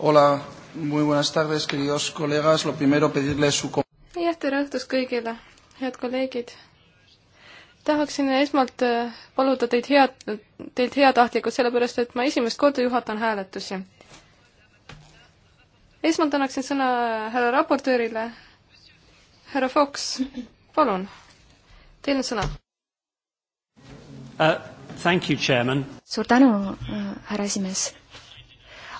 Hola, muy buenas tardes, queridos colegas. Lo primero pedirle su... jah, tere õhtust kõigile, head kolleegid. tahaksin esmalt äh, paluda teid head, teilt heatahtlikult, sellepärast et ma esimest korda juhatan hääletusi. esmalt annaksin sõna härra raportöörile. härra Fox, palun, teil on sõna uh,. Thank you, chairman. suur tänu, äh, härra esimees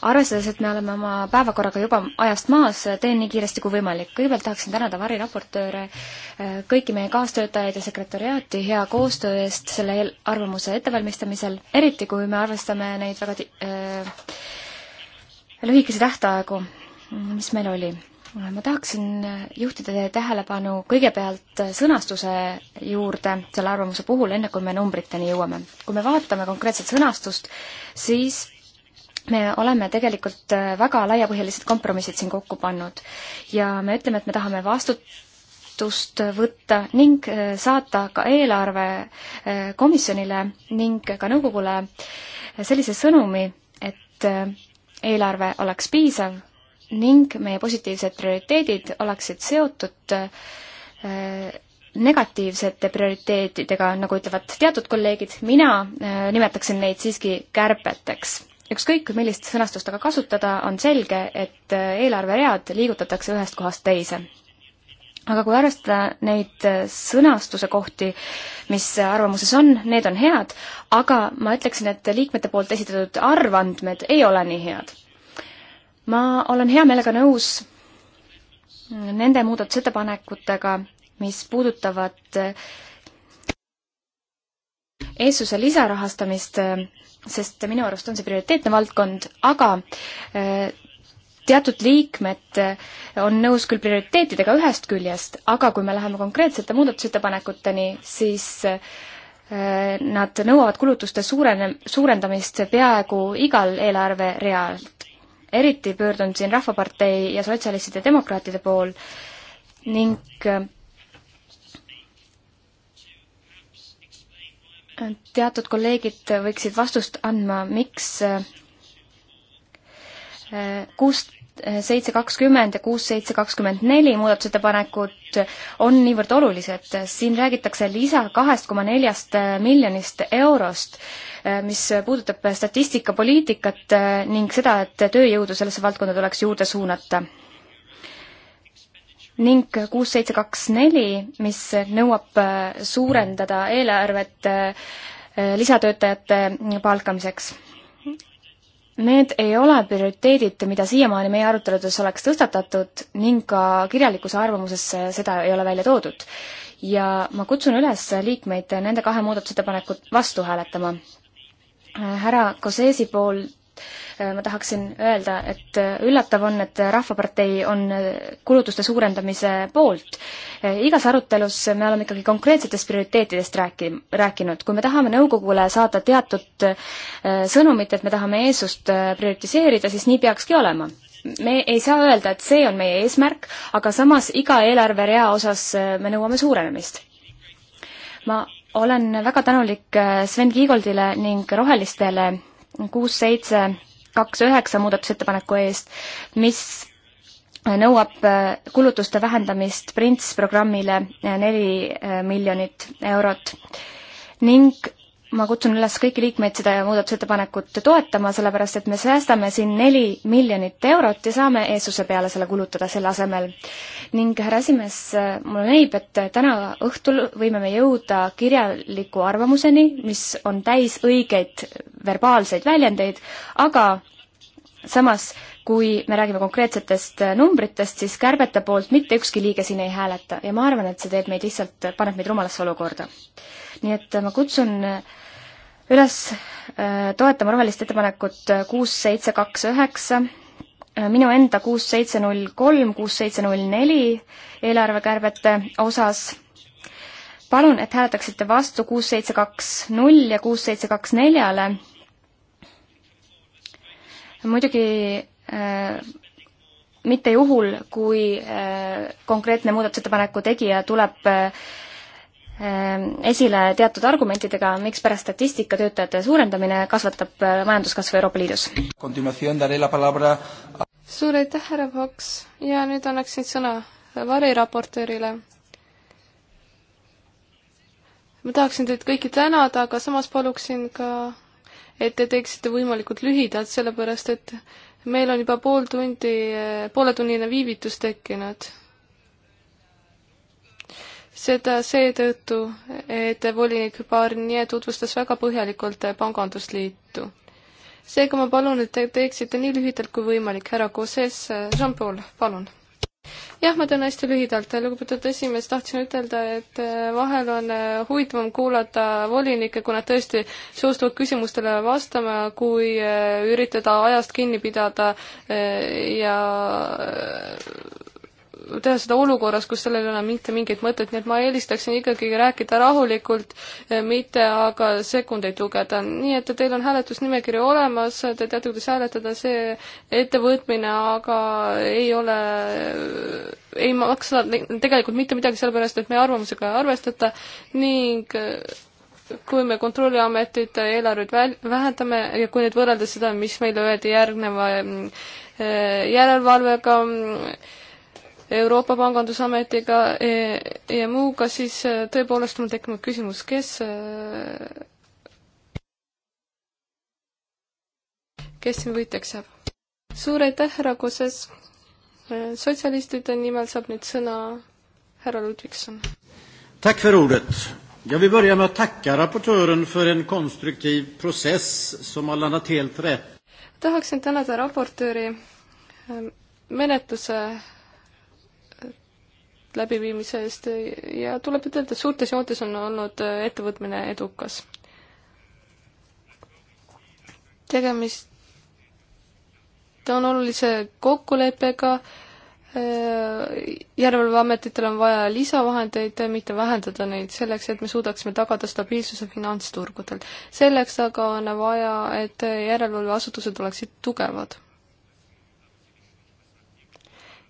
arvestades, et me oleme oma päevakorraga juba ajast maas, teen nii kiiresti kui võimalik. kõigepealt tahaksin tänada variraportööre, äh, kõiki meie kaastöötajaid ja sekretäriaati hea koostöö eest selle arvamuse ettevalmistamisel, eriti kui me arvestame neid väga äh, lühikesi tähtaegu, mis meil oli ma tahaksin juhtida teie tähelepanu kõigepealt sõnastuse juurde selle arvamuse puhul, enne kui me numbriteni jõuame. kui me vaatame konkreetset sõnastust, siis me oleme tegelikult äh, väga laiapõhjalised kompromissid siin kokku pannud ja me ütleme, et me tahame vastutust võtta ning äh, saata ka eelarve äh, komisjonile ning ka nõukogule sellise sõnumi, et eelarve oleks piisav ning meie positiivsed prioriteedid oleksid seotud negatiivsete prioriteetidega, nagu ütlevad teatud kolleegid, mina nimetaksin neid siiski kärbeteks ükskõik, millist sõnastust aga kasutada, on selge, et eelarveread liigutatakse ühest kohast teise. aga kui arvestada neid sõnastuse kohti, mis arvamuses on, need on head, aga ma ütleksin, et liikmete poolt esitatud arvandmed ei ole nii head. ma olen hea meelega nõus nende muudatusettepanekutega, mis puudutavad eestsuse lisarahastamist sest minu arust on see prioriteetne valdkond, aga äh, teatud liikmed äh, on nõus küll prioriteetidega ühest küljest, aga kui me läheme konkreetsete muudatusettepanekuteni, siis äh, nad nõuavad kulutuste suurene, suurendamist peaaegu igal eelarverealt. eriti pöördun siin Rahvapartei ja sotsialistide demokraatide pool ning teatud kolleegid võiksid vastust andma, miks äh, kuus, äh, seitse kakskümmend ja kuus, seitse kakskümmend neli muudatusettepanekut on niivõrd olulised. siin räägitakse lisa kahest koma neljast äh, miljonist eurost, mis puudutab statistikapoliitikat ning seda, et tööjõudu sellesse valdkonda tuleks juurde suunata ning kuus, seitse, kaks, neli, mis nõuab äh, suurendada eelarvet äh, lisatöötajate palkamiseks. Need ei ole prioriteedid, mida siiamaani meie aruteludes oleks tõstatatud ning ka kirjalikus arvamuses seda ei ole välja toodud. ja ma kutsun üles liikmeid nende kahe muudatusettepanekut vastu hääletama. Äh, härra Kosesi pool Äh, ma tahaksin öelda, et äh, üllatav on, et Rahvapartei on äh, kulutuste suurendamise poolt. igas arutelus me oleme ikkagi konkreetsetest prioriteetidest rääki-, rääkinud. kui me tahame nõukogule saada teatud sõnumit, et me tahame eesust prioritiseerida, siis nii peakski olema me ei saa öelda, et see on meie eesmärk, aga samas iga eelarverea osas me nõuame suurenemist. ma olen väga tänulik Sven Kiigoldile ning Rohelistele kuus, seitse, kaks, üheksa muudatusettepaneku eest, mis nõuab äh, kulutuste vähendamist Prints programmile äh, neli äh, miljonit eurot ning ma kutsun üles kõiki liikmeid seda muudatusettepanekut toetama, sellepärast et me säästame siin neli miljonit eurot ja saame eestluse peale selle kulutada selle asemel. ning härra esimees, mulle näib, et täna õhtul võime me jõuda kirjaliku arvamuseni, mis on täis õigeid verbaalseid väljendeid, aga samas, kui me räägime konkreetsetest numbritest, siis kärbete poolt mitte ükski liige siin ei hääleta ja ma arvan, et see teeb meid lihtsalt, paneb meid rumalasse olukorda nii et ma kutsun äh, üles äh, toetama rohelist ettepanekut äh, kuus, seitse, kaks, üheksa, minu enda kuus, seitse, null kolm, kuus, seitse, null neli eelarvekärbete osas. palun, et hääletaksite vastu kuus, seitse, kaks, null ja kuus, seitse, kaks, neljale. muidugi mitte juhul, kui konkreetne muudatusettepaneku tegija tuleb Ehm, esile teatud argumentidega, mikspärast statistika töötajate suurendamine kasvatab äh, majanduskasvu Euroopa Liidus. suur aitäh, härra Fox ja nüüd annaksin sõna variraportöörile. ma tahaksin teid kõiki tänada, aga samas paluksin ka, et te teeksite võimalikult lühidalt, sellepärast et meil on juba pool tundi, pooletunnine viivitus tekkinud seda seetõttu, et volinik Barnier tutvustas väga põhjalikult pangandusliitu. seega ma palun, et te teeksite nii lühidalt kui võimalik, härra Koses, Jean-Paul, palun. jah, ma teen hästi lühidalt, lugupeetud esimees, tahtsin ütelda, et vahel on huvitavam kuulata volinikke, kui nad tõesti suustuvad küsimustele vastama, kui eh, üritada ajast kinni pidada eh, ja teha seda olukorras, kus sellel ei ole mitte mingit mõtet, nii et ma eelistaksin ikkagi rääkida rahulikult, eh, mitte aga sekundeid lugeda. nii et teil on hääletusnimekiri olemas, te teate, kuidas hääletada, see ettevõtmine aga ei ole, eh, ei maksa tegelikult mitte midagi, sellepärast et meie arvamusega ei arvestata ning eh, kui me Kontrolliametite eelarveid väl-, vähendame ja kui nüüd võrrelda seda, mis meile öeldi järgneva mm, järelevalvega, mm, Euroopa Pangandusametiga ja muuga, siis äh, tõepoolest on tekkinud küsimus, kes äh, kes siin võitjaks jääb? suur aitäh, härra Koses! Äh, sotsialistide nimel saab nüüd sõna härra Ludvigson. Tack för ordet! Jag vill börja med att tacka rapportören för en konstruktiv process som har landat helt rätt. tahaksin tänada raportööri menetluse läbiviimise eest ja tuleb ütelda, et suurtes joontes on olnud äh, ettevõtmine edukas. tegemist on olulise kokkuleppega, äh, järelevalveametitel on vaja lisavahendeid, mitte vähendada neid, selleks et me suudaksime tagada stabiilsuse finantsturgudel. selleks aga on vaja, et järelevalveasutused oleksid tugevad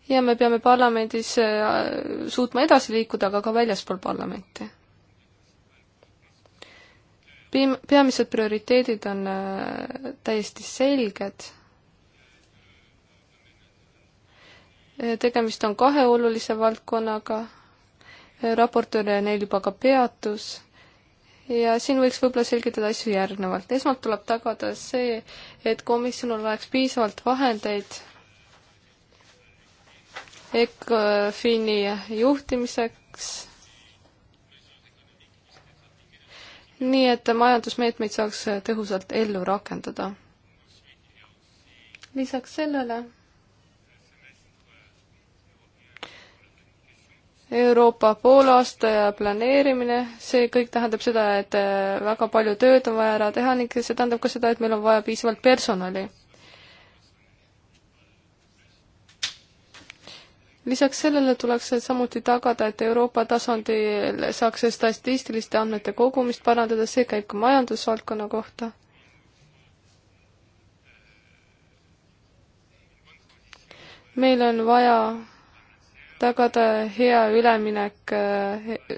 ja me peame parlamendis äh, suutma edasi liikuda, aga ka väljaspool parlamenti. peamised prioriteedid on äh, täiesti selged. Äh, tegemist on kahe olulise valdkonnaga, raportöör neil juba ka peatus ja siin võiks võib-olla selgitada asju järgnevalt. esmalt tuleb tagada see, et komisjonil oleks piisavalt vahendeid ECOFIN-i juhtimiseks. nii et majandusmeetmeid saaks tõhusalt ellu rakendada. lisaks sellele Euroopa poolaasta ja planeerimine, see kõik tähendab seda, et väga palju tööd on vaja ära teha ning see tähendab ka seda, et meil on vaja piisavalt personali. lisaks sellele tuleks samuti tagada, et Euroopa tasandil saaks statistiliste andmete kogumist parandada, see käib ka majandusvaldkonna kohta. meil on vaja tagada hea üleminek eh,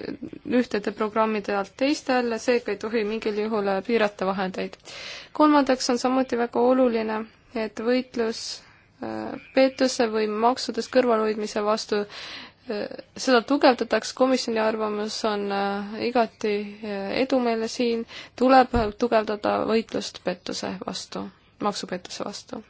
ühtede programmide alt teistele, seega ei tohi mingil juhul piirata vahendeid. kolmandaks on samuti väga oluline, et võitlus pettuse või maksudest kõrvalhoidmise vastu, seda tugevdataks, komisjoni arvamus on äh, igati äh, edumeelne siin, tuleb tugevdada võitlust pettuse vastu, maksupettuse vastu.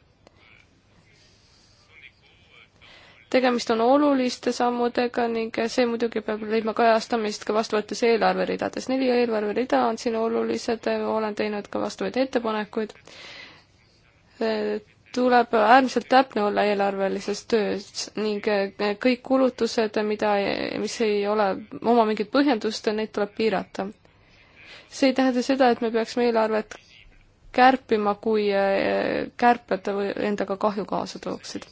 tegemist on oluliste sammudega ning see muidugi peab leidma kajastamist ka vastavates eelarveridades. neli eelarverida on siin olulised, olen teinud ka vastavaid ettepanekuid äh, tuleb äärmiselt täpne olla eelarvelises töös ning eh, kõik kulutused, mida, mis ei ole oma mingit põhjendust, neid tuleb piirata. see ei tähenda seda, et me peaksime eelarvet kärpima, kui eh, kärped endaga kahju kaasa tooksid.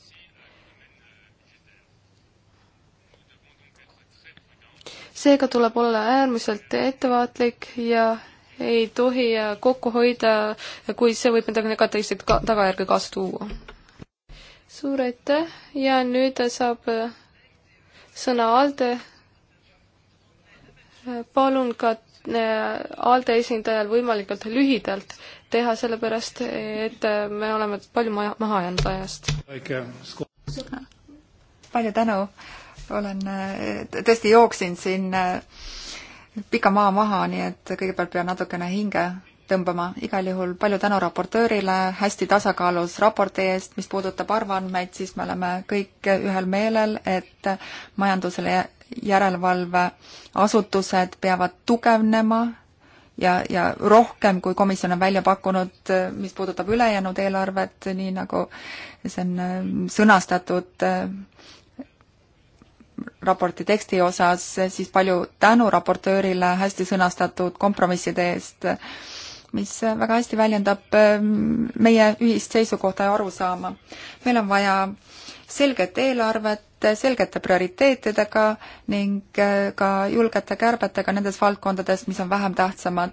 seega tuleb olla äärmiselt ettevaatlik ja ei tohi äh, kokku hoida, kui see võib endaga negatiivseid ka tagajärge kaasa tuua. suur aitäh ja nüüd saab äh, sõna Alde. palun ka äh, ALDE esindajal võimalikult lühidalt teha, sellepärast et me oleme palju maja, maha jäänud ajast. palju tänu, olen, tõesti jooksin siin äh, pika maa maha, nii et kõigepealt pean natukene hinge tõmbama. igal juhul palju tänu raportöörile hästi tasakaalus raporti eest, mis puudutab arvandmeid, siis me oleme kõik ühel meelel, et majandusele järelevalveasutused peavad tugevnema ja, ja rohkem, kui komisjon on välja pakkunud, mis puudutab ülejäänud eelarvet, nii nagu see on äh, sõnastatud äh, raporti teksti osas, siis palju tänu raportöörile hästi sõnastatud kompromisside eest, mis väga hästi väljendab ähm, meie ühist seisukohta ja arusaama. meil on vaja selget eelarvet, selgete prioriteetidega ning äh, ka julgete kärbetega nendes valdkondades, mis on vähem tähtsamad.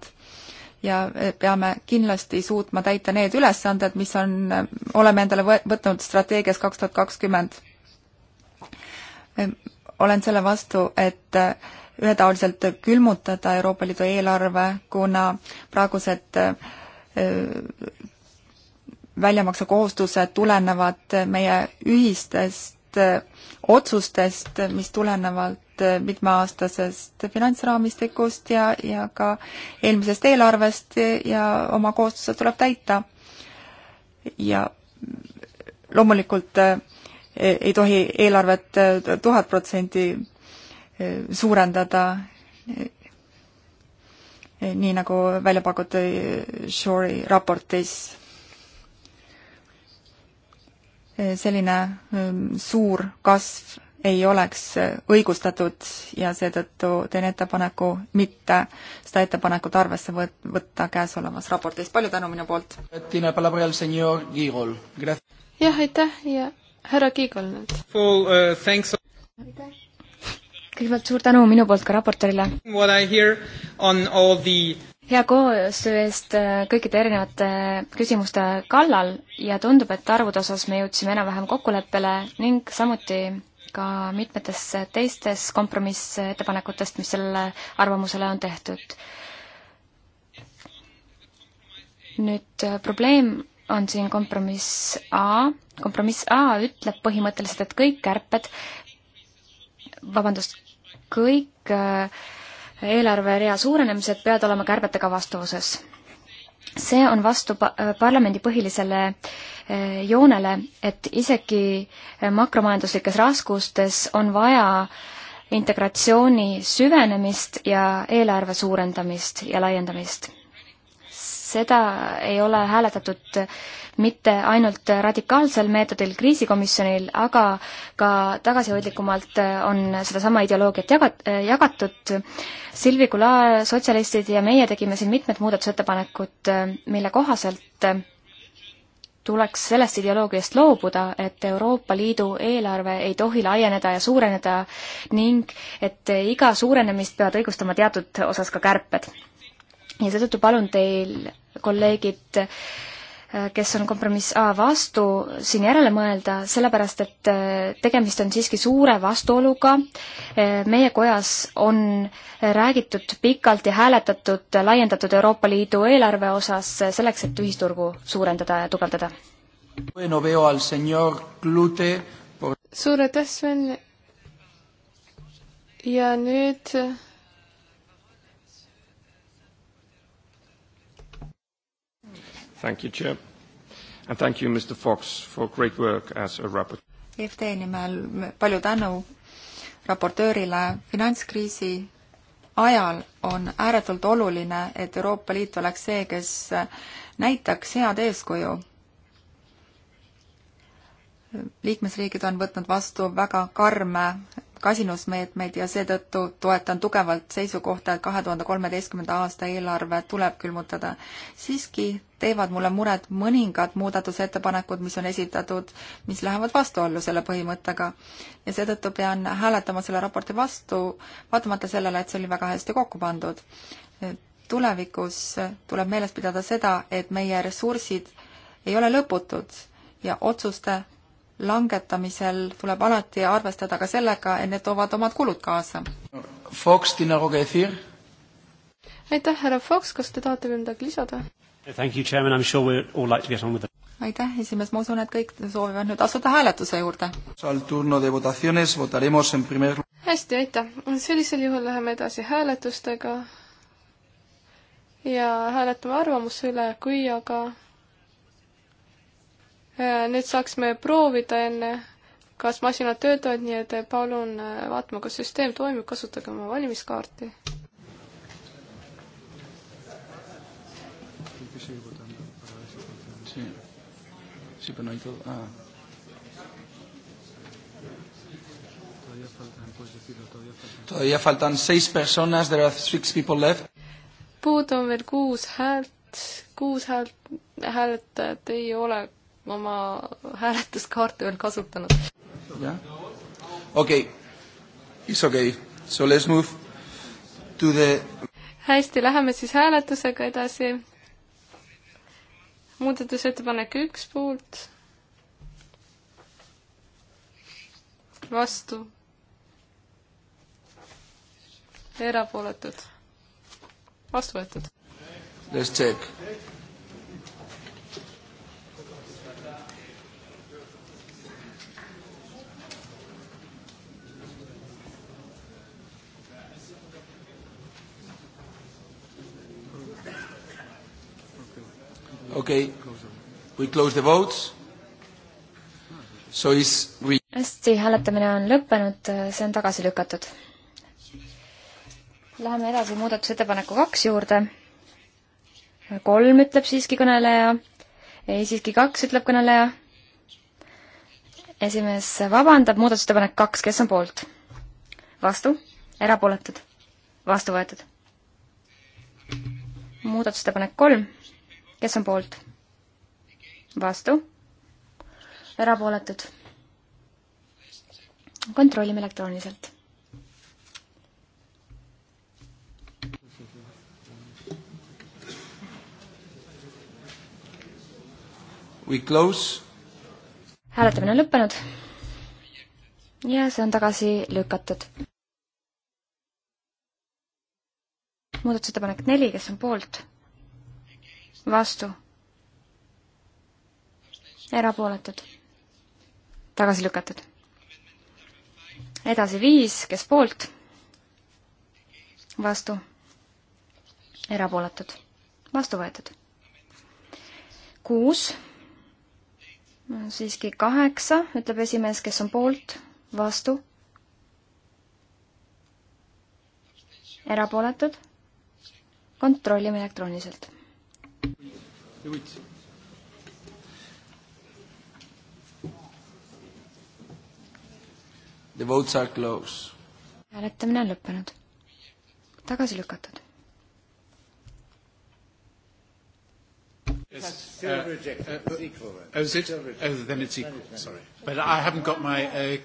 ja äh, peame kindlasti suutma täita need ülesanded, mis on, äh, oleme endale võtnud strateegias kaks tuhat kakskümmend olen selle vastu, et ühetaoliselt külmutada Euroopa Liidu eelarve, kuna praegused äh, väljamaksekohustused tulenevad meie ühistest äh, otsustest, mis tulenevad äh, mitmeaastasest finantsraamistikust ja, ja ka eelmisest eelarvest ja oma kohustused tuleb täita. ja loomulikult äh, ei tohi eelarvet eh, tuhat protsenti eh, suurendada, eh, nii nagu välja pakuti Shore'i raportis. selline mm, suur kasv ei oleks õigustatud ja seetõttu teen ettepaneku mitte seda ettepanekut arvesse võtta käesolevas raportis. palju tänu minu poolt! jah, aitäh ja härra Kiigol nüüd. Uh, kõigepealt suur tänu minu poolt ka raportorile. The... hea koostöö eest uh, kõikide erinevate uh, küsimuste kallal ja tundub, et arvude osas me jõudsime enam-vähem kokkuleppele ning samuti ka mitmetes teistes kompromissettepanekutest, mis sellele arvamusele on tehtud. nüüd probleem on siin kompromiss A. kompromiss A ütleb põhimõtteliselt, et kõik kärped, vabandust, kõik äh, eelarverea suurenemised peavad olema kärbetega vastavuses. see on vastu äh, parlamendi põhilisele äh, joonele, et isegi makromajanduslikes raskustes on vaja integratsiooni süvenemist ja eelarve suurendamist ja laiendamist seda ei ole hääletatud mitte ainult radikaalsel meetodil kriisikomisjonil, aga ka tagasihoidlikumalt on sedasama ideoloogiat jagat-, jagatud. Silvi Kula, sotsialistid ja meie tegime siin mitmed muudatusettepanekud, mille kohaselt tuleks sellest ideoloogiast loobuda, et Euroopa Liidu eelarve ei tohi laieneda ja suureneda ning et iga suurenemist peavad õigustama teatud osas ka kärped ja seetõttu palun teil, kolleegid, äh, kes on kompromiss A vastu, siin järele mõelda, sellepärast et äh, tegemist on siiski suure vastuoluga. Äh, meie kojas on räägitud pikalt ja hääletatud laiendatud Euroopa Liidu eelarve osas selleks, et ühisturgu suurendada ja tugevdada. suur aitäh, Sven. ja nüüd Thank you, Chair. And thank you, Mr Fox, for great work as a rapporteur. EFT nimel palju tänu raportöörile. finantskriisi ajal on ääretult oluline, et Euroopa Liit oleks see, kes näitaks head eeskuju. liikmesriigid on võtnud vastu väga karme kasinusmeetmeid ja seetõttu toetan tugevalt seisukohta, et kahe tuhande kolmeteistkümnenda aasta eelarve tuleb külmutada. siiski teevad mulle muret mõningad muudatusettepanekud, mis on esitatud, mis lähevad vastuollu selle põhimõttega. ja seetõttu pean hääletama selle raporti vastu, vaatamata sellele, et see oli väga hästi kokku pandud. tulevikus tuleb meeles pidada seda, et meie ressursid ei ole lõputud ja otsuste langetamisel tuleb alati arvestada ka sellega, et need toovad omad kulud kaasa. Fox, Tiina Rogefiir. aitäh, härra Fox, kas te tahate veel midagi lisada? Sure like aitäh, esimees, ma usun, et kõik soovivad nüüd asuda hääletuse juurde. Primer... hästi, aitäh. sellisel juhul läheme edasi hääletustega ja hääletame arvamuse üle, kui aga Äh, nüüd saaksime proovida enne, kas masinad töötavad, nii et palun äh, vaatame, kas süsteem toimib, kasutage oma valimiskaarti. Sí. Sí, pero no hay todo. Ah. Todavía faltan, puedes decirlo, todavía faltan. Todavía faltan seis personas, there are six people left. Puudu on veel kuus häält, kuus häält, hääletajat ei ole ma oma hääletuskaarte veel kasutanud. jah, okei okay., it's okei okay., so let's move to the hästi, läheme siis hääletusega edasi. muudatusettepanek üks poolt. vastu. erapooletud. vastu võetud. Let's check. Okay. We close the votes. So is we... hästi, hääletamine on lõppenud, see on tagasi lükatud. Läheme edasi muudatusettepaneku kaks juurde. kolm ütleb siiski kõneleja, ei siiski kaks ütleb kõneleja. esimees vabandab, muudatusettepanek kaks, kes on poolt? vastu, erapooletud, vastu võetud. muudatusettepanek kolm kes on poolt? vastu? erapooletud? kontrollime elektrooniliselt We close. hääletamine on lõppenud ja see on tagasi lükatud. muudatusettepanek neli, kes on poolt? vastu, erapooletud, tagasi lükatud. edasi viis, kes poolt, vastu, erapooletud, vastu võetud. kuus, siiski kaheksa, ütleb esimees, kes on poolt, vastu, erapooletud kontrollime elektrooniliselt. The votes are closed. hääletamine on lõppenud. tagasi lükatud. Yes. Uh, uh, oh, is it? Oh, then it's equal. Sorry, but I haven't got my uh,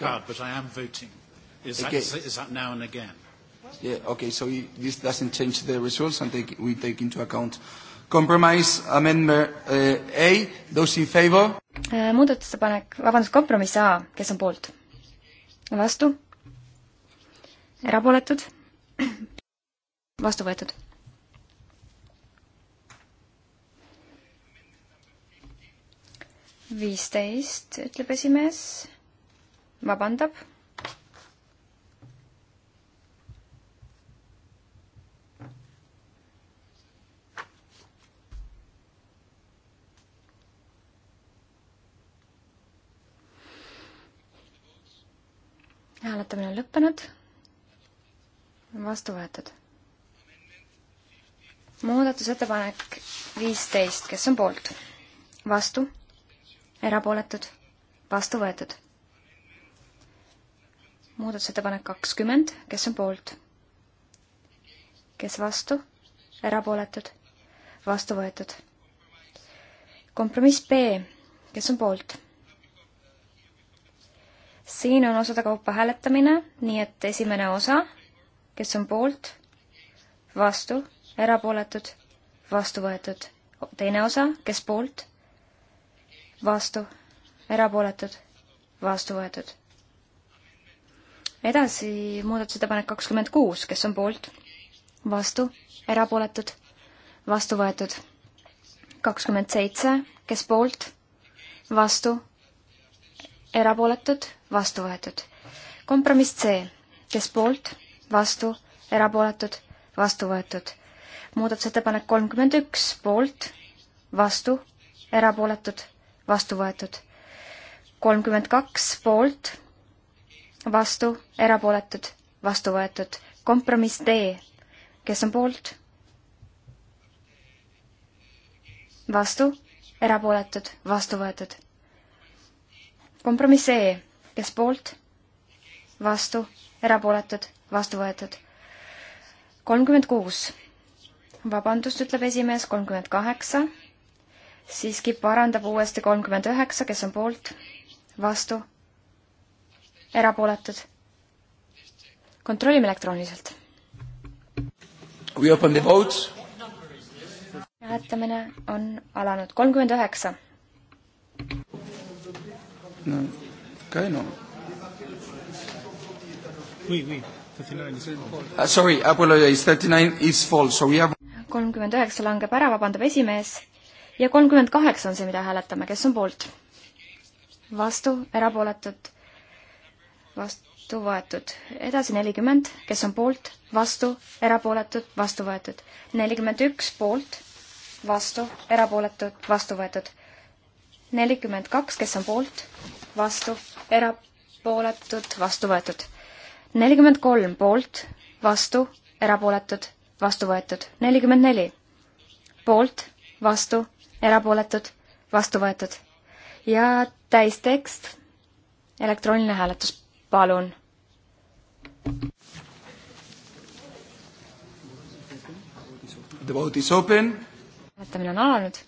card, but I am voting. Is that, is that now and again? Yeah, okay, so you, this doesn't change the results, and take, we take into account compromise amendment uh, A, those in favor? Äh, muudatusettepanek, vabandust, kompromiss A, kes on poolt? vastu? erapooletud? vastu võetud. viisteist, ütleb esimees, vabandab hääletamine on lõppenud. vastu võetud. muudatusettepanek viisteist, kes on poolt? vastu? erapooletud? vastu võetud. muudatusettepanek kakskümmend, kes on poolt? kes vastu? erapooletud? vastu võetud. kompromiss B, kes on poolt? siin on osade kaupa hääletamine, nii et esimene osa, kes on poolt, vastu, erapooletud, vastu võetud. teine osa, kes poolt, vastu, erapooletud, vastu võetud. edasi muudatusettepanek kakskümmend kuus, kes on poolt, vastu, erapooletud, vastu võetud. kakskümmend seitse, kes poolt, vastu erapooletud, vastu võetud. kompromiss C, kes poolt, vastu, erapooletud, vastu võetud. muudatusettepanek kolmkümmend üks, poolt, vastu, erapooletud, vastu võetud. kolmkümmend kaks, poolt, vastu, erapooletud, vastu võetud. kompromiss D, kes on poolt, vastu, erapooletud, vastu võetud kompromiss E, kes poolt, vastu, erapooletud, vastu võetud. kolmkümmend kuus, vabandust, ütleb esimees, kolmkümmend kaheksa, siiski parandab uuesti kolmkümmend üheksa, kes on poolt, vastu, erapooletud. kontrollime elektrooniliselt. hääletamine on alanud kolmkümmend üheksa no. Okay, no. Oui, oui. 39. Uh, sorry, apologize, 39 is false, so we have kolmkümmend üheksa langeb ära, vabandab esimees, ja kolmkümmend kaheksa on see, mida hääletame, kes on poolt? vastu, erapooletud, vastu võetud. edasi nelikümmend, kes on poolt, vastu, erapooletud, vastu võetud. nelikümmend üks poolt, vastu, erapooletud, vastu võetud. nelikümmend kaks, kes on poolt, vastu, erapooletud, vastu võetud. nelikümmend kolm poolt, vastu, erapooletud, vastu võetud. nelikümmend neli poolt, vastu, erapooletud, vastu võetud. ja täistekst, elektrooniline hääletus, palun. The vote is open. hääletamine on alanud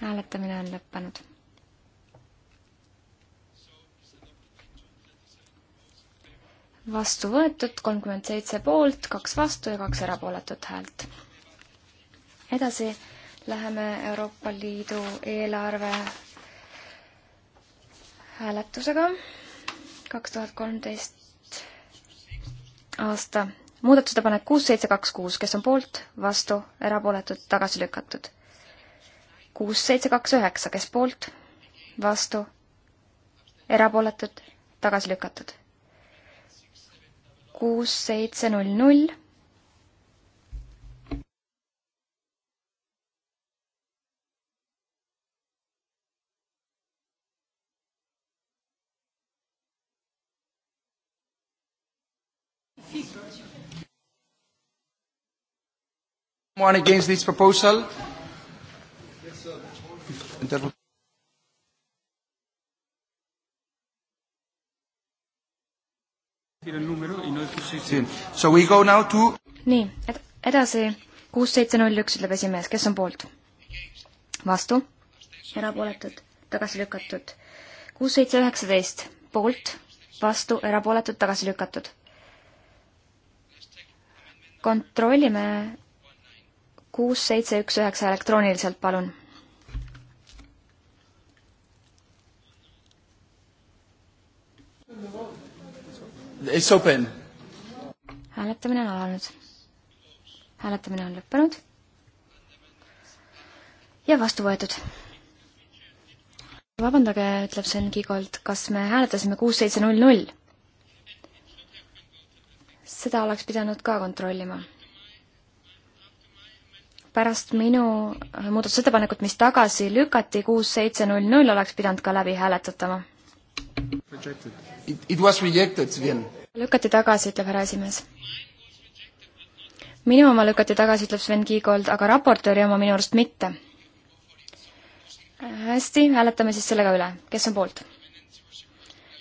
hääletamine on lõppenud. vastu võetud kolmkümmend seitse poolt, kaks vastu ja kaks erapooletut häält. edasi läheme Euroopa Liidu eelarve hääletusega kaks tuhat kolmteist aasta muudatusettepanek kuus, seitse, kaks, kuus, kes on poolt, vastu, erapooletud, tagasi lükatud kuus, seitse, kaks, üheksa, kes poolt, vastu, erapooletud, tagasi lükatud. kuus, seitse, null, null. One against this proposal intervju So we go now to nii, ed-, edasi, kuus, seitse, null, üks ütleb esimees, kes on poolt? vastu, erapooletud, tagasi lükatud. kuus, seitse, üheksateist, poolt, vastu, erapooletud, tagasi lükatud. kontrollime kuus, seitse, üks, üheksa elektrooniliselt, palun It's open. hääletamine on alanud. hääletamine on lõppenud. ja vastu võetud. vabandage, ütleb Sven Kigolt, kas me hääletasime kuus, seitse, null, null? seda oleks pidanud ka kontrollima. pärast minu äh, muudatusettepanekut, mis tagasi lükati, kuus, seitse, null, null, oleks pidanud ka läbi hääletatama It, it was rejected, Sven. lükati tagasi, ütleb härra esimees. minu oma lükati tagasi, ütleb Sven Kiigold, aga raportööri oma minu arust mitte. hästi, hääletame siis selle ka üle. kes on poolt?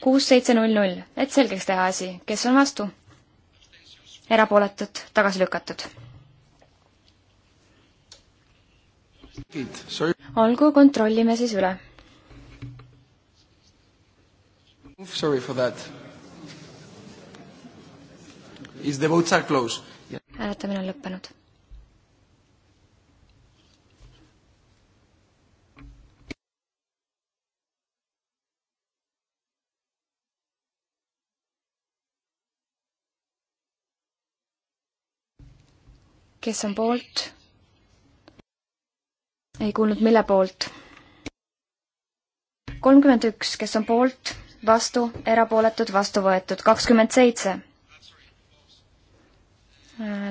kuus, seitse, null, null, et selgeks teha asi. kes on vastu? erapooletud, tagasi lükatud. olgu, kontrollime siis üle Sorry for that. Is the votes are closed yeah.? hääletamine on lõppenud. kes on poolt? ei kuulnud, mille poolt? kolmkümmend üks, kes on poolt? vastu, erapooletud, vastu võetud. kakskümmend seitse.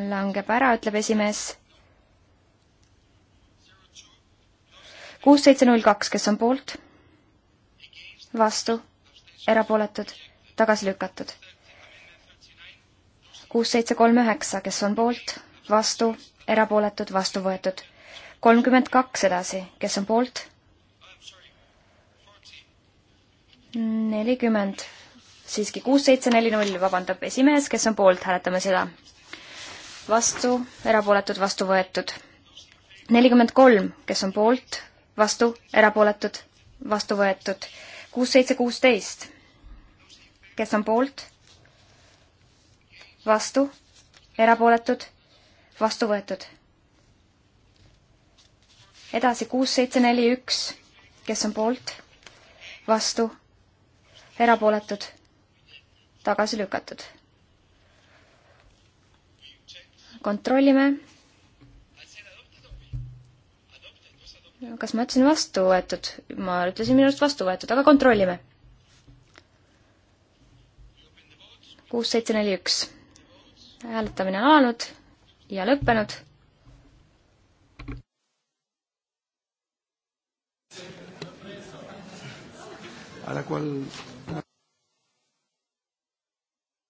langeb ära, ütleb esimees. kuus, seitse, null, kaks, kes on poolt? vastu, erapooletud, tagasi lükatud. kuus, seitse, kolm, üheksa, kes on poolt? vastu, erapooletud, vastu võetud. kolmkümmend kaks edasi, kes on poolt? nelikümmend, siiski kuus, seitse, neli, null, vabandab esimees, kes on poolt, hääletame seda. vastu, erapooletud, vastu võetud. nelikümmend kolm, kes on poolt, vastu, erapooletud, vastu võetud. kuus, seitse, kuusteist, kes on poolt, vastu, erapooletud, vastu võetud. edasi kuus, seitse, neli, üks, kes on poolt, vastu erapooletud, tagasi lükatud. kontrollime. kas ma ütlesin vastu võetud? ma ütlesin minu arust vastu võetud, aga kontrollime. kuus, seitse, neli, üks. hääletamine on alanud ja lõppenud a la cual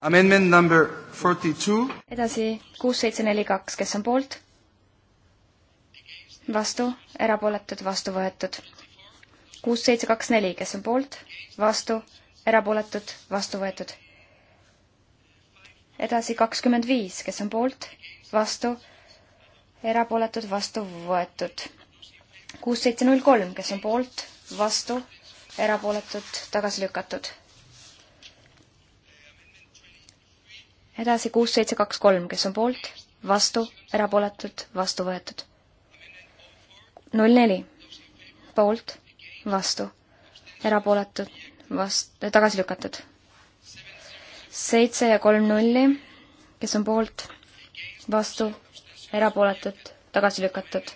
Amendment number forty two. edasi kuus, seitse, neli, kaks, kes on poolt? vastu, erapooletud, vastu võetud. kuus, seitse, kaks, neli, kes on poolt? vastu, erapooletud, vastu võetud. edasi kakskümmend viis, kes on poolt? vastu, erapooletud, vastu võetud. kuus, seitse, null, kolm, kes on poolt? vastu, erapooletud, tagasi lükatud edasi kuus, seitse, kaks, kolm, kes on poolt, vastu, erapooletud, vastu võetud. null neli, poolt, vastu, erapooletud, vast-, eh, tagasi lükatud. seitse ja kolm nulli, kes on poolt, vastu, erapooletud, tagasi lükatud.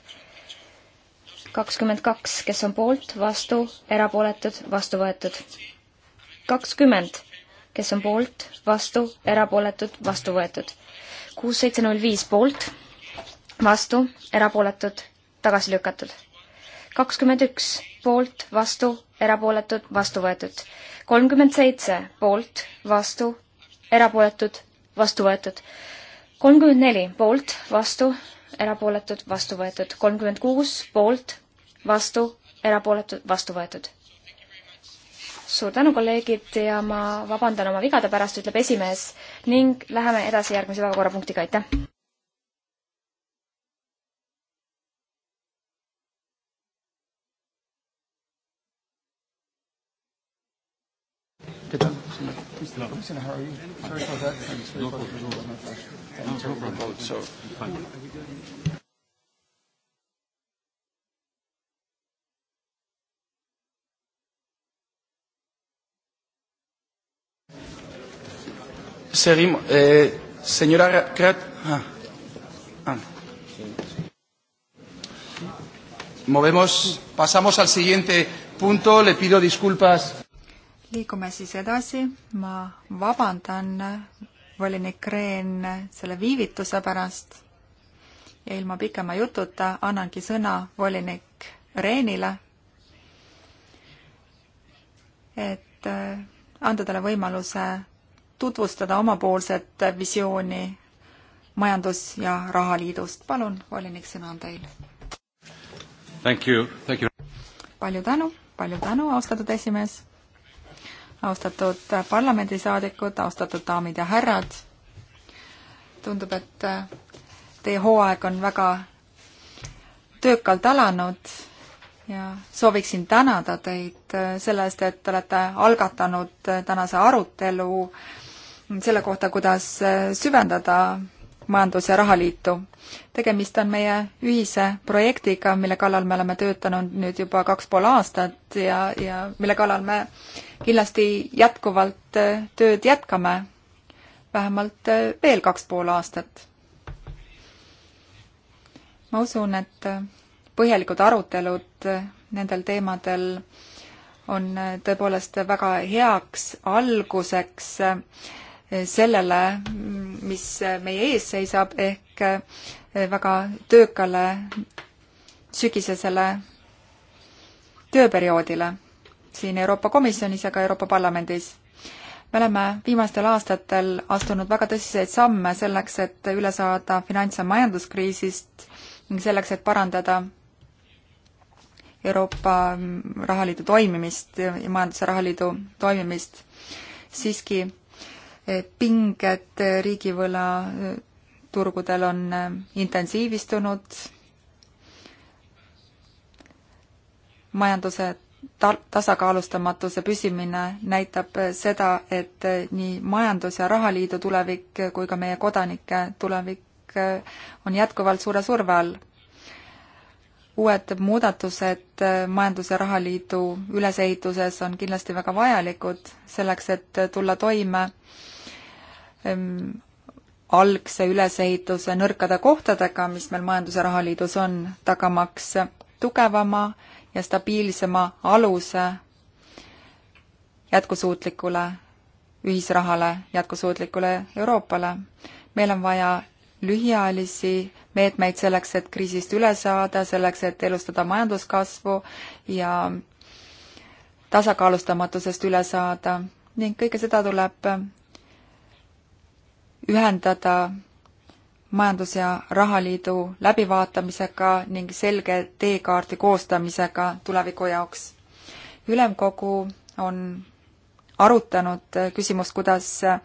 kakskümmend kaks, kes on poolt, vastu, erapooletud, vastu võetud. kakskümmend kes on poolt, vastu, erapooletud, vastu võetud. kuus, seitse, null, viis poolt, vastu, erapooletud, tagasi lükatud. kakskümmend üks poolt, vastu, erapooletud, vastu võetud. kolmkümmend seitse poolt, vastu, erapooletud, vastu võetud. kolmkümmend neli poolt, vastu, erapooletud, vastu võetud. kolmkümmend kuus poolt, vastu, erapooletud, vastu võetud suur tänu, kolleegid, ja ma vabandan oma vigade pärast, ütleb esimees ning läheme edasi järgmise päevakorrapunktiga, aitäh! Good time. Mr. No. Commissioner, how are you? Sorry for that. Sorry no for problem. the rule. I'm not sure. No problem. So, fine. Seguimos. Eh, señora Krat. Ah. Ah. Movemos, pasamos al siguiente punto. Le pido disculpas. liigume siis edasi. ma vabandan volinik Rehn selle viivituse pärast. ja ilma pikema jututa annangi sõna volinik Rehnile, et eh, anda talle võimaluse tutvustada omapoolset visiooni majandus- ja rahaliidust. palun, volinik, sõna on teil. palju tänu, palju tänu, austatud esimees, austatud parlamendisaadikud, austatud daamid ja härrad. tundub, et teie hooaeg on väga töökalt alanud ja sooviksin tänada teid selle eest, et te olete algatanud tänase arutelu äh, selle kohta, kuidas eh, süvendada majandus- ja rahaliitu. tegemist on meie ühise projektiga, mille kallal me oleme töötanud nüüd juba kaks pool aastat ja, ja mille kallal me kindlasti jätkuvalt eh, tööd jätkame, vähemalt eh, veel kaks pool aastat. ma usun, et põhjalikud arutelud nendel teemadel on tõepoolest väga heaks alguseks äh, sellele, mis meie ees seisab, ehk eh, väga töökale sügisesele tööperioodile siin Euroopa Komisjonis ja ka Euroopa Parlamendis. me oleme viimastel aastatel astunud väga tõsiseid samme selleks, et üle saada finants- ja majanduskriisist ning selleks, et parandada Euroopa mm, rahaliidu toimimist ja majandus- ja rahaliidu toimimist. siiski pinged riigivõla turgudel on äh, intensiivistunud, majanduse ta-, tasakaalustamatuse püsimine näitab seda, et äh, nii majandus- ja rahaliidu tulevik kui ka meie kodanike tulevik äh, on jätkuvalt suure surve all. uued muudatused Majandus- ja Rahaliidu ülesehituses on kindlasti väga vajalikud selleks, et tulla toime äh, algse ülesehituse nõrkade kohtadega, mis meil Majandus- ja Rahaliidus on, tagamaks tugevama ja stabiilsema aluse jätkusuutlikule ühisrahale, jätkusuutlikule Euroopale. meil on vaja lühiajalisi meetmeid selleks, et kriisist üle saada, selleks, et elustada majanduskasvu ja tasakaalustamatusest üle saada ning kõike seda tuleb ühendada majandus- ja rahaliidu läbivaatamisega ning selge teekaardi koostamisega tuleviku jaoks. ülemkogu on arutanud küsimust, kuidas äh,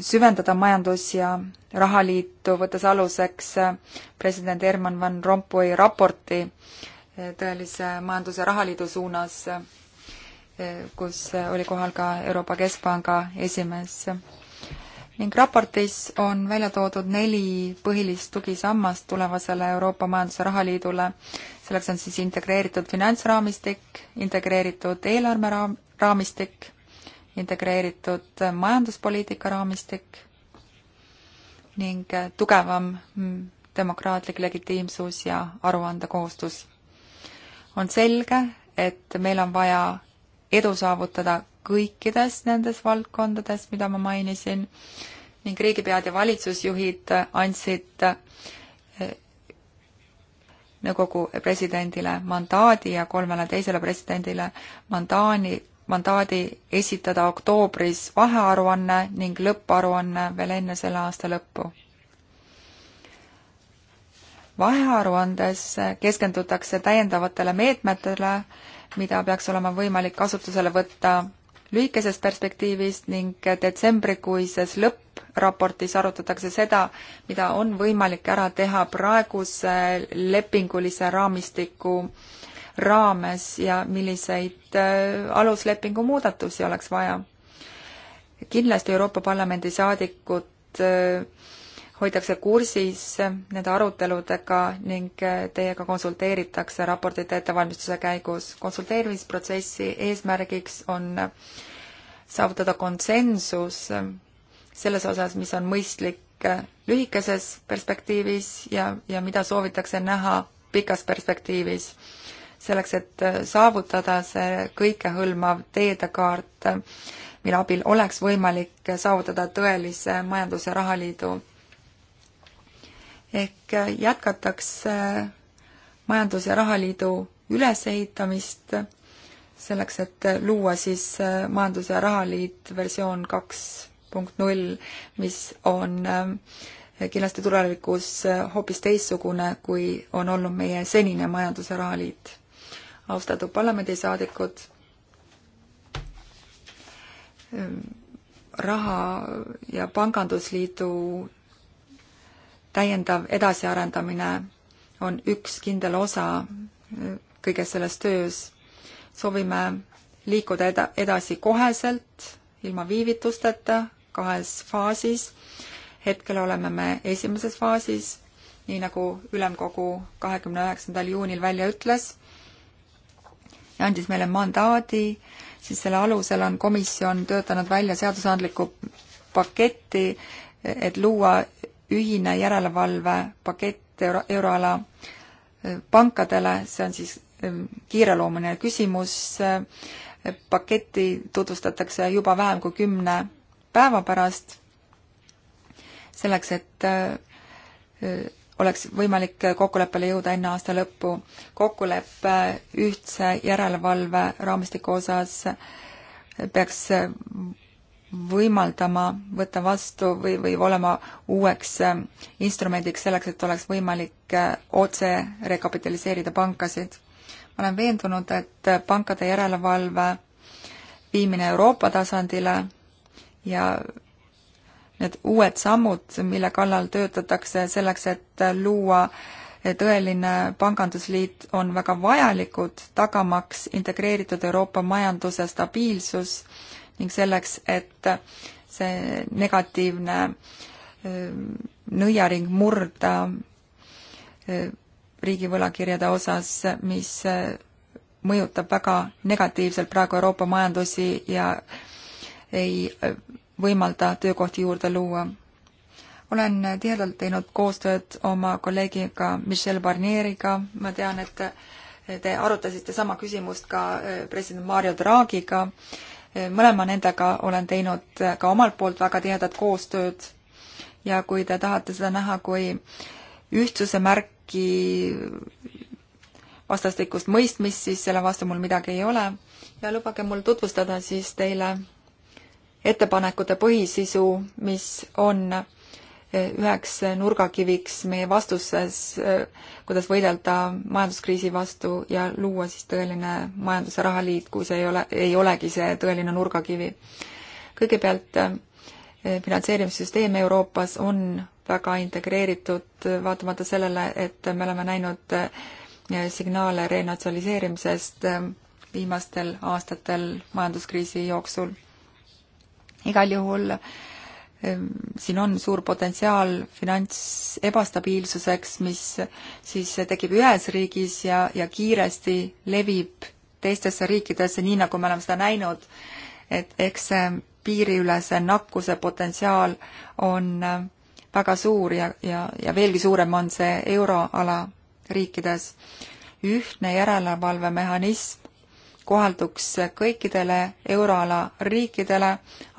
süvendada majandus- ja rahaliitu, võttes aluseks äh, president Herman Van Rompuy raporti äh, tõelise majandus- ja rahaliidu suunas, kus oli kohal ka Euroopa Keskpanga esimees ning raportis on välja toodud neli põhilist tugisammast tulevasele Euroopa Majandus- ja Rahaliidule. selleks on siis integreeritud finantsraamistik, integreeritud eelarveraamistik, integreeritud majanduspoliitika raamistik ning tugevam mm, demokraatlik legitiimsus ja aruandekohustus. on selge, et meil on vaja edu saavutada kõikides nendes valdkondades, mida ma mainisin, ning riigipead ja valitsusjuhid andsid nõukogu eh, presidendile mandaadi ja kolmele teisele presidendile mandaani, mandaadi esitada oktoobris vahearuanne ning lõpparuanne veel enne selle aasta lõppu. vahearuandes keskendutakse täiendavatele meetmetele, mida peaks olema võimalik kasutusele võtta lühikeses perspektiivis ning detsembrikuises lõppraportis arutatakse seda, mida on võimalik ära teha praeguse lepingulise raamistiku raames ja milliseid äh, aluslepingu muudatusi oleks vaja. kindlasti Euroopa Parlamendi saadikud äh, hoitakse kursis nende aruteludega ning teiega konsulteeritakse raportite ettevalmistuse käigus. konsulteerimisprotsessi eesmärgiks on saavutada konsensus selles osas, mis on mõistlik lühikeses perspektiivis ja, ja mida soovitakse näha pikas perspektiivis. selleks, et saavutada see kõikehõlmav teedekaart, mille abil oleks võimalik saavutada tõelise majandus- ja rahaliidu ehk jätkatakse majandus- ja rahaliidu ülesehitamist selleks, et luua siis äh, majandus- ja rahaliit versioon kaks punkt null, mis on äh, kindlasti tulevikus äh, hoopis teistsugune, kui on olnud meie senine majandus- ja rahaliit. austatud parlamendisaadikud, ähm, raha- ja pangandusliidu täiendav edasiarendamine on üks kindel osa eh, kõiges selles töös. soovime liikuda eda-, edasi koheselt, ilma viivitusteta, kahes faasis. hetkel oleme me esimeses faasis, nii nagu Ülemkogu kahekümne üheksandal juunil välja ütles ja andis meile mandaadi, siis selle alusel on komisjon töötanud välja seadusandliku paketti, et luua ühine järelevalvepakett euro, euroala pankadele, see on siis kiireloomuline küsimus, paketti tutvustatakse juba vähem kui kümne päeva pärast, selleks et oleks võimalik kokkuleppele jõuda enne aasta lõppu. kokkulepe ühtse järelevalve raamistiku osas peaks võimaldama võtta vastu või, või olema uueks ähm, instrumendiks selleks, et oleks võimalik äh, otse rekapitaliseerida pankasid. ma olen veendunud, et pankade järelevalve viimine Euroopa tasandile ja need uued sammud, mille kallal töötatakse selleks, et luua äh, tõeline pangandusliit, on väga vajalikud, tagamaks integreeritud Euroopa majanduse stabiilsus ning selleks, et see negatiivne nõiaring murda riigi võlakirjade osas, mis mõjutab väga negatiivselt praegu Euroopa majandusi ja ei võimalda töökohti juurde luua. olen tihedalt teinud koostööd oma kolleegiga Michel Barnieriga, ma tean, et te arutasite sama küsimust ka president Mario Draghiga mõlema nendega olen teinud ka omalt poolt väga tihedat koostööd ja kui te tahate seda näha kui ühtsuse märki vastastikust mõistmist, siis selle vastu mul midagi ei ole ja lubage mul tutvustada siis teile ettepanekute põhisisu, mis on üheks nurgakiviks meie vastuses, kuidas võidelda majanduskriisi vastu ja luua siis tõeline majandus- ja rahaliit, kui see ei ole, ei olegi see tõeline nurgakivi. kõigepealt eh, finantseerimissüsteem Euroopas on väga integreeritud, vaatamata sellele, et me oleme näinud eh, signaale renatsionaliseerimisest eh, viimastel aastatel majanduskriisi jooksul. igal juhul Ehm, siin on suur potentsiaal finants ebastabiilsuseks, mis siis tekib ühes riigis ja, ja kiiresti levib teistesse riikidesse, nii nagu me oleme seda näinud, et eks see piiriülese nakkuse potentsiaal on äh, väga suur ja, ja, ja veelgi suurem on see euroala riikides. ühtne järelevalvemehhanism kohalduks kõikidele euroala riikidele,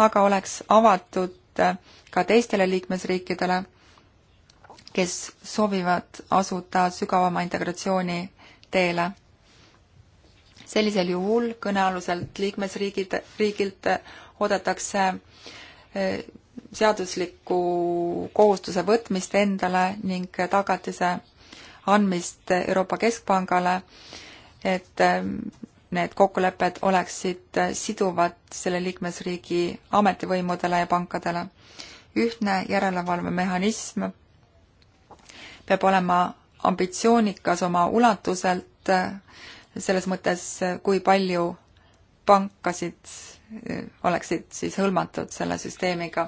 aga oleks avatud ette äh, ka teistele liikmesriikidele, kes soovivad asuda sügavama integratsiooni teele. sellisel juhul kõnealuselt liikmesriigid, riigilt oodatakse äh, seadusliku kohustuse võtmist endale ning tagatise andmist Euroopa Keskpangale, et äh, need kokkulepped oleksid siduvad selle liikmesriigi ametivõimudele ja pankadele. ühtne järelevalvemehhanism peab olema ambitsioonikas oma ulatuselt, selles mõttes, kui palju pankasid eh, oleksid siis hõlmatud selle süsteemiga.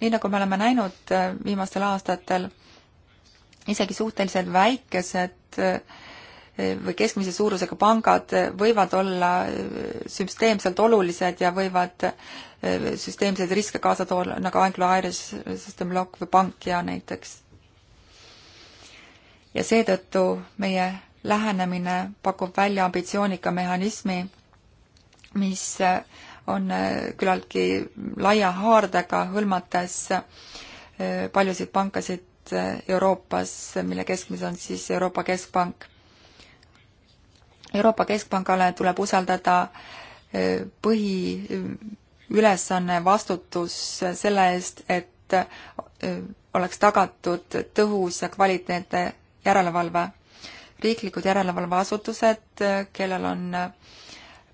nii nagu me oleme näinud eh, viimastel aastatel, isegi suhteliselt väikesed äh, või keskmise suurusega pangad võivad olla süsteemselt olulised ja võivad e, süsteemseid riske kaasa tuua, nagu Anglo-Irish System Lock või Bankia näiteks. ja seetõttu meie lähenemine pakub välja ambitsioonika mehhanismi, mis on e, küllaltki laia haardega, hõlmates e, paljusid pankasid Euroopas, mille keskmes on siis Euroopa Keskpank. Euroopa Keskpangale tuleb usaldada äh, põhiülesanne, äh, vastutus äh, selle eest, et oleks tagatud tõhus ja kvaliteetne järelevalve. riiklikud järelevalveasutused, kellel on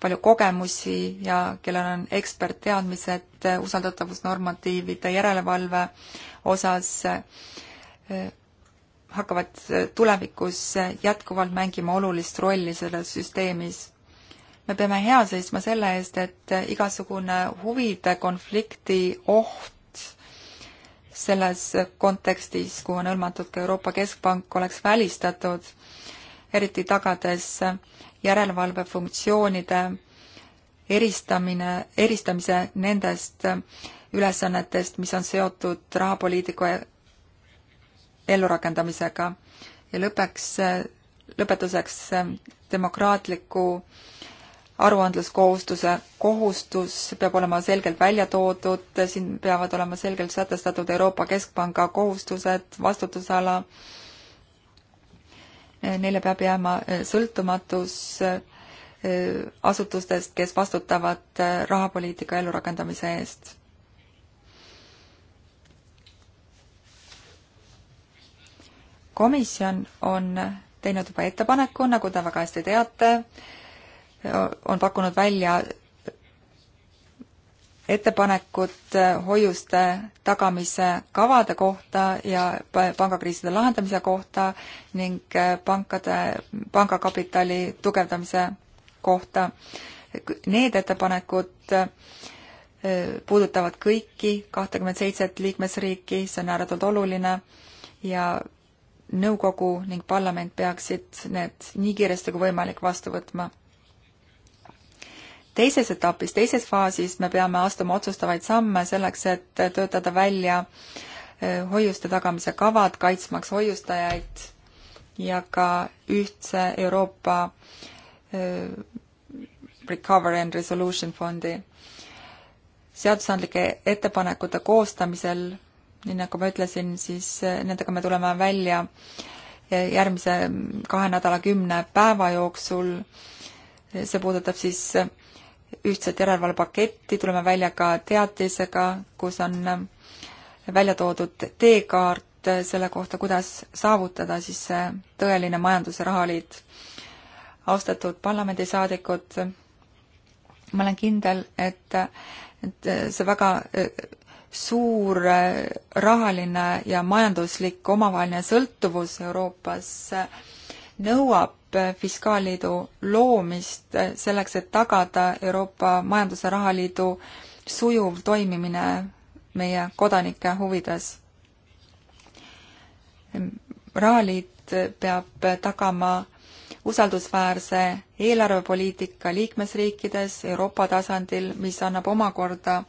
palju kogemusi ja kellel on ekspertteadmised usaldatavusnormatiivide järelevalve osas, hakkavad tulevikus jätkuvalt mängima olulist rolli selles süsteemis. me peame hea seisma selle eest, et igasugune huvide konflikti oht selles kontekstis, kuhu on hõlmatud ka Euroopa Keskpank, oleks välistatud, eriti tagades järelevalvefunktsioonide eristamine, eristamise nendest ülesannetest, mis on seotud rahapoliitika ellurakendamisega. ja lõpeks, lõpetuseks äh, demokraatliku aruandluskohustuse kohustus peab olema selgelt välja toodud, siin peavad olema selgelt sätestatud Euroopa Keskpanga kohustused, vastutusala, neile peab jääma äh, sõltumatus äh, asutustest, kes vastutavad rahapoliitika ellurakendamise eest komisjon on teinud juba ettepaneku, nagu te väga hästi teate, on pakkunud välja ettepanekut hoiuste tagamise kavade kohta ja pangakriiside lahendamise kohta ning pankade, pangakapitali tugevdamise kohta. Need ettepanekud eh, puudutavad kõiki kahtekümmet seitset liikmesriiki, see on ääretult oluline ja nõukogu ning parlament peaksid need nii kiiresti kui võimalik vastu võtma. teises etapis, teises faasis me peame astuma otsustavaid samme selleks, et töötada välja eh, hoiuste tagamise kavad, kaitsmaks hoiustajaid ja ka ühtse Euroopa eh, Recovery and Resolution Fondi. seadusandlike ettepanekute koostamisel nii nagu ma ütlesin, siis eh, nendega me tuleme välja eh, järgmise kahe nädala kümne päeva jooksul. Eh, see puudutab siis ühtset järelevalvepaketti, tuleme välja ka teatisega, kus on välja toodud teekaart selle kohta, kuidas saavutada siis see tõeline majandus- ja rahaliit. austatud parlamendisaadikud, ma olen kindel, et, et see väga suur äh, rahaline ja majanduslik omavaheline sõltuvus Euroopas äh, nõuab äh, fiskaalliidu loomist selleks, et tagada Euroopa Majandus- ja Rahaliidu sujuv toimimine meie kodanike huvides. rahaliit peab tagama usaldusväärse eelarvepoliitika liikmesriikides Euroopa tasandil, mis annab omakorda äh,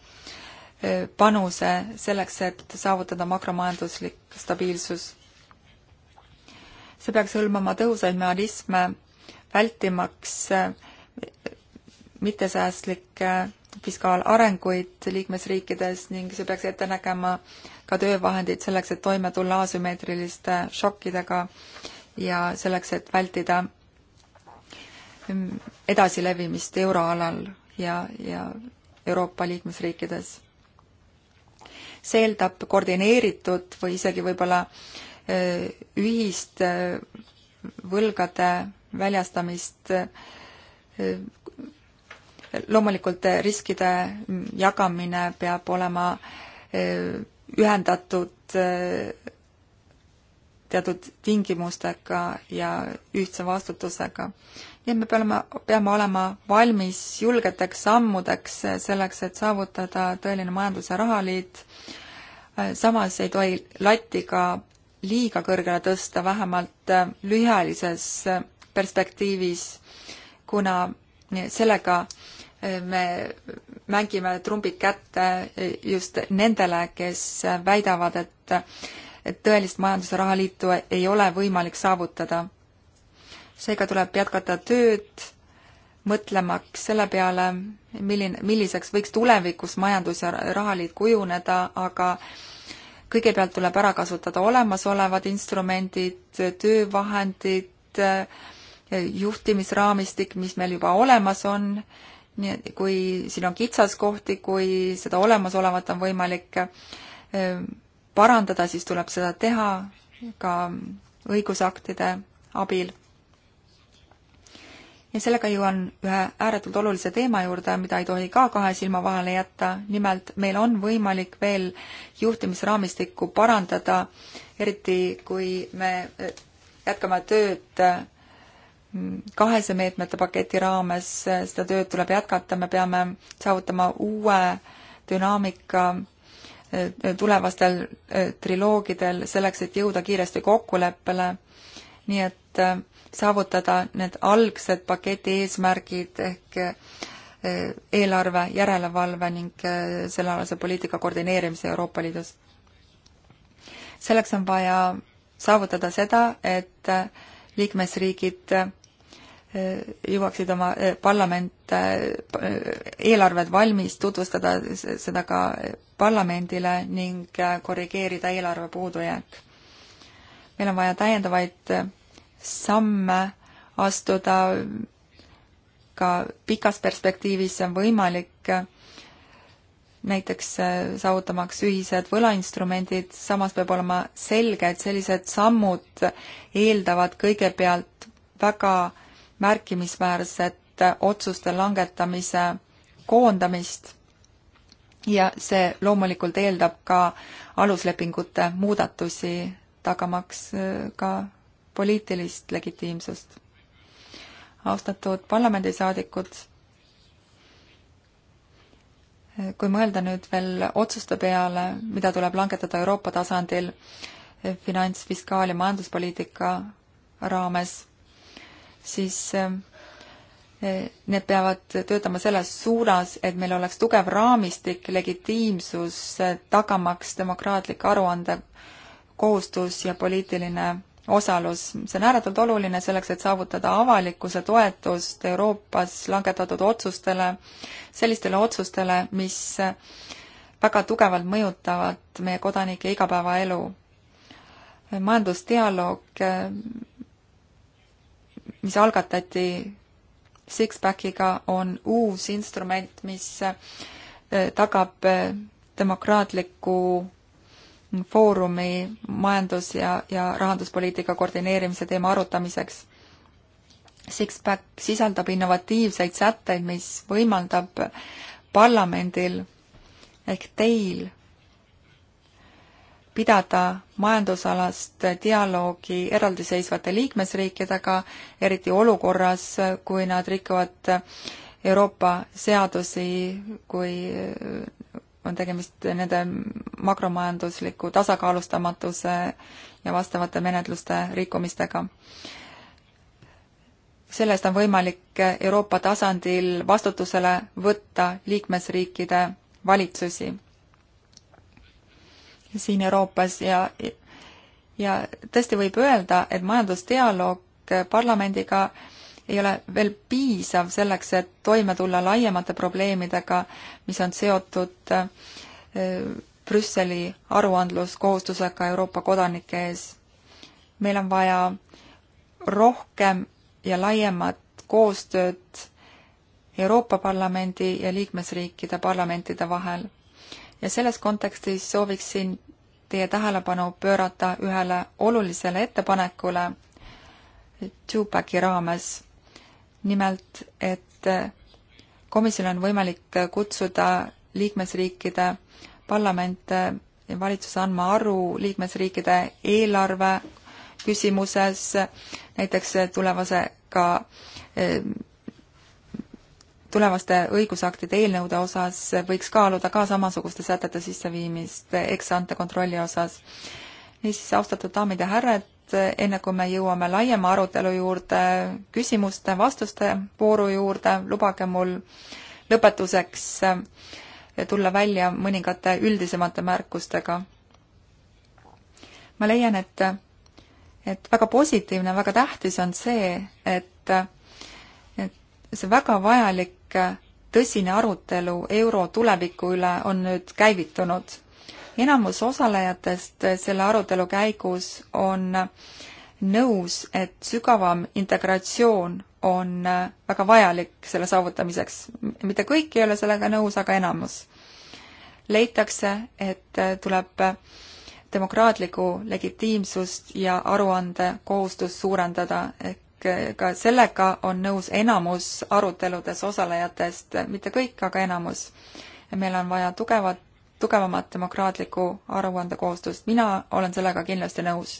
panuse selleks, et saavutada makromajanduslik stabiilsus. see peaks hõlmama tõhusaid mehhanisme, vältimaks äh, mittesäästlikke äh, fiskaalarenguid liikmesriikides ning see peaks ette nägema ka töövahendid selleks, et toime tulla asümmeetriliste šokkidega ja selleks, et vältida mm, edasilevimist euroalal ja, ja Euroopa liikmesriikides see eeldab koordineeritud või isegi võib-olla ühist võlgade väljastamist loomulikult riskide jagamine peab olema ühendatud teatud tingimustega ja ühtse vastutusega nii et me peame, peame olema valmis julgeteks sammudeks selleks, et saavutada tõeline majandus- ja rahaliit. samas ei tohi latti ka liiga kõrgele tõsta, vähemalt äh, lühiajalises äh, perspektiivis, kuna äh, sellega me mängime trumbid kätte just nendele, kes väidavad, et et tõelist majandus- ja rahaliitu ei ole võimalik saavutada seega tuleb jätkata tööd, mõtlemaks selle peale, milline, milliseks võiks tulevikus majandus ja rahaliit kujuneda, aga kõigepealt tuleb ära kasutada olemasolevad instrumendid, töövahendid, juhtimisraamistik, mis meil juba olemas on, nii et kui siin on kitsaskohti, kui seda olemasolevat on võimalik e, parandada, siis tuleb seda teha ka õigusaktide abil ja sellega jõuan ühe ääretult olulise teema juurde, mida ei tohi ka kahe silma vahele jätta, nimelt meil on võimalik veel juhtimisraamistikku parandada, eriti kui me eh, jätkame tööd mm, kahese meetmete paketi raames, seda tööd tuleb jätkata, me peame saavutama uue dünaamika eh, tulevastel eh, triloogidel selleks, et jõuda kiiresti kokkuleppele, nii et saavutada need algsed paketi eesmärgid ehk eh, eelarve, järelevalve ning eh, sellealase poliitika koordineerimise Euroopa Liidus. selleks on vaja saavutada seda, et eh, liikmesriigid jõuaksid oma parlament, eelarved valmis, tutvustada seda ka parlamendile ning korrigeerida eelarve puudujääk. meil on vaja täiendavaid samme astuda, ka pikas perspektiivis on võimalik näiteks äh, saavutamaks ühised võlainstrumendid, samas peab olema selge, et sellised sammud eeldavad kõigepealt väga märkimisväärset otsuste langetamise koondamist ja see loomulikult eeldab ka aluslepingute muudatusi, tagamaks äh, ka poliitilist legitiimsust. austatud parlamendisaadikud, kui mõelda nüüd veel otsuste peale, mida tuleb langetada Euroopa tasandil finants, fiskaal- ja majanduspoliitika raames, siis eh, need peavad töötama selles suunas, et meil oleks tugev raamistik, legitiimsus, tagamaks demokraatlik aruande kohustus ja poliitiline osalus, see on ääretult oluline selleks, et saavutada avalikkuse toetust Euroopas langetatud otsustele, sellistele otsustele, mis väga tugevalt mõjutavad meie kodanike igapäevaelu. majandusdialoog, mis algatati Sixpackiga, on uus instrument, mis tagab demokraatliku foorumi majandus- ja, ja rahanduspoliitika koordineerimise teema arutamiseks. Sixpack sisaldab innovatiivseid sätteid, mis võimaldab parlamendil ehk teil pidada majandusalast dialoogi eraldiseisvate liikmesriikidega, eriti olukorras, kui nad rikuvad Euroopa seadusi, kui on tegemist nende makromajandusliku tasakaalustamatuse ja vastavate menetluste rikkumistega. selle eest on võimalik Euroopa tasandil vastutusele võtta liikmesriikide valitsusi siin Euroopas ja, ja tõesti võib öelda, et majandusdialoog parlamendiga ei ole veel piisav selleks, et toime tulla laiemate probleemidega, mis on seotud äh, Brüsseli aruandluskohustusega Euroopa kodanike ees. meil on vaja rohkem ja laiemat koostööd Euroopa Parlamendi ja liikmesriikide parlamentide vahel. ja selles kontekstis sooviksin teie tähelepanu pöörata ühele olulisele ettepanekule Tupaki raames nimelt, et komisjonil on võimalik kutsuda liikmesriikide parlamente ja valitsus andma aru liikmesriikide eelarve küsimuses, näiteks tulevase ka eh, tulevaste õigusaktide eelnõude osas võiks kaaluda ka samasuguste sätete sisseviimist eksante kontrolli osas. niisiis, austatud daamid ja härrad, enne kui me jõuame laiema arutelu juurde, küsimuste-vastuste vooru juurde, lubage mul lõpetuseks tulla välja mõningate üldisemate märkustega. ma leian, et, et väga positiivne, väga tähtis on see, et, et see väga vajalik tõsine arutelu euro tuleviku üle on nüüd käivitunud enamus osalejatest selle arutelu käigus on nõus, et sügavam integratsioon on väga vajalik selle saavutamiseks. mitte kõik ei ole sellega nõus, aga enamus. leitakse, et tuleb demokraatlikku legitiimsust ja aruandekohustust suurendada, ehk ka sellega on nõus enamus aruteludes osalejatest, mitte kõik, aga enamus. meil on vaja tugevat tugevamat demokraatlikku aruandekohustust, mina olen sellega kindlasti nõus.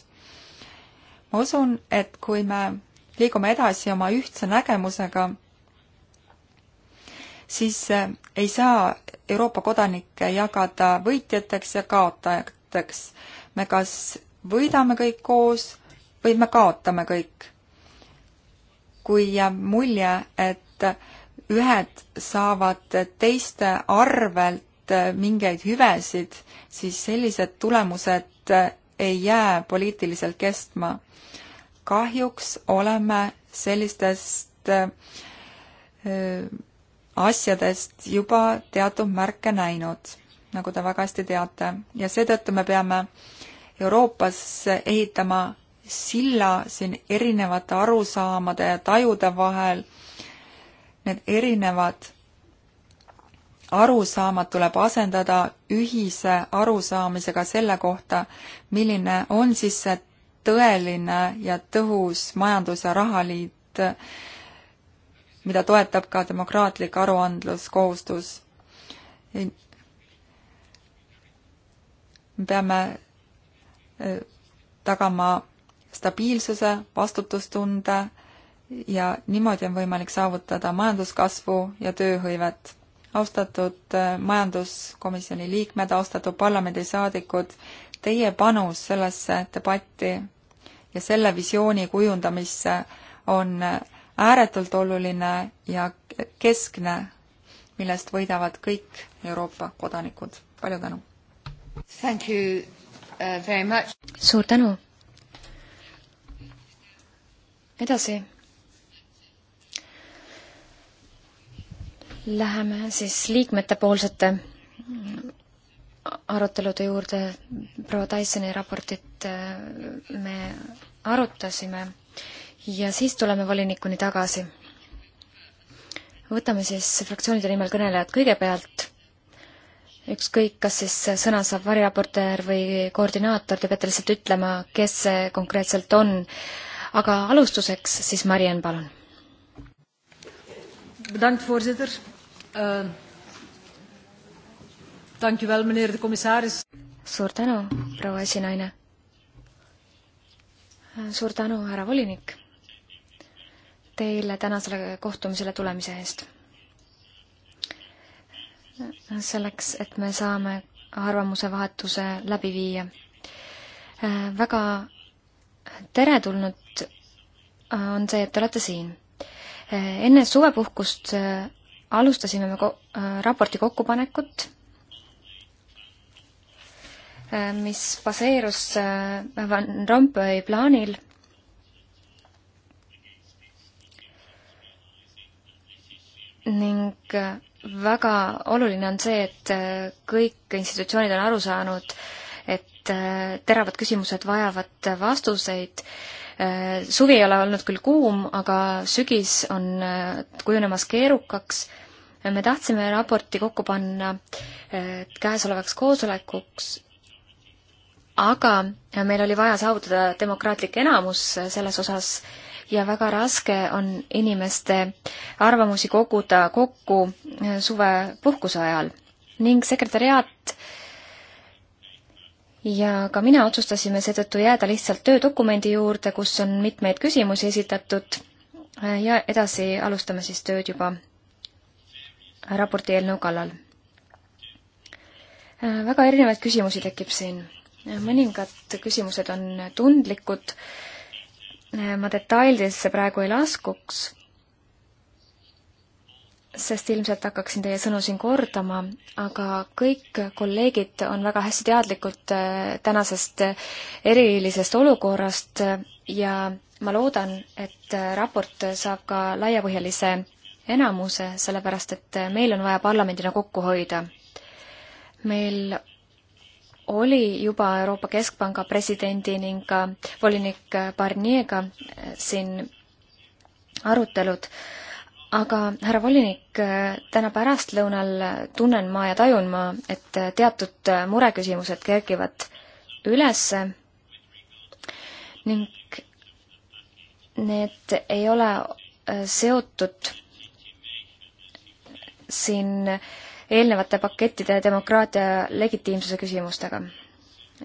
ma usun, et kui me liigume edasi oma ühtse nägemusega, siis eh, ei saa Euroopa kodanikke jagada võitjateks ja kaotajateks. me kas võidame kõik koos või me kaotame kõik. kui jääb mulje, et ühed saavad teiste arvelt Äh, mingeid hüvesid, siis sellised tulemused äh, ei jää poliitiliselt kestma. kahjuks oleme sellistest äh, asjadest juba teatud märke näinud, nagu te väga hästi teate, ja seetõttu me peame Euroopas ehitama silla siin erinevate arusaamade ja tajude vahel, need erinevad arusaamad tuleb asendada ühise arusaamisega selle kohta, milline on siis see tõeline ja tõhus majandus- ja rahaliit, mida toetab ka demokraatlik aruandluskohustus. me peame e, tagama stabiilsuse, vastutustunde ja niimoodi on võimalik saavutada majanduskasvu ja tööhõivet austatud äh, majanduskomisjoni liikmed, austatud parlamendisaadikud, teie panus sellesse debatti ja selle visiooni kujundamisse on äh, ääretult oluline ja keskne, millest võidavad kõik Euroopa kodanikud. palju tänu! Uh, suur tänu! edasi Läheme siis liikmetepoolsete arutelude juurde. proua Dysoni raportit äh, me arutasime ja siis tuleme volinikuni tagasi. võtame siis fraktsioonide nimel kõnelejad kõigepealt. ükskõik, kas siis sõna saab variraportöör või koordinaator, te peate lihtsalt ütlema, kes see konkreetselt on. aga alustuseks siis Mariann, palun. Bedankt, voorzitter Uh, Dank u wel, meneer de commissaris. suur tänu, proua esinaine. suur tänu, härra volinik, teile tänasele kohtumisele tulemise eest. selleks, et me saame arvamuse vahetuse läbi viia. Eh, väga teretulnud eh, on see, et te olete siin. enne suvepuhkust alustasime me ko äh, raporti kokkupanekut, äh, mis baseerus äh, Van Rompuy plaanil ning väga oluline on see, et kõik institutsioonid on aru saanud, et teravad küsimused vajavad vastuseid. suvi ei ole olnud küll kuum, aga sügis on kujunemas keerukaks me tahtsime raporti kokku panna eh, käesolevaks koosolekuks, aga meil oli vaja saavutada demokraatlik enamus selles osas ja väga raske on inimeste arvamusi koguda kokku eh, suvepuhkuse ajal ning sekretäriaat ja ka mina otsustasime seetõttu jääda lihtsalt töödokumendi juurde, kus on mitmeid küsimusi esitatud eh, ja edasi alustame siis tööd juba raporti eelnõu kallal. väga erinevaid küsimusi tekib siin. mõningad küsimused on tundlikud, ma detailidesse praegu ei laskuks, sest ilmselt hakkaksin teie sõnu siin kordama, aga kõik kolleegid on väga hästi teadlikud äh, tänasest erilisest olukorrast ja ma loodan, et äh, raport saab ka laiapõhjalise enamuse, sellepärast et meil on vaja parlamendina kokku hoida. meil oli juba Euroopa Keskpanga presidendi ning ka volinik Barnier'ga siin arutelud, aga härra volinik, täna pärastlõunal tunnen ma ja tajun ma, et teatud mureküsimused kerkivad üles ning need ei ole seotud siin eelnevate pakettide demokraatia legitiimsuse küsimustega,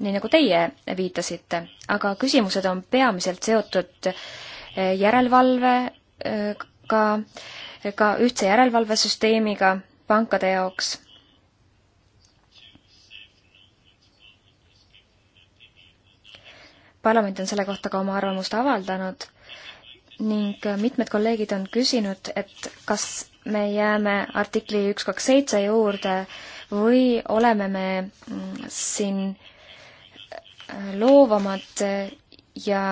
nii nagu teie viitasite, aga küsimused on peamiselt seotud eh, järelevalvega, eh, ka ühtse järelevalvesüsteemiga pankade jaoks parlament on selle kohta ka oma arvamust avaldanud ning mitmed kolleegid on küsinud, et kas me jääme artikli üks, kaks, seitse juurde või oleme me mm, siin äh, loovamad äh, ja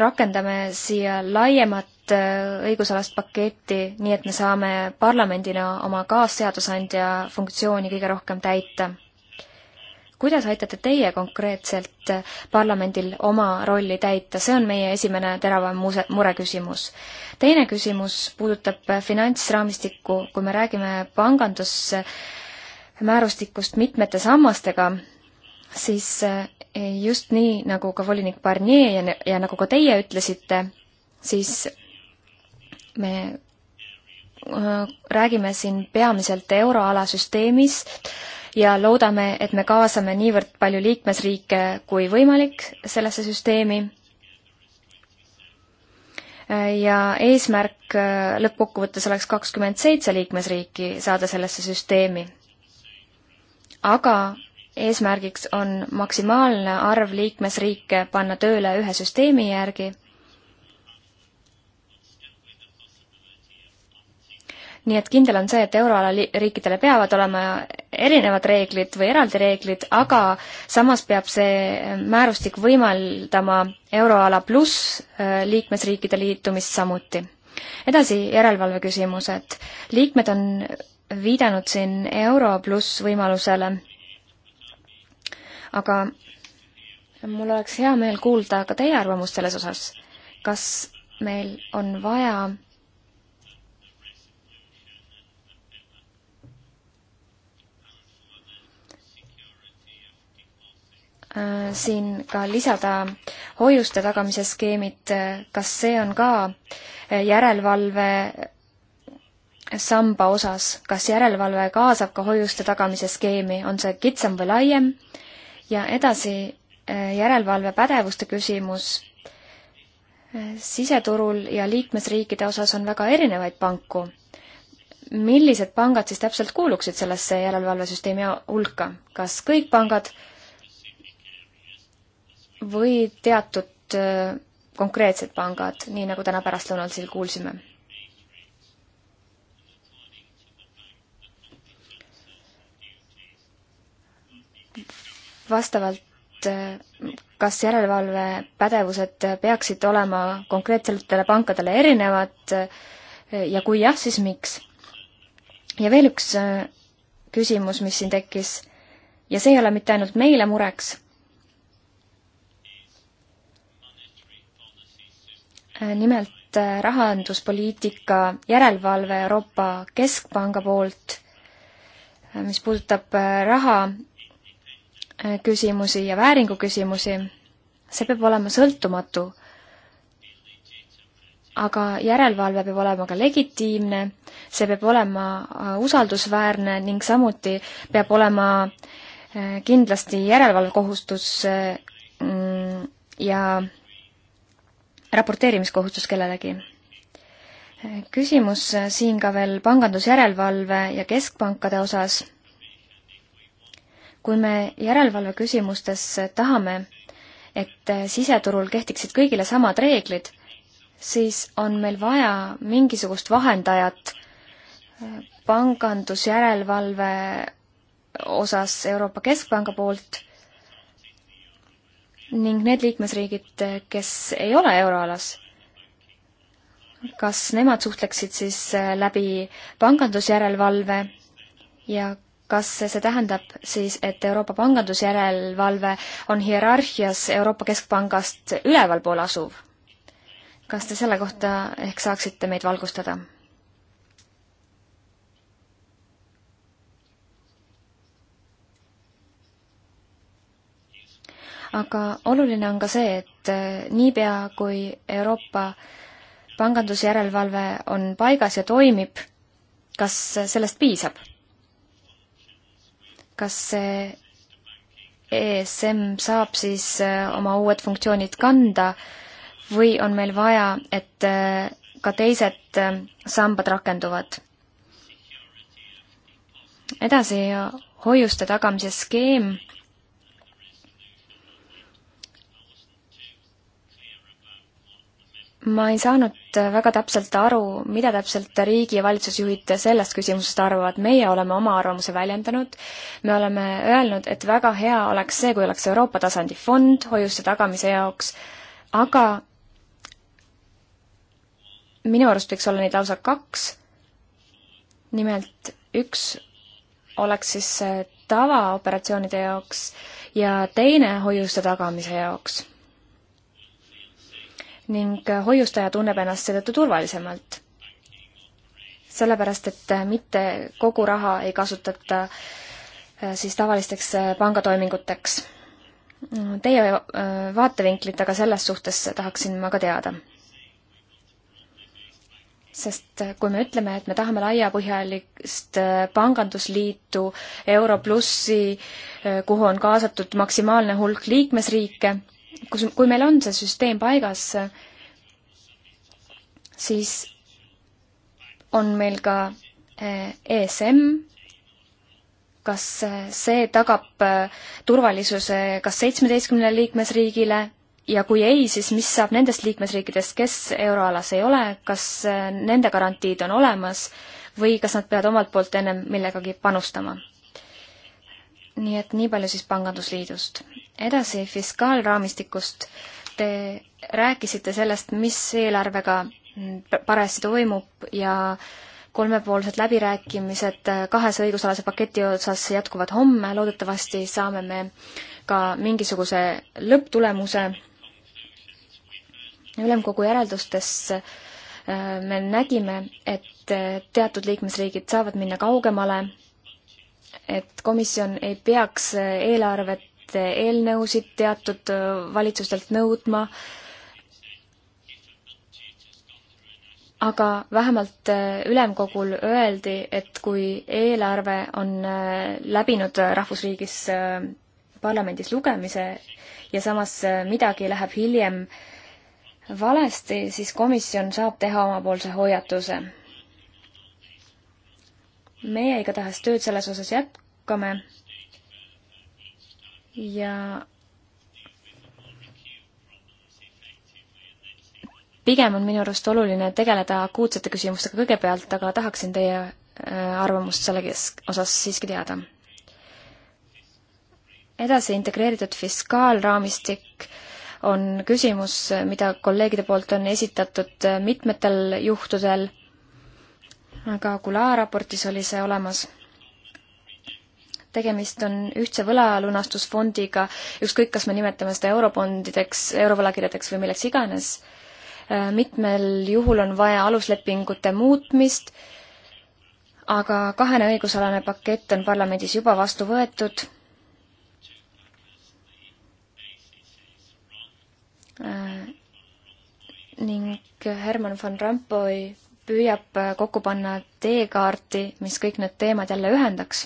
rakendame siia laiemat äh, õigusalast paketti, nii et me saame parlamendina oma kaasseadusandja funktsiooni kõige rohkem täita kuidas aitate teie konkreetselt äh, parlamendil oma rolli täita, see on meie esimene teravam muse, mureküsimus. teine küsimus puudutab äh, finantsraamistikku, kui me räägime pangandusmäärustikust mitmete sammastega, siis äh, just nii, nagu ka volinik Barnier ja, ja nagu ka teie ütlesite, siis me räägime siin peamiselt euroala süsteemist, ja loodame, et me kaasame niivõrd palju liikmesriike kui võimalik sellesse süsteemi. ja eesmärk äh, lõppkokkuvõttes oleks kakskümmend seitse liikmesriiki saada sellesse süsteemi. aga eesmärgiks on maksimaalne arv liikmesriike panna tööle ühe süsteemi järgi nii et kindel on see, et euroala riikidele peavad olema erinevad reeglid või eraldi reeglid, aga samas peab see määrustik võimaldama euroala pluss äh, liikmesriikide liitumist samuti. edasi järelevalve küsimused. liikmed on viidanud siin euro pluss võimalusele, aga mul oleks hea meel kuulda ka teie arvamust selles osas. kas meil on vaja Äh, siin ka lisada hoiuste tagamise skeemid, äh, kas see on ka äh, järelevalve samba osas, kas järelevalve kaasab ka hoiuste tagamise skeemi, on see kitsam või laiem? ja edasi järelevalvepädevuste küsimus. siseturul ja liikmesriikide osas on väga erinevaid panku. millised pangad siis täpselt kuuluksid sellesse järelevalvesüsteemi hulka, kas kõik pangad või teatud äh, konkreetsed pangad, nii nagu täna pärastlõunal siin kuulsime. vastavalt äh, kas järelevalvepädevused peaksid olema konkreetsetele pankadele erinevad äh, ja kui jah, siis miks? ja veel üks küsimus, mis siin tekkis, ja see ei ole mitte ainult meile mureks Äh, nimelt äh, rahanduspoliitika järelevalve Euroopa Keskpanga poolt, äh, mis puudutab raha küsimusi ja vääringu küsimusi, see peab olema sõltumatu. aga järelevalve peab olema ka legitiimne, see peab olema usaldusväärne ning samuti peab olema kindlasti järelevalvekohustus mm, ja raporteerimiskohustus kellelegi. küsimus siin ka veel pangandusjärelevalve ja keskpankade osas. kui me järelevalve küsimustes tahame, et siseturul kehtiksid kõigile samad reeglid, siis on meil vaja mingisugust vahendajat pangandusjärelevalve osas Euroopa Keskpanga poolt ning need liikmesriigid, kes ei ole euroalas, kas nemad suhtleksid siis äh, läbi pangandusjärelevalve ja kas see tähendab siis, et Euroopa pangandusjärelevalve on hierarhias Euroopa Keskpangast ülevalpool asuv? kas te selle kohta ehk saaksite meid valgustada? aga oluline on ka see, et äh, niipea, kui Euroopa pangandusjärelevalve on paigas ja toimib, kas sellest piisab? kas see ESM saab siis äh, oma uued funktsioonid kanda või on meil vaja, et äh, ka teised sambad rakenduvad? edasi, hoiuste tagamise skeem ma ei saanud äh, väga täpselt aru, mida täpselt riigi ja valitsusjuhid sellest küsimusest arvavad. meie oleme oma arvamuse väljendanud, me oleme öelnud, et väga hea oleks see, kui oleks Euroopa tasandi fond hoiuste tagamise jaoks, aga minu arust võiks olla neid lausa kaks. nimelt üks oleks siis äh, tavaoperatsioonide jaoks ja teine hoiuste tagamise jaoks ning hoiustaja tunneb ennast seetõttu turvalisemalt. sellepärast, et mitte kogu raha ei kasutata äh, siis tavalisteks äh, pangatoiminguteks. Teie äh, vaatevinklit aga selles suhtes tahaksin ma ka teada sest kui me ütleme, et me tahame laiapõhjalist pangandusliitu, Euro plussi, kuhu on kaasatud maksimaalne hulk liikmesriike, kus, kui meil on see süsteem paigas, siis on meil ka ESM, eh, e kas see tagab eh, turvalisuse kas seitsmeteistkümnele liikmesriigile ja kui ei, siis mis saab nendest liikmesriikidest, kes euroalas ei ole, kas eh, nende garantiid on olemas või kas nad peavad omalt poolt ennem millegagi panustama? nii et nii palju siis Pangandusliidust edasi fiskaalraamistikust. Te rääkisite sellest, mis eelarvega parajasti toimub ja kolmepoolsed läbirääkimised kahese õigusalase paketi osas jätkuvad homme, loodetavasti saame me ka mingisuguse lõpptulemuse. ülemkogu järeldustes äh, me nägime, et teatud liikmesriigid saavad minna kaugemale, et komisjon ei peaks eelarvet eelnõusid teatud äh, valitsustelt nõudma, aga vähemalt äh, ülemkogul öeldi, et kui eelarve on äh, läbinud rahvusriigis parlamendis lugemise ja samas midagi läheb hiljem valesti, siis komisjon saab teha omapoolse hoiatuse. meie igatahes tööd selles osas jätkame ja pigem on minu arust oluline tegeleda akuutsete küsimustega kõigepealt, aga tahaksin teie äh, arvamust selle osas siiski teada. edasi, integreeritud fiskaalraamistik on küsimus, mida kolleegide poolt on esitatud äh, mitmetel juhtudel, aga Kula raportis oli see olemas tegemist on ühtse võlalunastusfondiga, ükskõik, kas me nimetame seda eurobondideks, eurovõlakirjadeks või milleks iganes, äh, mitmel juhul on vaja aluslepingute muutmist, aga kahene õigusalane pakett on parlamendis juba vastu võetud äh, ning Herman van Rompuy püüab kokku panna teekaarti, mis kõik need teemad jälle ühendaks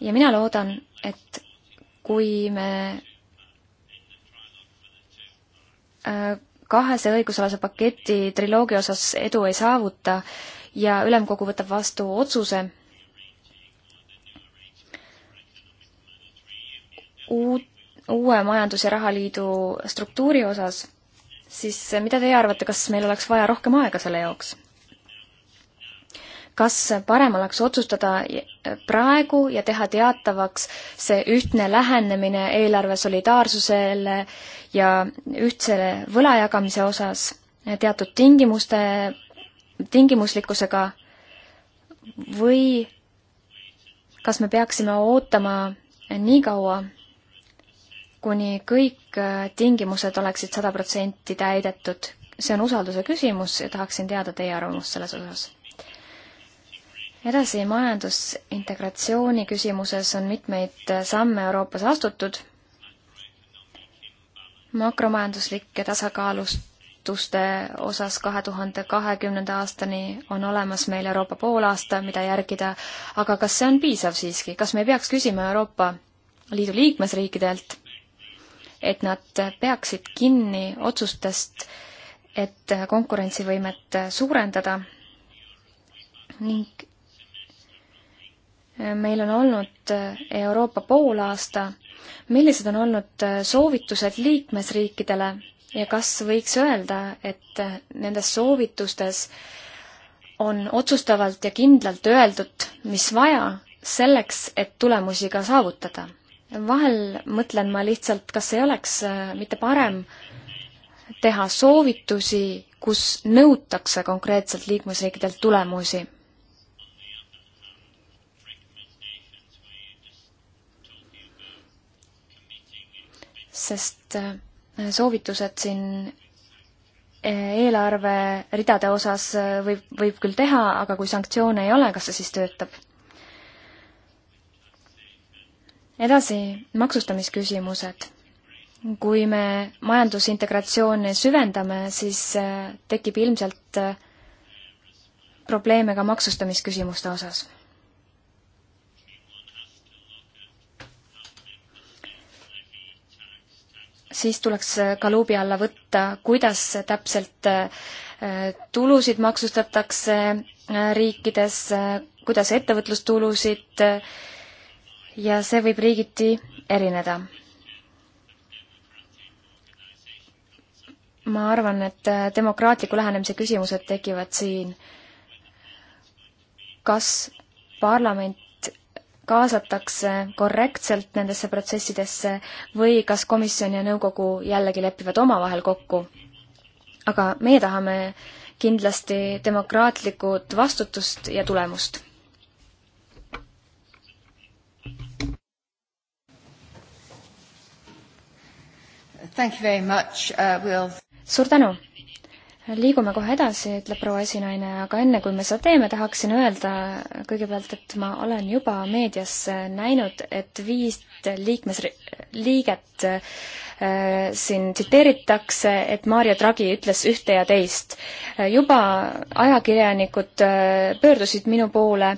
ja mina loodan, et kui me äh, kahese õigusalase paketi triloogia osas edu ei saavuta ja ülemkogu võtab vastu otsuse uut, uue majandus- ja rahaliidu struktuuri osas, siis äh, mida teie arvate, kas meil oleks vaja rohkem aega selle jaoks? kas parem oleks otsustada praegu ja teha teatavaks see ühtne lähenemine eelarve solidaarsusele ja ühtsele võlajagamise osas teatud tingimuste, tingimuslikkusega või kas me peaksime ootama nii kaua, kuni kõik tingimused oleksid sada protsenti täidetud? see on usalduse küsimus ja tahaksin teada teie arvamust selles osas edasi, majandusintegratsiooni küsimuses on mitmeid samme Euroopas astutud. makromajanduslike tasakaalustuste osas kahe tuhande kahekümnenda aastani on olemas meil Euroopa poolaasta, mida järgida, aga kas see on piisav siiski, kas me ei peaks küsima Euroopa Liidu liikmesriikidelt, et nad peaksid kinni otsustest, et konkurentsivõimet suurendada ning meil on olnud eh, Euroopa poolaasta, millised on olnud eh, soovitused liikmesriikidele ja kas võiks öelda, et eh, nendes soovitustes on otsustavalt ja kindlalt öeldud, mis vaja selleks, et tulemusi ka saavutada? vahel mõtlen ma lihtsalt, kas ei oleks mitte parem teha soovitusi, kus nõutakse konkreetselt liikmesriikidelt tulemusi sest äh, soovitused siin äh, eelarveridade osas äh, võib, võib küll teha, aga kui sanktsioone ei ole, kas see siis töötab? edasi, maksustamisküsimused. kui me majandusintegratsiooni süvendame, siis tekib ilmselt probleeme ka maksustamisküsimuste osas siis tuleks ka luubi alla võtta, kuidas täpselt äh, tulusid maksustatakse äh, riikides, äh, kuidas ettevõtlustulusid ja see võib riigiti erineda. ma arvan, et demokraatliku lähenemise küsimused tekivad siin. kas parlament kaasatakse korrektselt nendesse protsessidesse või kas komisjon ja nõukogu jällegi lepivad omavahel kokku. aga meie tahame kindlasti demokraatlikud vastutust ja tulemust. Thank you very much uh,, Will. suur tänu! liigume kohe edasi, ütleb proua esinaine, aga enne kui me seda teeme, tahaksin öelda kõigepealt, et ma olen juba meedias näinud, et viis liikmesri-, liiget äh, siin tsiteeritakse, et Mario Draghi ütles ühte ja teist. Äh, juba ajakirjanikud äh, pöördusid minu poole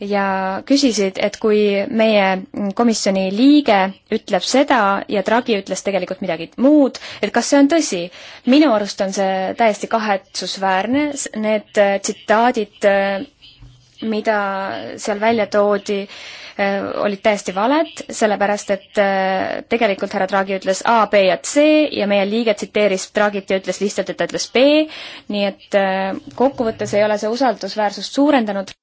ja küsisid, et kui meie komisjoni liige ütleb seda ja Draghi ütles tegelikult midagi muud, et kas see on tõsi. minu arust on see täiesti kahetsusväärne, need tsitaadid, mida seal välja toodi äh, Äh, olid täiesti valed, sellepärast et äh, tegelikult härra Draghi ütles A, B ja C ja meie liige tsiteeris Draghit ja ütles lihtsalt, et ta ütles B, nii et äh, kokkuvõttes ei ole see usaldusväärsust suurendanud.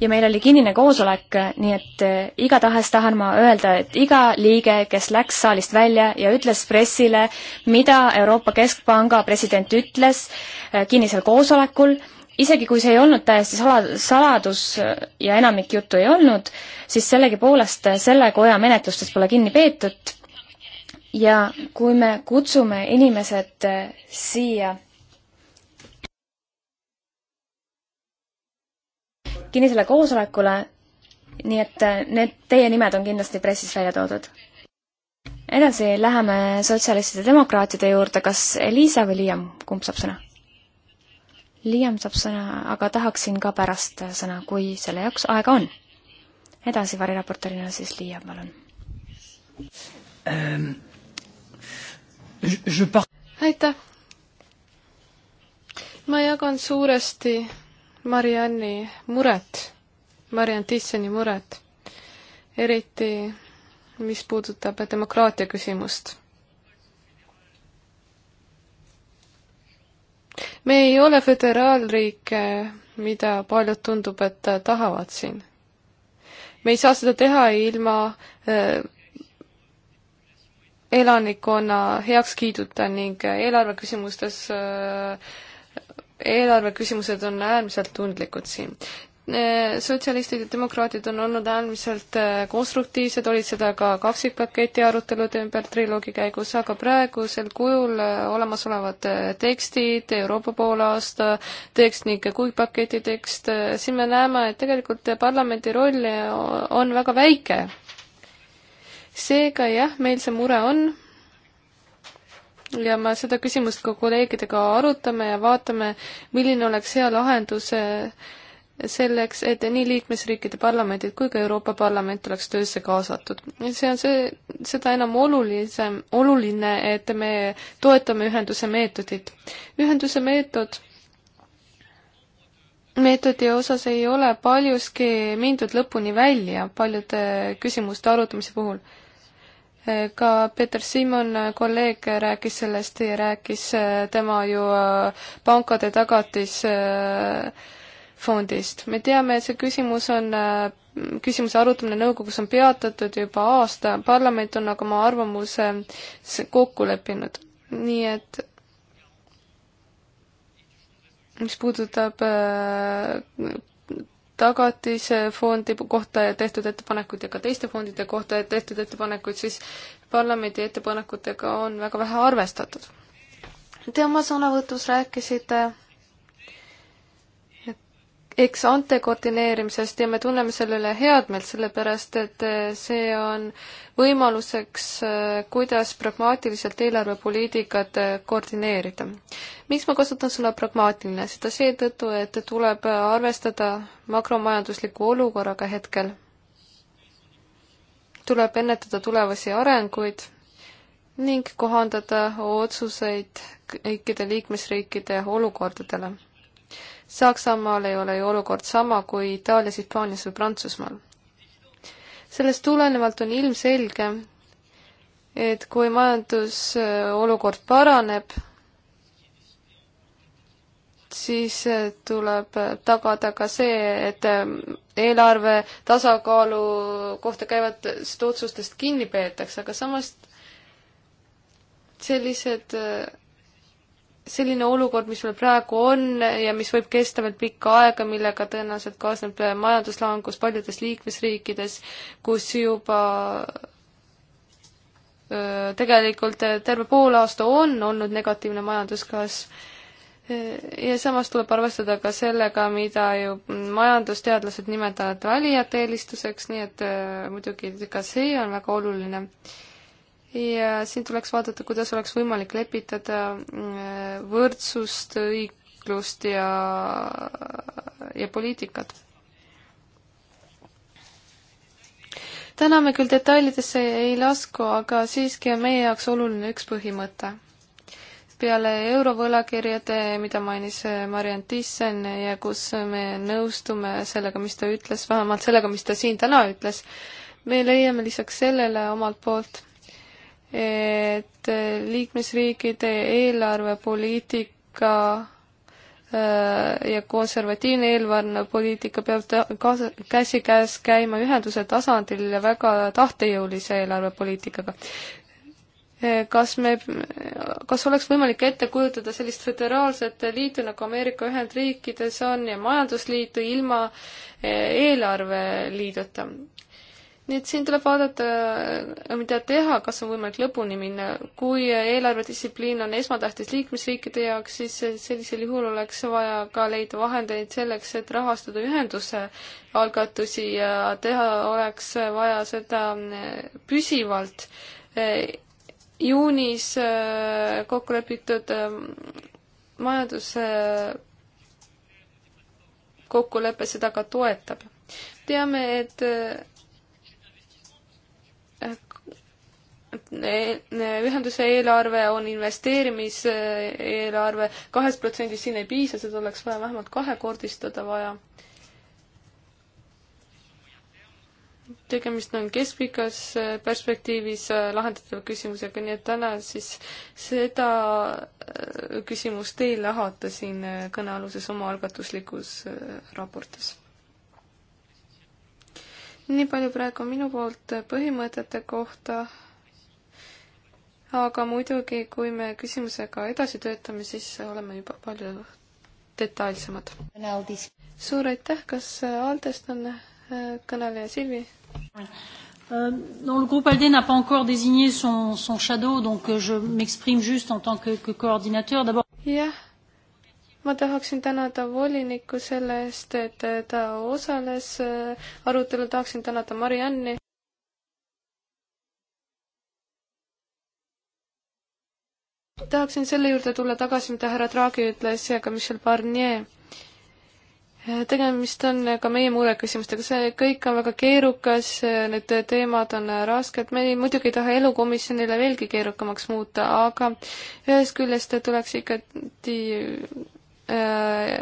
ja meil oli kinnine koosolek, nii et igatahes tahan ma öelda, et iga liige, kes läks saalist välja ja ütles pressile, mida Euroopa Keskpanga president ütles kinnisel koosolekul, isegi kui see ei olnud täiesti sala-, saladus ja enamik juttu ei olnud, siis sellegipoolest selle koja menetlustest pole kinni peetud ja kui me kutsume inimesed eh, siia kinnisele koosolekule, nii et eh, need, teie nimed on kindlasti pressis välja toodud. edasi läheme sotsialistide demokraatide juurde, kas Liisa või Liam, kumb saab sõna? Liam saab sõna, aga tahaksin ka pärast sõna, kui selle jaoks aega on. edasi variraportorina siis Liam, palun ähm,. aitäh. ma jagan suuresti Marianni muret, Mariann Thyssen'i muret, eriti mis puudutab demokraatia küsimust me ei ole föderaalriik, mida paljud tundub, et tahavad siin. me ei saa seda teha ilma äh, elanikkonna heakskiiduta ning eelarve küsimustes, äh, eelarve küsimused on äärmiselt tundlikud siin. Äh, sotsialistid ja demokraadid on olnud äärmiselt äh, konstruktiivsed, olid seda ka kaksikpaketi arutelude ümber triloogi käigus, aga praegusel kujul äh, olemasolevad tekstid, Euroopa poolaasta tekst ning kuupaketi tekst, siin me näeme, et tegelikult parlamendi roll on väga väike. seega jah, meil see mure on ja me seda küsimust ka kolleegidega arutame ja vaatame, milline oleks hea lahendus selleks, et nii liikmesriikide parlamendid kui ka Euroopa Parlament oleks töösse kaasatud. see on see, seda enam olulisem, oluline, et me toetame ühenduse meetodit. ühenduse meetod, meetodi osas ei ole paljuski mindud lõpuni välja paljude küsimuste arutamise puhul ka Peeter Simon, kolleeg, rääkis sellest ja rääkis tema ju pankade tagatis äh, fondist. me teame, et see küsimus on, äh, küsimuse arutamine nõukogus on peatatud juba aasta, parlament on aga oma arvamuse kokku leppinud. nii et mis puudutab äh, tagatisfondi kohta tehtud ettepanekuid ja ka teiste fondide kohta tehtud ettepanekuid, siis parlamendi ettepanekutega on väga vähe arvestatud. Te oma sõnavõtus rääkisite äh, eks ante koordineerimisest ja me tunneme selle üle headmeelt, sellepärast et eh, see on võimaluseks, eh, kuidas pragmaatiliselt eelarvepoliitikat eh, koordineerida. miks ma kasutan sõna pragmaatiline, seda seetõttu, et tuleb arvestada makromajandusliku olukorraga hetkel. tuleb ennetada tulevasi arenguid ning kohandada otsuseid kõikide liikmesriikide olukordadele Saksamaal ei ole ju olukord sama kui Itaalias, Hispaanias või Prantsusmaal. sellest tulenevalt on ilmselge, et kui majandusolukord paraneb, siis tuleb tagada ka see, et eelarve tasakaalu kohta käivatest otsustest kinni peetakse, aga samas sellised selline olukord, mis meil praegu on ja mis võib kesta veel pikka aega, millega tõenäoliselt kaasneb majanduslangus paljudes liikmesriikides, kus juba öö, tegelikult terve pool aasta on olnud negatiivne majanduskasv. ja samas tuleb arvestada ka sellega, mida ju majandusteadlased nimetavad valijate eelistuseks, nii et öö, muidugi ka see on väga oluline ja siin tuleks vaadata, kuidas oleks võimalik lepitada mm, äh, võrdsust, õiglust ja, ja poliitikat. täna me küll detailidesse ei lasku, aga siiski on meie jaoks oluline üks põhimõte. peale eurovõlakirjade, mida mainis äh, Mariann Thyssen ja kus me nõustume sellega, mis ta ütles, vähemalt sellega, mis ta siin täna ütles, me leiame lisaks sellele omalt poolt et liikmesriikide eelarvepoliitika äh, ja konservatiivne eelarvepoliitika peab kaasa, käsikäes käima ühenduse tasandil ja väga tahtejõulise eelarvepoliitikaga äh, kas me, kas oleks võimalik ette kujutada sellist föderaalset liitu nagu Ameerika Ühendriikides on ja majandusliitu ilma äh, eelarveliiduta? nii et siin tuleb vaadata, äh, mida teha, kas on võimalik lõpuni minna. kui eelarvedistsipliin on esmatähtis liikmesriikide jaoks, siis sellisel juhul oleks vaja ka leida vahendeid selleks, et rahastada ühenduse algatusi ja teha oleks vaja seda äh, püsivalt. Äh, juunis kokku lepitud majanduse kokkulepe seda ka toetab. teame, et ühenduse eelarve on investeerimiseelarve, kahest protsendist siin ei piisa, seda oleks vaja vähemalt kahekordistada vaja. tegemist on keskpikas äh, perspektiivis äh, lahendatava küsimusega, nii et täna siis seda äh, küsimust ei lahata siin kõnealuses omaalgatuslikus raportis nii palju praegu minu poolt põhimõtete kohta aga muidugi, kui me küsimusega edasi töötame, siis oleme juba palju detailsemad. suur aitäh, kas Aldest on äh, kõneleja Silvi? Euh, non, le groupe ALDE n'a pas encore désigné son, son shadow, donc euh, je m'exprime juste en tant que, que coordinateur. D'abord. jah, ma tahaksin tänada volinikku selle eest, et äh, ta osales äh, arutelul, tahaksin tänada Marianni tahaksin selle juurde tulla tagasi, mida härra Draghi ütles ja ka Michel Barnier. tegemist on ka meie mureküsimustega, see kõik on väga keerukas, need teemad on rasked, me ei, muidugi ei taha elukomisjonile veelgi keerukamaks muuta, aga ühest küljest tuleks ikkagi äh,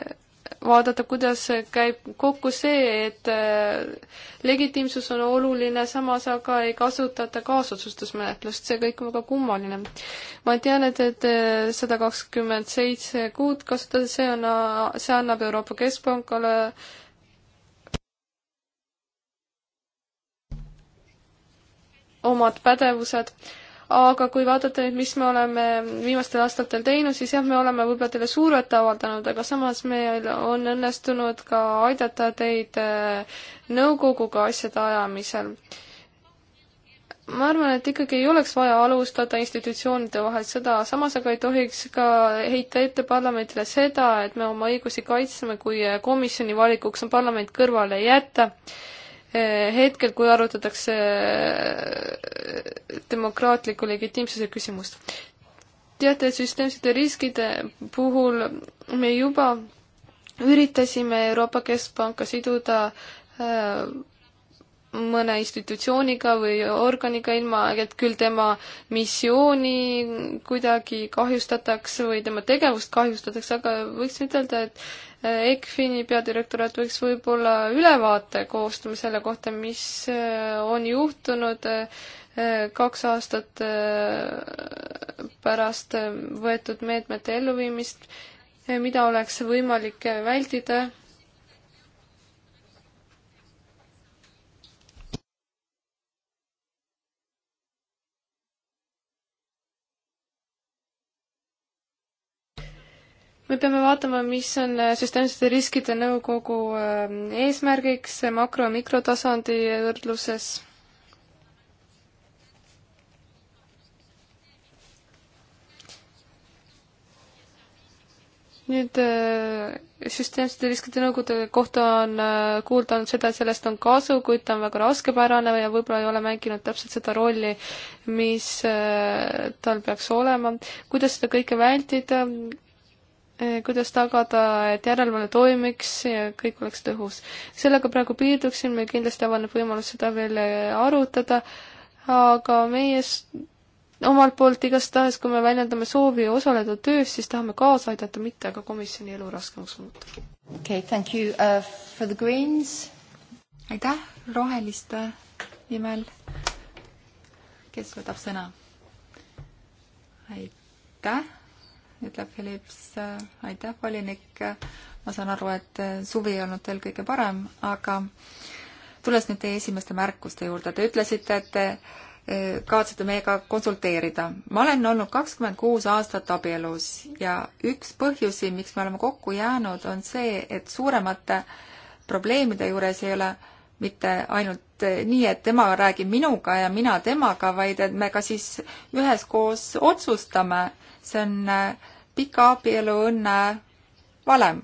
vaadata, kuidas käib kokku see, et äh, legitiimsus on oluline, samas aga ei kasutata kaasotsustusmenetlust, see kõik on väga kummaline. ma tean, et, et äh, sada kakskümmend seitse kuud kasutada, see on, äh, see annab Euroopa Keskpangale omad pädevused aga kui vaadata nüüd, mis me oleme viimastel aastatel teinud, siis jah, me oleme võib-olla teile survet avaldanud, aga samas meil on õnnestunud ka aidata teid äh, nõukoguga asjade ajamisel. ma arvan, et ikkagi ei oleks vaja alustada institutsioonide vahel sõda, samas aga ei tohiks ka heita ette parlamendile seda, et me oma õigusi kaitseme, kui äh, komisjoni valikuks on parlament kõrvale jätta hetkel, kui arutatakse äh, demokraatliku legitiimsuse küsimust. teate, süsteemsete riskide puhul me juba üritasime Euroopa Keskpanka siduda äh, mõne institutsiooniga või organiga, ilma et küll tema missiooni kuidagi kahjustatakse või tema tegevust kahjustatakse, aga võiks ütelda, et ECFIN-i peadirektorat võiks võib-olla ülevaate koostama selle kohta, mis äh, on juhtunud äh, kaks aastat äh, pärast võetud meetmete elluviimist, mida oleks võimalik vältida me peame vaatama, mis on äh, süsteemsete riskide nõukogu äh, eesmärgiks äh, makro- ja mikrotasandi võrdluses. nüüd süsteemsete riskide nõukogude kohta on kuulda olnud seda, et sellest on kasu, kuid ta on väga raskepärane ja võib-olla ei ole mänginud täpselt seda rolli, mis tal peaks olema. kuidas seda kõike vältida, Äh, kuidas tagada, et järelevalve toimiks ja kõik oleks tõhus. sellega praegu piirduksin, meil kindlasti avaneb võimalus seda veel äh, arutada, aga meie omalt poolt igastahes, kui me väljendame soovi osaleda töös, siis tahame kaasa aidata, mitte aga komisjoni elu raskemaks muuta. okei okay,, thank you uh, for the greens. aitäh roheliste nimel. kes võtab sõna? aitäh ütleb Philips. aitäh, volinik. ma saan aru, et suvi ei olnud teil kõige parem, aga tulles nüüd teie esimeste märkuste juurde, te ütlesite, et te e, kavatsete meiega konsulteerida. ma olen olnud kakskümmend kuus aastat abielus ja üks põhjusi, miks me oleme kokku jäänud, on see, et suuremate probleemide juures ei ole mitte ainult nii, et tema räägib minuga ja mina temaga, vaid et me ka siis üheskoos otsustame. see on äh, pika abielu õnne valem.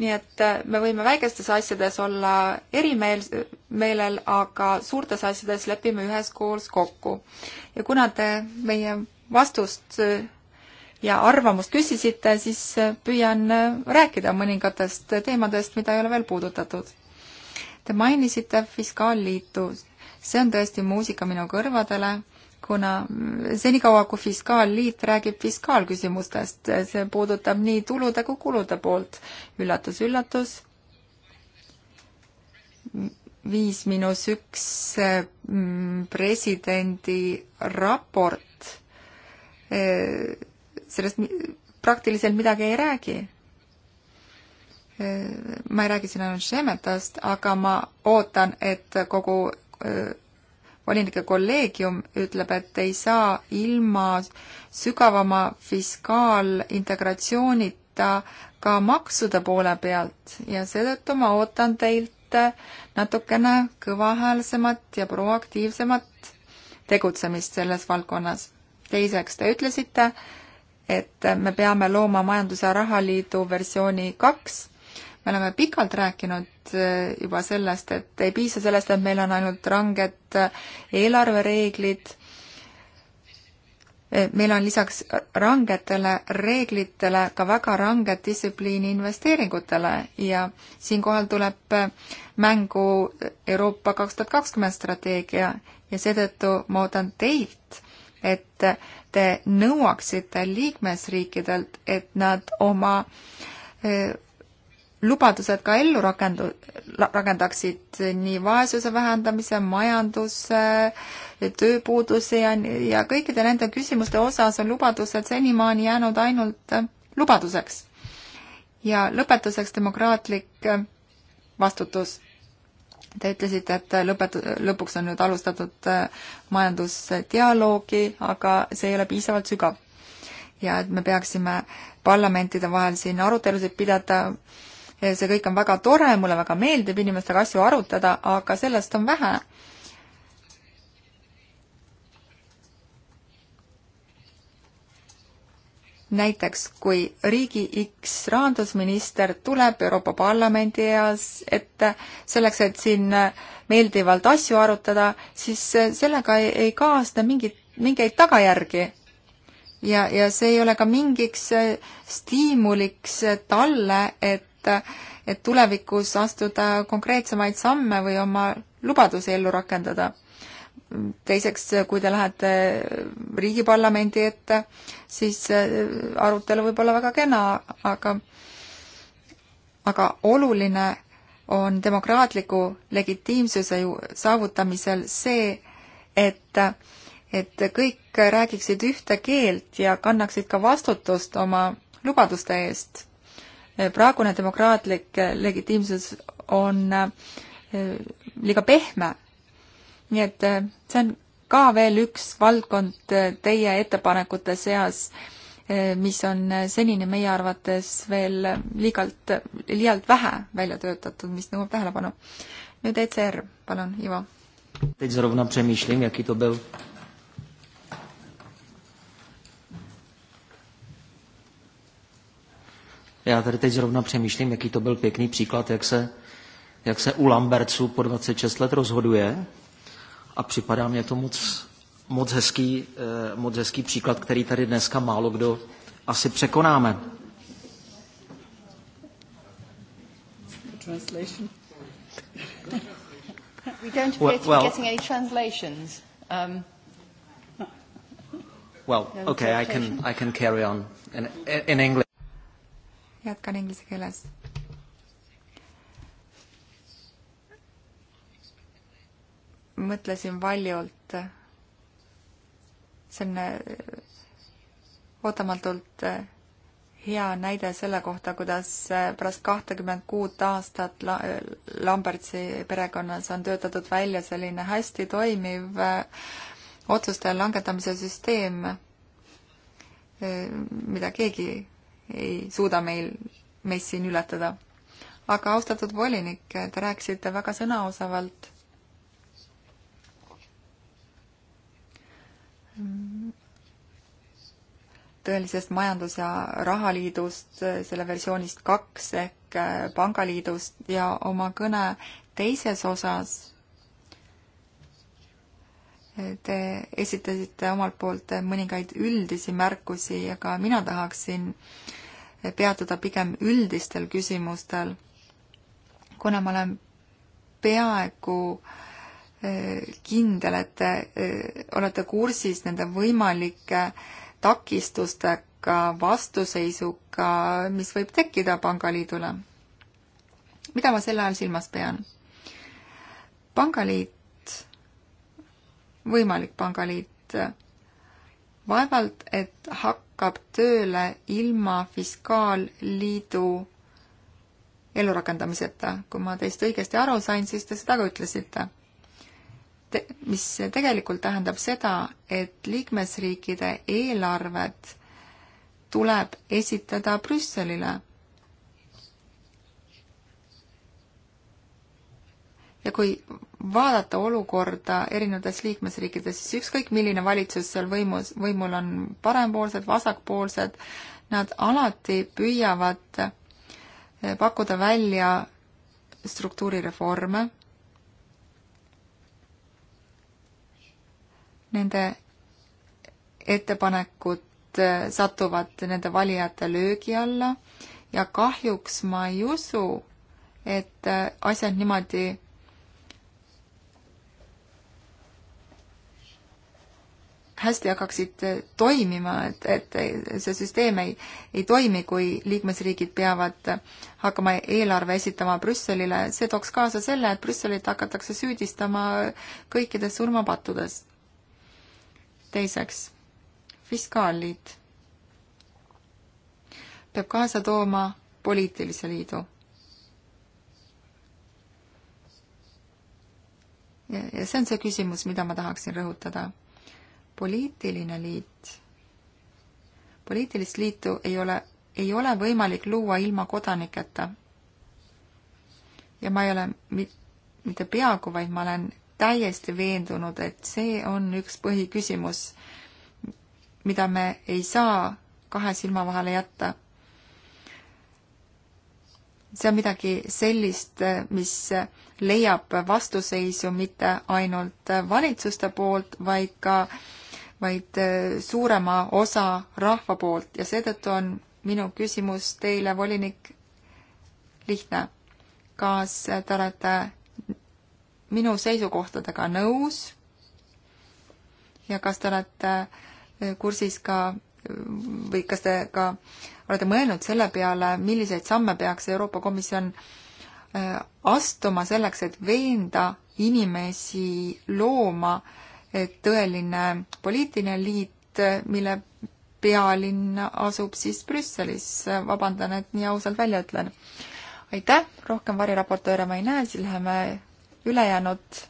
nii et äh, me võime väikestes asjades olla erimeel, meelel, aga suurtes asjades lepime üheskoos kokku. ja kuna te meie vastust äh, ja arvamust küsisite, siis äh, püüan rääkida mõningatest teemadest, mida ei ole veel puudutatud. Te mainisite Fiskaalliitu, see on tõesti muusika minu kõrvadele kuna senikaua, kui Fiskaalliit räägib fiskaalküsimustest, see puudutab nii tulude kui kulude poolt üllatus,. üllatus-üllatus, viis miinus üks mm, presidendi raport, sellest praktiliselt midagi ei räägi ma ei räägi siin ainult Šemetast, aga ma ootan, et kogu volinike kolleegium ütleb, et ei saa ilma sügavama fiskaalintegratsioonita ka maksude poole pealt ja seetõttu ma ootan teilt natukene kõvahäälsemat ja proaktiivsemat tegutsemist selles valdkonnas. teiseks, te ütlesite, et me peame looma Majandus- ja Rahaliidu versiooni kaks me oleme pikalt rääkinud äh, juba sellest, et ei piisa sellest, et meil on ainult ranged äh, eelarvereeglid, äh, meil on lisaks rangetele reeglitele ka väga ranged distsipliini investeeringutele ja siinkohal tuleb mängu Euroopa kaks tuhat kakskümmend strateegia ja seetõttu ma ootan teilt, et te nõuaksite liikmesriikidelt, et nad oma lubadused ka ellu rakendu-, rakendaksid nii vaesuse vähendamise, majanduse, tööpuuduse ja, ja kõikide nende küsimuste osas on lubadused senimaani jäänud ainult lubaduseks. ja lõpetuseks demokraatlik vastutus. Te ütlesite, et lõpet-, lõpuks on nüüd alustatud majandusdialoogi, aga see ei ole piisavalt sügav. ja et me peaksime parlamentide vahel siin arutelusid pidada äh, see kõik on väga tore, mulle väga meeldib inimestega asju arutada, aga sellest on vähe. näiteks, kui riigi X rahandusminister tuleb Euroopa Parlamendi eas ette selleks, et siin meeldivalt asju arutada, siis sellega ei, ei kaasne mingit, mingeid tagajärgi ja, ja see ei ole ka mingiks stiimuliks talle, et et, et tulevikus astuda konkreetsemaid samme või oma lubadusi ellu rakendada. teiseks, kui te lähete riigiparlamendi ette, siis äh, arutelu võib olla väga kena, aga aga oluline on demokraatliku legitiimsuse saavutamisel see, et, et kõik räägiksid ühte keelt ja kannaksid ka vastutust oma lubaduste eest praegune demokraatlik eh, legitiimsus on eh, liiga pehme. nii et eh, see on ka veel üks valdkond teie ettepanekute seas, mis on senini meie arvates veel liigalt, liialt vähe välja töötatud, mis nõuab tähelepanu. nüüd ECR, palun, Ivo. Teď zrovna přemýšlím, jaký to byl Já tady teď zrovna přemýšlím, jaký to byl pěkný příklad, jak se, jak se u Lamberců po 26 let rozhoduje a připadá mě to moc, moc, hezký, eh, moc hezký příklad, který tady dneska málo kdo asi překonáme. Translation. We don't appear to well, be getting any translations. Um, well, okay, I can, I can carry on in, in English jätkan inglise keeles. mõtlesin valjult, see on äh, ootamatult äh, hea näide selle kohta, kuidas äh, pärast kahtekümmet kuut aastat la-, Lambertsi perekonnas on töötatud välja selline hästi toimiv otsuste langetamise süsteem, mida keegi ei suuda meil, meist siin ületada. aga austatud volinik, te rääkisite väga sõnaosavalt. tõelisest majandus- ja rahaliidust, selle versioonist kaks ehk pangaliidust ja oma kõne teises osas Te esitasite omalt poolt mõningaid üldisi märkusi, aga mina tahaksin äh, peatuda pigem üldistel küsimustel. kuna ma olen peaaegu eh, kindel, et te eh, olete kursis nende võimalike takistustega, vastuseisuga, mis võib tekkida pangaliidule. mida ma selle all silmas pean? pangaliit, võimalik pangaliit, vaevalt et hak-, hakkab tööle ilma Fiskaalliidu elurakendamiseta. kui ma teist õigesti aru sain, siis te seda ka ütlesite te,. mis tegelikult tähendab seda, et liikmesriikide eelarved tuleb esitada Brüsselile ja kui vaadata olukorda erinevates liikmesriikides, siis ükskõik, milline valitsus seal võimus, võimul on, parempoolsed, vasakpoolsed, nad alati püüavad eh, pakkuda välja struktuurireforme, nende ettepanekud eh, satuvad nende valijate löögi alla ja kahjuks ma ei usu, et eh, asjad niimoodi hästi hakkaksid äh, toimima, et, et äh, see süsteem ei, ei toimi, kui liikmesriigid peavad äh, hakkama eelarve esitama Brüsselile, see tooks kaasa selle, et Brüsselit hakatakse süüdistama kõikides surmapattudes. teiseks, fiskaalliit peab kaasa tooma poliitilise liidu. ja, ja see on see küsimus, mida ma tahaksin rõhutada poliitiline liit. poliitilist liitu ei ole, ei ole võimalik luua ilma kodaniketa. ja ma ei ole mitte peaaegu, vaid ma olen täiesti veendunud, et see on üks põhiküsimus, mida me ei saa kahe silma vahele jätta. see on midagi sellist, mis leiab vastuseisu mitte ainult valitsuste poolt, vaid ka äh, vaid äh, suurema osa rahva poolt ja seetõttu on minu küsimus teile, volinik, lihtne. kas te olete minu seisukohtadega nõus ja kas te olete äh, kursis ka äh, või kas te ka olete mõelnud selle peale, milliseid samme peaks Euroopa Komisjon astuma selleks, et veenda inimesi looma äh, tõeline poliitiline liit, mille pealinn asub siis Brüsselis, vabandan, et nii ausalt välja ütlen. aitäh, rohkem variraportööre ma ei näe, siis läheme ülejäänud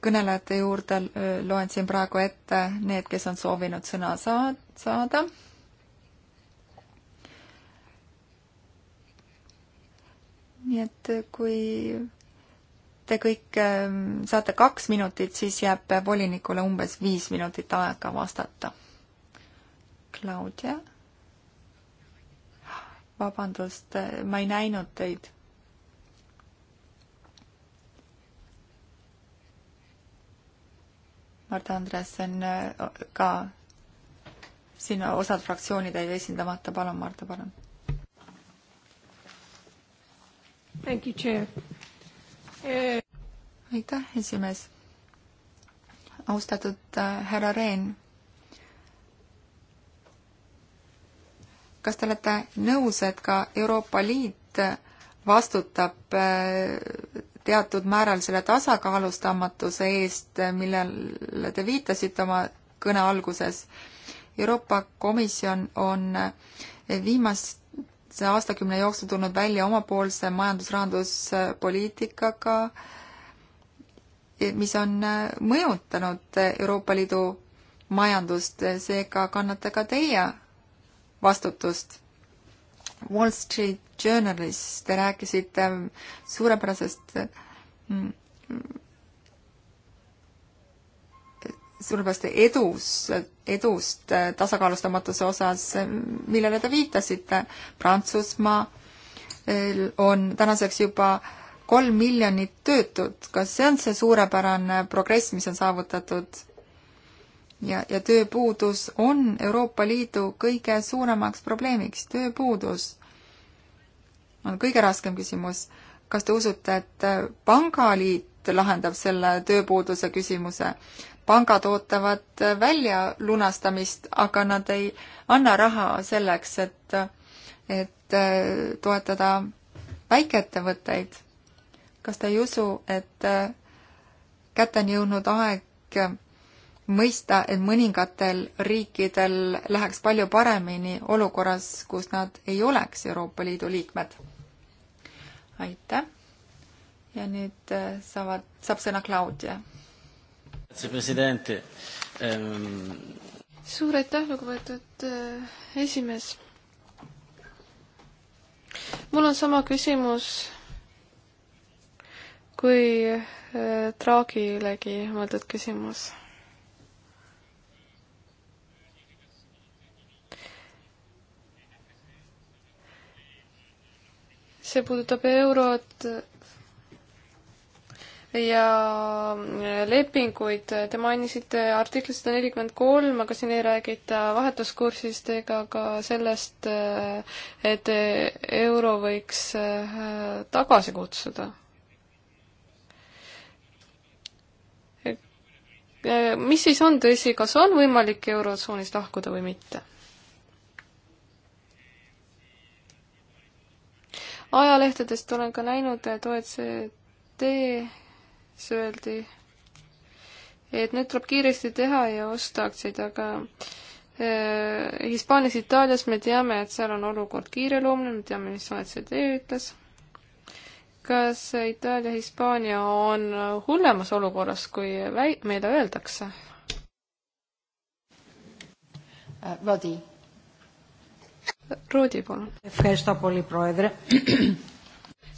kõnelejate juurde, loen siin praegu ette need, kes on soovinud sõna saa-, saada. nii et kui te kõik ähm, saate kaks minutit, siis jääb volinikule umbes viis minutit aega vastata. Claudia? vabandust, äh, ma ei näinud teid. Marta Andressen äh, ka, siin osad fraktsioonid jäid esindamata, palun Marta, palun. Thank you, chair. Eh, aitäh, esimees. austatud äh, härra Rehn. kas te olete nõus, et ka Euroopa Liit äh, vastutab äh, teatud määral selle tasakaalustamatuse eest, millele te viitasite oma kõne alguses? Euroopa Komisjon on viimase aastakümne jooksul tulnud välja omapoolse majandus-rahanduspoliitikaga äh,, mis on äh, mõjutanud äh, Euroopa Liidu majandust, äh, seega kannate ka teie vastutust. Wall Street Journalis te rääkisite ähm, suurepärasest mm, suurepärast edus, edust tasakaalustamatuse osas, millele te viitasite. Prantsusmaa on tänaseks juba kolm miljonit töötut, kas see on see suurepärane progress, mis on saavutatud? ja, ja tööpuudus on Euroopa Liidu kõige suuremaks probleemiks, tööpuudus on kõige raskem küsimus. kas te usute, et Pangaliit lahendab selle tööpuuduse küsimuse? pangad ootavad välja lunastamist, aga nad ei anna raha selleks, et, et äh, toetada väikeettevõtteid kas te ei usu, et äh, kätte on jõudnud aeg äh, mõista, et mõningatel riikidel läheks palju paremini olukorras, kus nad ei oleks Euroopa Liidu liikmed? aitäh! ja nüüd äh, saavad, saab sõna Claudia. Ehm, suur aitäh, lugupeetud esimees! mul on sama küsimus kui Draghilegi äh, mõeldud küsimus. see puudutab eurot ja lepinguid, te mainisite artiklit sada nelikümmend kolm, aga siin ei räägita vahetuskursist ega ka sellest, äh, et euro võiks äh, tagasi kutsuda. Äh, mis siis on tõsi, kas on võimalik Eurotsoonist lahkuda või mitte? ajalehtedest olen ka näinud, et OECD-s öeldi, et nüüd tuleb kiiresti teha ja osta aktsiaid, aga äh, Hispaanias, Itaalias me teame, et seal on olukord kiireloomuline, me teame, mis OECD ütles kas Itaalia, Hispaania on hullemas olukorras, kui väi-, meile öeldakse? Äh, Rodi. Rodi, palun.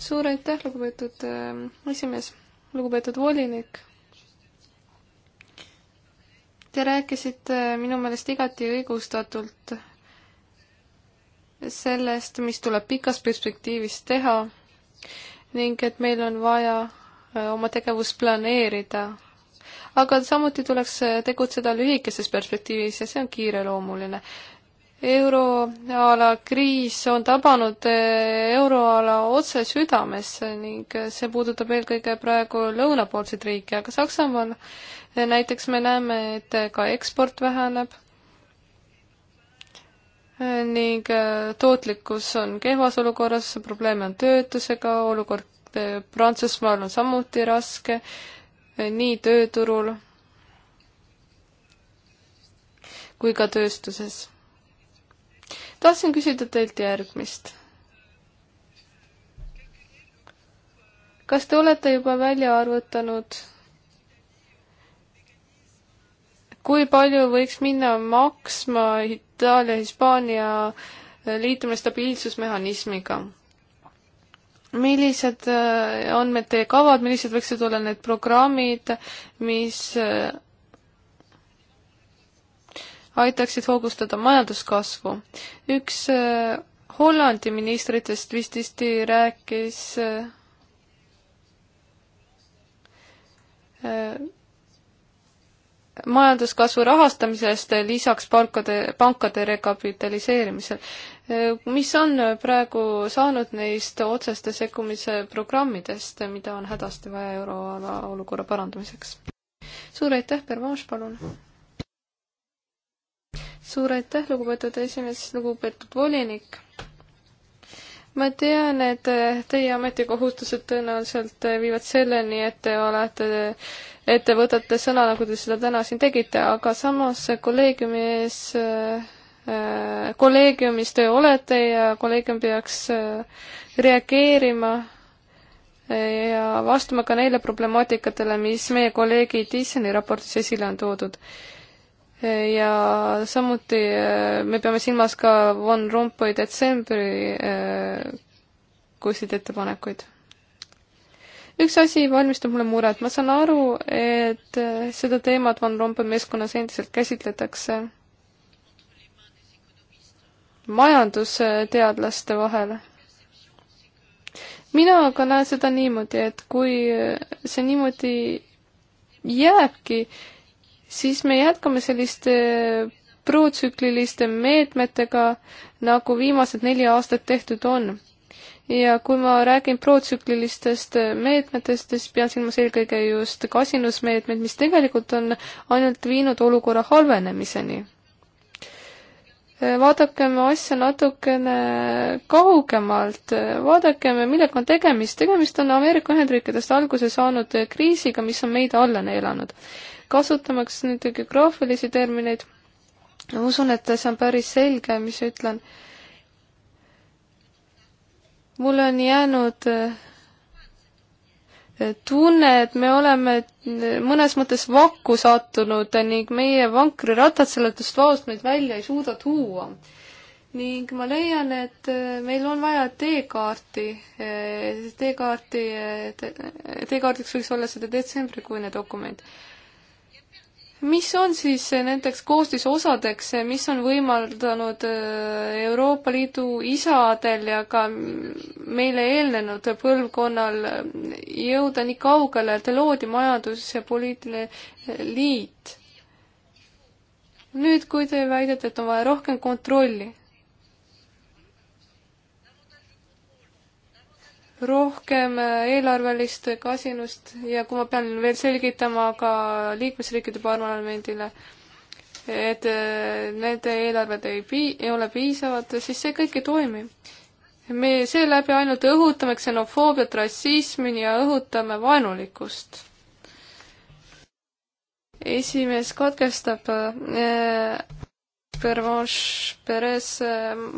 suur aitäh, lugupeetud ähm, esimees, lugupeetud volinik. Te rääkisite äh, minu meelest igati õigustatult sellest, mis tuleb pikas perspektiivis teha ning et meil on vaja äh, oma tegevust planeerida. aga samuti tuleks äh, tegutseda lühikeses perspektiivis ja see on kiireloomuline. euroala kriis on tabanud äh, euroala otse südamesse ning see puudutab eelkõige praegu lõunapoolseid riike, aga Saksamaal näiteks me näeme, et ka eksport väheneb ning äh, tootlikkus on kehvas olukorras, probleeme on töötusega, olukord äh, Prantsusmaal on samuti raske, äh, nii tööturul kui ka tööstuses. tahtsin küsida teilt järgmist kas te olete juba välja arvutanud kui palju võiks minna maksma Itaalia, Hispaania liitumine stabiilsusmehhanismiga? millised äh, on need teie kavad, millised võiksid olla need programmid, mis äh, aitaksid hoogustada majanduskasvu? üks äh, Hollandi ministritest vist isti rääkis äh, majanduskasvu rahastamisest lisaks palkade, pankade rekapitaliseerimisel. mis on praegu saanud neist otseste sekkumise programmidest, mida on hädasti vaja euroala olukorra parandamiseks? suur aitäh, Pervanš, palun! suur aitäh, lugupeetud esimees, lugupeetud volinik! ma tean, et eh, teie ametikohustused tõenäoliselt eh, viivad selleni, et te olete, eh, et te võtate sõna, nagu te seda täna siin tegite, aga samas kolleegiumi ees kolleegiumis te olete ja kolleegium peaks reageerima ja vastama ka neile problemaatikatele, mis meie kolleegi Tissoni raportis esile on toodud ja samuti äh, me peame silmas ka Von Rompuy detsembri äh, kuskilt ettepanekuid. üks asi valmistab mulle muret, ma saan aru, et äh, seda teemat Van Rompuy meeskonnas endiselt käsitletakse majandusteadlaste vahel mina aga näen seda niimoodi, et kui see niimoodi jääbki, siis me jätkame selliste protsükliliste meetmetega, nagu viimased neli aastat tehtud on. ja kui ma räägin protsüklilistest meetmetest, siis pean silmas eelkõige just kasinusmeetmed, mis tegelikult on ainult viinud olukorra halvenemiseni. vaadakem asja natukene kaugemalt, vaadakem, millega on tegemist. tegemist on Ameerika Ühendriikidest alguse saanud kriisiga, mis on meid alla neelanud kasutamaks nüüd geograafilisi termineid, usun, et see on päris selge, mis ütlen. mul on jäänud eh, tunne, et me oleme eh, mõnes mõttes vakku sattunud ning meie vankriratad sellest vaost meid välja ei suuda tuua. ning ma leian, et eh, meil on vaja teekaarti, teekaarti te,, teekaardiks võiks olla seda detsembrikuine dokument mis on siis nendeks koostisosadeks, mis on võimaldanud äh, Euroopa Liidu isadel ja ka meile eelnenud põlvkonnal äh, jõuda nii kaugele, et loodi majandus ja poliitiline äh, liit? nüüd, kui te väidate, et on vaja rohkem kontrolli rohkem äh, eelarvelist kasinust ja kui ma pean veel selgitama ka liikmesriikide parlamendile, et äh, nende eelarved ei pii-, ei ole piisavad, siis see kõik ei toimi. me seeläbi ainult õhutame ksenofoobiat, rassismi ja õhutame vaenulikkust. esimees katkestab äh, Pervanche Perez,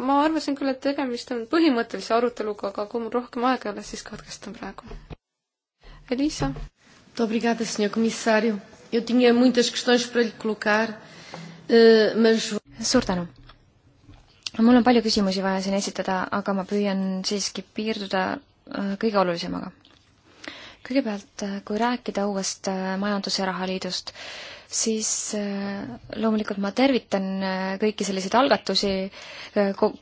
ma arvasin küll, et tegemist on põhimõttelise aruteluga, aga kui mul rohkem aega ei ole, siis katkestan praegu. Elisa. Obrigada, senhor comissário. Eu tinha muitas questões para lhe colocar, eh, mas... Suur tänu. mul on palju küsimusi vaja siin esitada, aga ma püüan siiski piirduda eh, kõige olulisemaga kõigepealt, äh, kui rääkida uuest äh, Majandus- ja Rahaliidust, siis äh, loomulikult ma tervitan kõiki selliseid algatusi,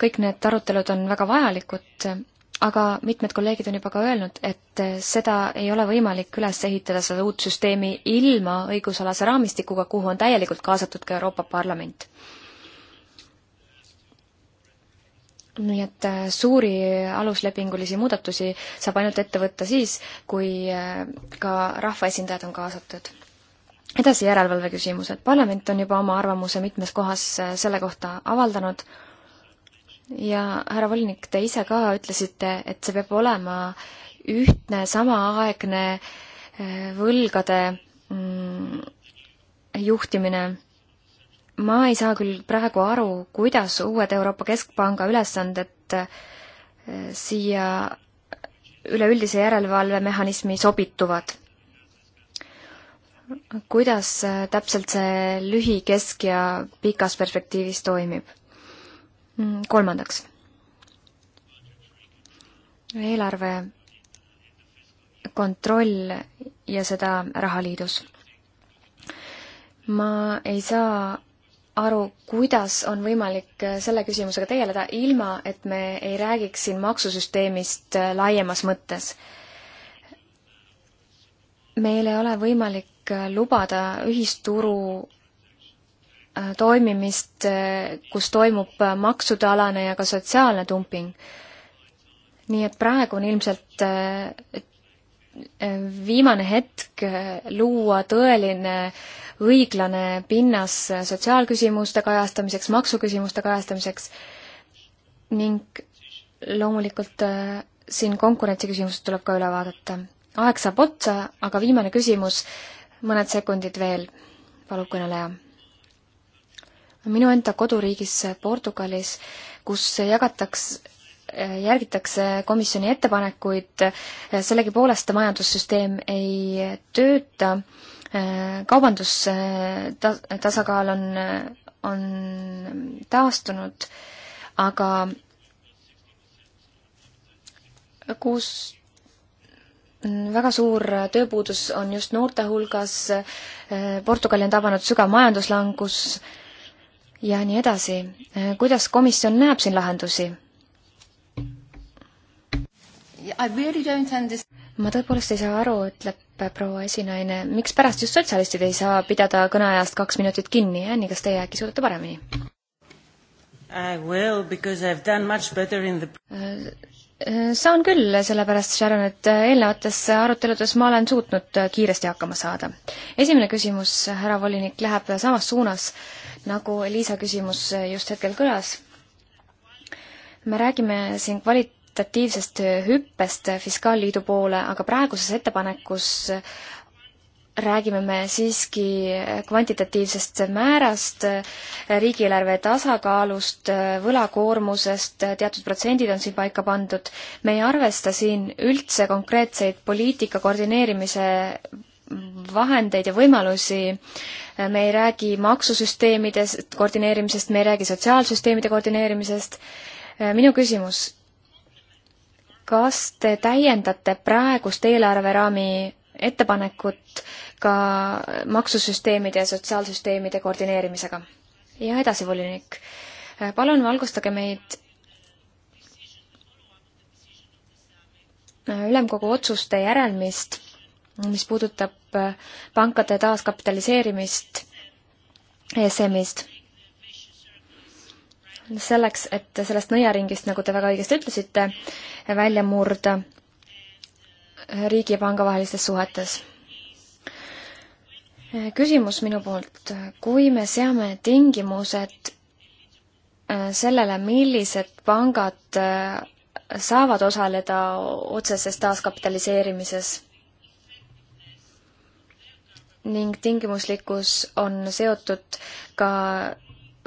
kõik need arutelud on väga vajalikud, aga mitmed kolleegid on juba ka öelnud, et seda ei ole võimalik üles ehitada, seda uut süsteemi, ilma õigusalase raamistikuga, kuhu on täielikult kaasatud ka Euroopa Parlament nii et äh, suuri aluslepingulisi muudatusi saab ainult ette võtta siis, kui äh, ka rahvaesindajad on kaasatud. edasi järelevalve küsimused. parlament on juba oma arvamuse mitmes kohas äh, selle kohta avaldanud ja härra volinik, te ise ka ütlesite, et see peab olema ühtne samaaegne võlgade mm, juhtimine ma ei saa küll praegu aru, kuidas uued Euroopa Keskpanga ülesanded äh, siia üleüldise järelevalvemehhanismi sobituvad. kuidas äh, täpselt see lühi, kesk ja pikas perspektiivis toimib? Mm, kolmandaks. eelarve kontroll ja seda rahaliidus ma ei saa aru, kuidas on võimalik äh, selle küsimusega tegeleda, ilma et me ei räägiks siin maksusüsteemist äh, laiemas mõttes. meil ei ole võimalik äh, lubada ühisturu toimimist, kus toimub maksude alane ja ka sotsiaalne dumping. nii et praegu on ilmselt viimane hetk luua tõeline äh, õiglane pinnas sotsiaalküsimuste kajastamiseks, maksuküsimuste kajastamiseks ning loomulikult äh, siin konkurentsiküsimused tuleb ka üle vaadata. aeg saab otsa, aga viimane küsimus, mõned sekundid veel, palub kõneleja. minu enda koduriigis Portugalis, kus jagatakse äh, järgitakse komisjoni ettepanekuid, äh, sellegipoolest majandussüsteem ei tööta äh, kaubandustasakaal on, on taastunud, aga kuus, väga suur tööpuudus on just noorte hulgas, Portugali on tabanud sügav majanduslangus ja nii edasi. kuidas komisjon näeb siin lahendusi? ma tõepoolest ei saa aru, ütleb proua esinaine, mikspärast just sotsialistid ei saa pidada kõneajast kaks minutit kinni, Anni, kas teie äkki suudate paremini? Äh, äh, saan küll, sellepärast, Sharon, et äh, eelnevates aruteludes ma olen suutnud kiiresti hakkama saada. esimene küsimus, härra volinik, läheb samas suunas, nagu Liisa küsimus just hetkel kõlas. me räägime siin kvalit-, kvantitatiivsest hüppest Fiskaalliidu poole, aga praeguses ettepanekus räägime me siiski kvantitatiivsest määrast, riigieelarve tasakaalust, võlakoormusest, teatud protsendid on siin paika pandud. me ei arvesta siin üldse konkreetseid poliitika koordineerimise vahendeid ja võimalusi, me ei räägi maksusüsteemidest koordineerimisest, me ei räägi sotsiaalsüsteemide koordineerimisest, minu küsimus, kas te täiendate praegust eelarveraami ettepanekut ka maksusüsteemide ja sotsiaalsüsteemide koordineerimisega? ja edasi, volinik, äh, palun valgustage meid äh, ülemkogu otsuste järelmist, mis puudutab äh, pankade taaskapitaliseerimist ESM-ist selleks, et sellest nõiaringist, nagu te väga õigesti ütlesite, välja murda riigi ja panga vahelistes suhetes. küsimus minu poolt, kui me seame tingimused äh, sellele, millised pangad äh, saavad osaleda otseses taaskapitaliseerimises ning tingimuslikkus on seotud ka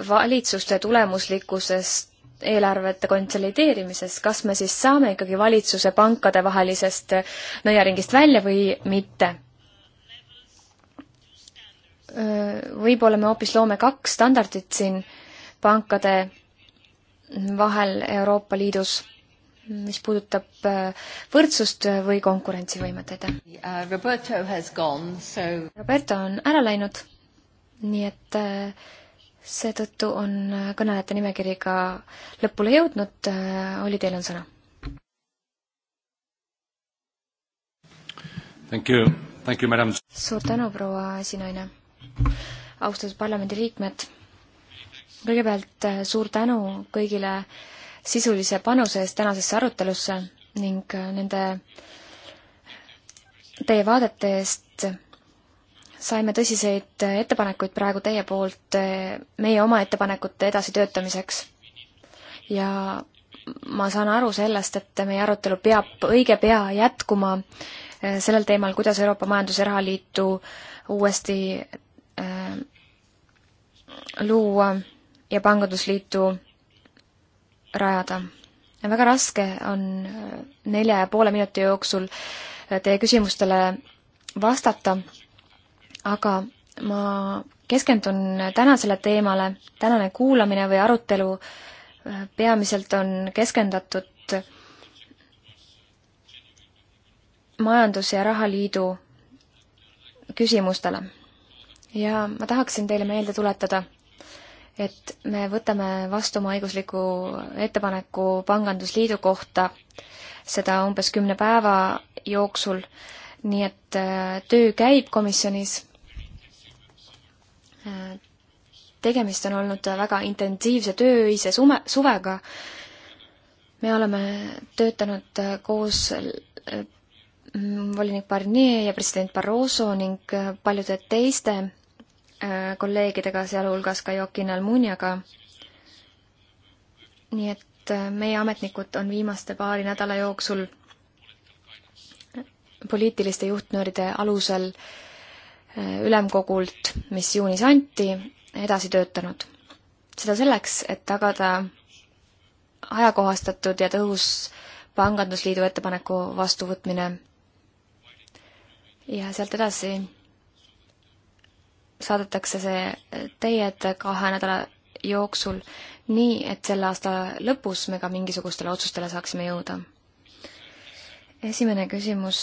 valitsuste tulemuslikkusest eelarvete konsolideerimises, kas me siis saame ikkagi valitsuse pankade vahelisest nõiaringist välja või mitte? Võib-olla me hoopis loome kaks standardit siin pankade vahel Euroopa Liidus, mis puudutab võrdsust või konkurentsivõimet, aitäh! Uh, Roberto on ära läinud, nii et äh, seetõttu on äh, kõnelejate nimekiri ka lõpule jõudnud. Äh, Olli, teil on sõna. Thank you, thank you, madam. suur tänu, proua esinaine. austatud parlamendiliikmed, kõigepealt äh, suur tänu kõigile sisulise panuse eest tänasesse arutelusse ning nende teie vaadete eest saime tõsiseid ettepanekuid praegu teie poolt eh, meie oma ettepanekute edasitöötamiseks. ja ma saan aru sellest, et meie arutelu peab õige pea jätkuma eh, sellel teemal, kuidas Euroopa Majandus- ja Rahaliitu uuesti äh, luua ja pangandusliitu rajada. väga raske on nelja ja poole minuti jooksul teie küsimustele vastata aga ma keskendun tänasele teemale, tänane kuulamine või arutelu äh, peamiselt on keskendatud majandus- ja rahaliidu küsimustele. ja ma tahaksin teile meelde tuletada, et me võtame vastu oma õigusliku ettepaneku Pangandusliidu kohta, seda umbes kümne päeva jooksul, nii et äh, töö käib komisjonis tegemist on olnud väga intensiivse tööise sume, suvega. me oleme töötanud koos äh, mm, volinik Barnier ja president Barroso ning äh, paljude teiste äh, kolleegidega, sealhulgas ka Joaquin Almuniaga. nii et meie ametnikud on viimaste paari nädala jooksul poliitiliste juhtnööride alusel äh, ülemkogult, mis juunis anti, edasi töötanud. seda selleks, et tagada ajakohastatud ja tõhus pangandusliidu ettepaneku vastuvõtmine ja sealt edasi saadetakse see teie ette kahe nädala jooksul, nii et selle aasta lõpus me ka mingisugustele otsustele saaksime jõuda. esimene küsimus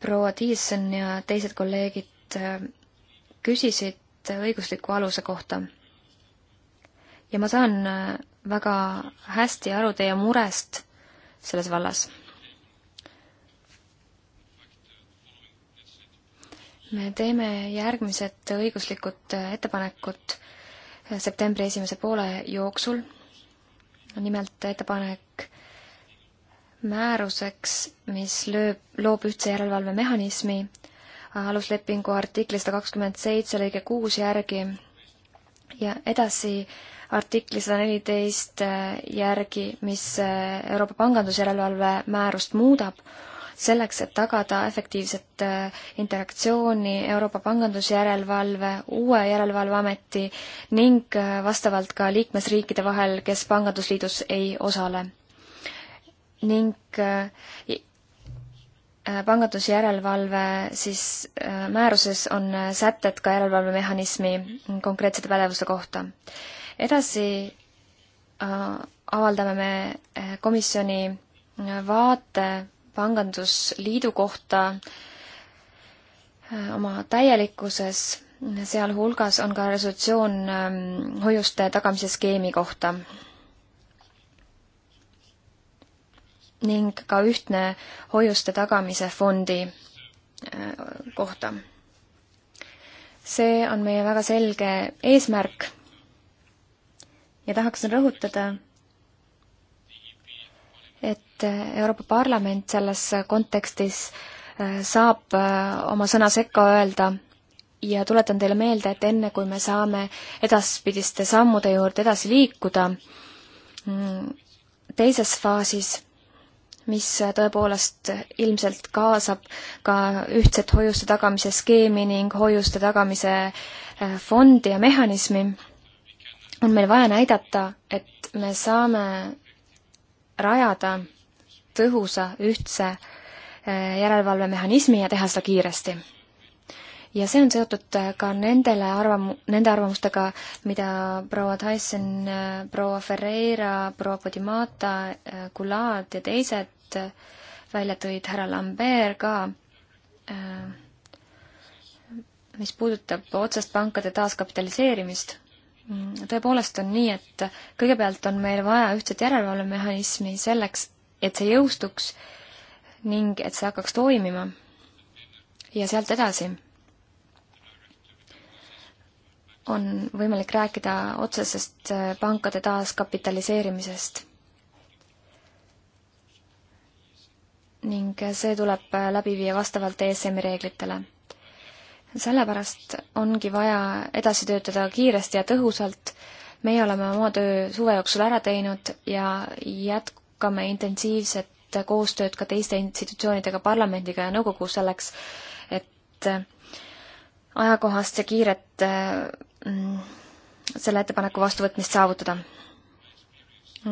proua Tiisson ja teised kolleegid äh, küsisid õigusliku aluse kohta. ja ma saan äh, väga hästi aru teie murest selles vallas. me teeme järgmised õiguslikud äh, ettepanekud septembri esimese poole jooksul, nimelt ettepanek määruseks, mis lööb, loob ühtse järelevalvemehhanismi aluslepingu artikli sada kakskümmend seitse lõige kuus järgi ja edasi artikli sada neliteist äh, järgi, mis äh, Euroopa pangandusjärelevalve määrust muudab, selleks, et tagada efektiivset äh, interaktsiooni Euroopa pangandusjärelevalve, uue järelevalveameti ning vastavalt ka liikmesriikide vahel, kes pangandusliidus ei osale ning äh, äh, pangandusjärelevalve siis äh, määruses on sätted ka järelevalvemehhanismi konkreetsete pädevuste kohta. edasi avaldame me komisjoni vaate pangandusliidu kohta oma täielikkuses, sealhulgas on ka resolutsioon ähm, hoiuste tagamise skeemi kohta ning ka ühtne hoiuste tagamise fondi äh, kohta. see on meie väga selge eesmärk ja tahaksin rõhutada, et äh, Euroopa Parlament selles kontekstis äh, saab oma sõna sekka öelda ja tuletan teile meelde, et enne kui me saame edaspidiste sammude juurde edasi liikuda, mm, teises faasis mis tõepoolest ilmselt kaasab ka ühtset hoiuste tagamise skeemi ning hoiuste tagamise eh, fondi ja mehhanismi, on meil vaja näidata, et me saame rajada tõhusa ühtse eh, järelevalvemehhanismi ja teha seda kiiresti. ja see on seotud eh, ka nendele arvam-, nende arvamustega, mida proua Tyson, proua Ferreira, proua Podimata, Gulad ja teised mõtteid äh, välja tõid, härra Lambert ka, äh, mis puudutab otsest pankade taaskapitaliseerimist. Mm, tõepoolest on nii, et kõigepealt on meil vaja ühtset järelevalvemehhanismi selleks, et see jõustuks ning et see hakkaks toimima. ja sealt edasi on võimalik rääkida otsesest äh, pankade taaskapitaliseerimisest ning see tuleb läbi viia vastavalt ESM-i reeglitele. sellepärast ongi vaja edasi töötada kiiresti ja tõhusalt, meie oleme oma töö suve jooksul ära teinud ja jätkame intensiivset koostööd ka teiste institutsioonidega, parlamendiga ja nõukogu selleks, et ajakohast ja kiiret mm, selle ettepaneku vastuvõtmist saavutada.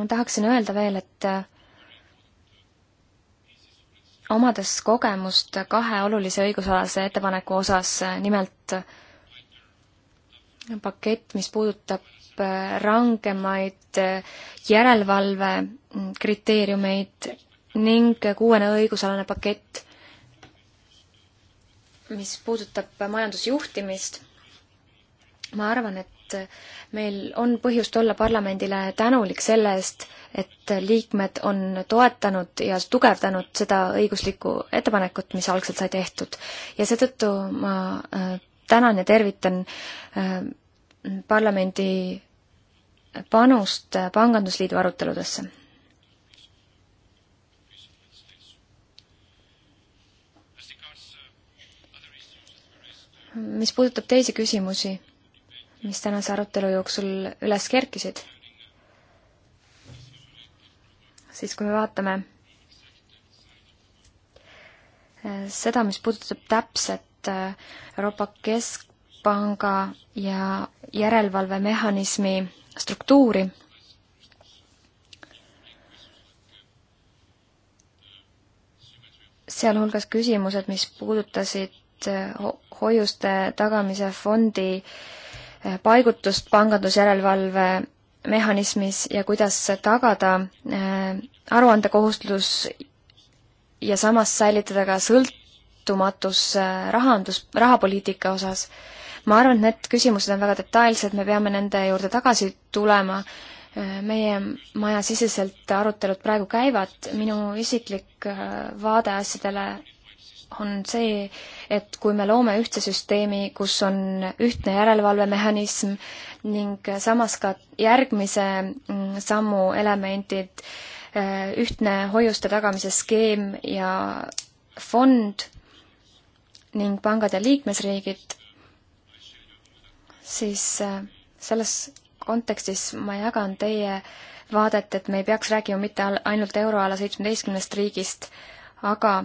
tahaksin öelda veel, et omades kogemust kahe olulise õigusalase ettepaneku osas, nimelt pakett, mis puudutab äh, rangemaid äh, järelevalvekriteeriumeid mm, ning kuuene õigusalane pakett, mis puudutab majandusjuhtimist. ma arvan, et et meil on põhjust olla parlamendile tänulik selle eest, et liikmed on toetanud ja tugevdanud seda õiguslikku ettepanekut, mis algselt sai tehtud. ja seetõttu ma äh, tänan ja tervitan äh, parlamendi panust Pangandusliidu aruteludesse mis puudutab teisi küsimusi, mis tänase arutelu jooksul üles kerkisid, siis kui me vaatame äh, seda, mis puudutab täpset äh, Euroopa Keskpanga ja järelevalvemehhanismi struktuuri, sealhulgas küsimused, mis puudutasid äh, ho hoiuste tagamise fondi äh, paigutust pangandusjärelevalve mehhanismis ja kuidas tagada äh, aruandekohustus ja samas säilitada ka sõltumatus äh, rahandus, rahapoliitika osas. ma arvan, et need küsimused on väga detailsed, me peame nende juurde tagasi tulema. Äh, meie majasiseselt arutelud praegu käivad, minu isiklik vaade asjadele on see, et kui me loome ühtse süsteemi, kus on ühtne järelevalvemehhanism ning samas ka järgmise mm, sammu elemendid, äh, ühtne hoiuste tagamise skeem ja fond ning pangad ja liikmesriigid, siis äh, selles kontekstis ma jagan teie vaadet, et me ei peaks rääkima mitte ainult euroala seitsmeteistkümnest riigist, aga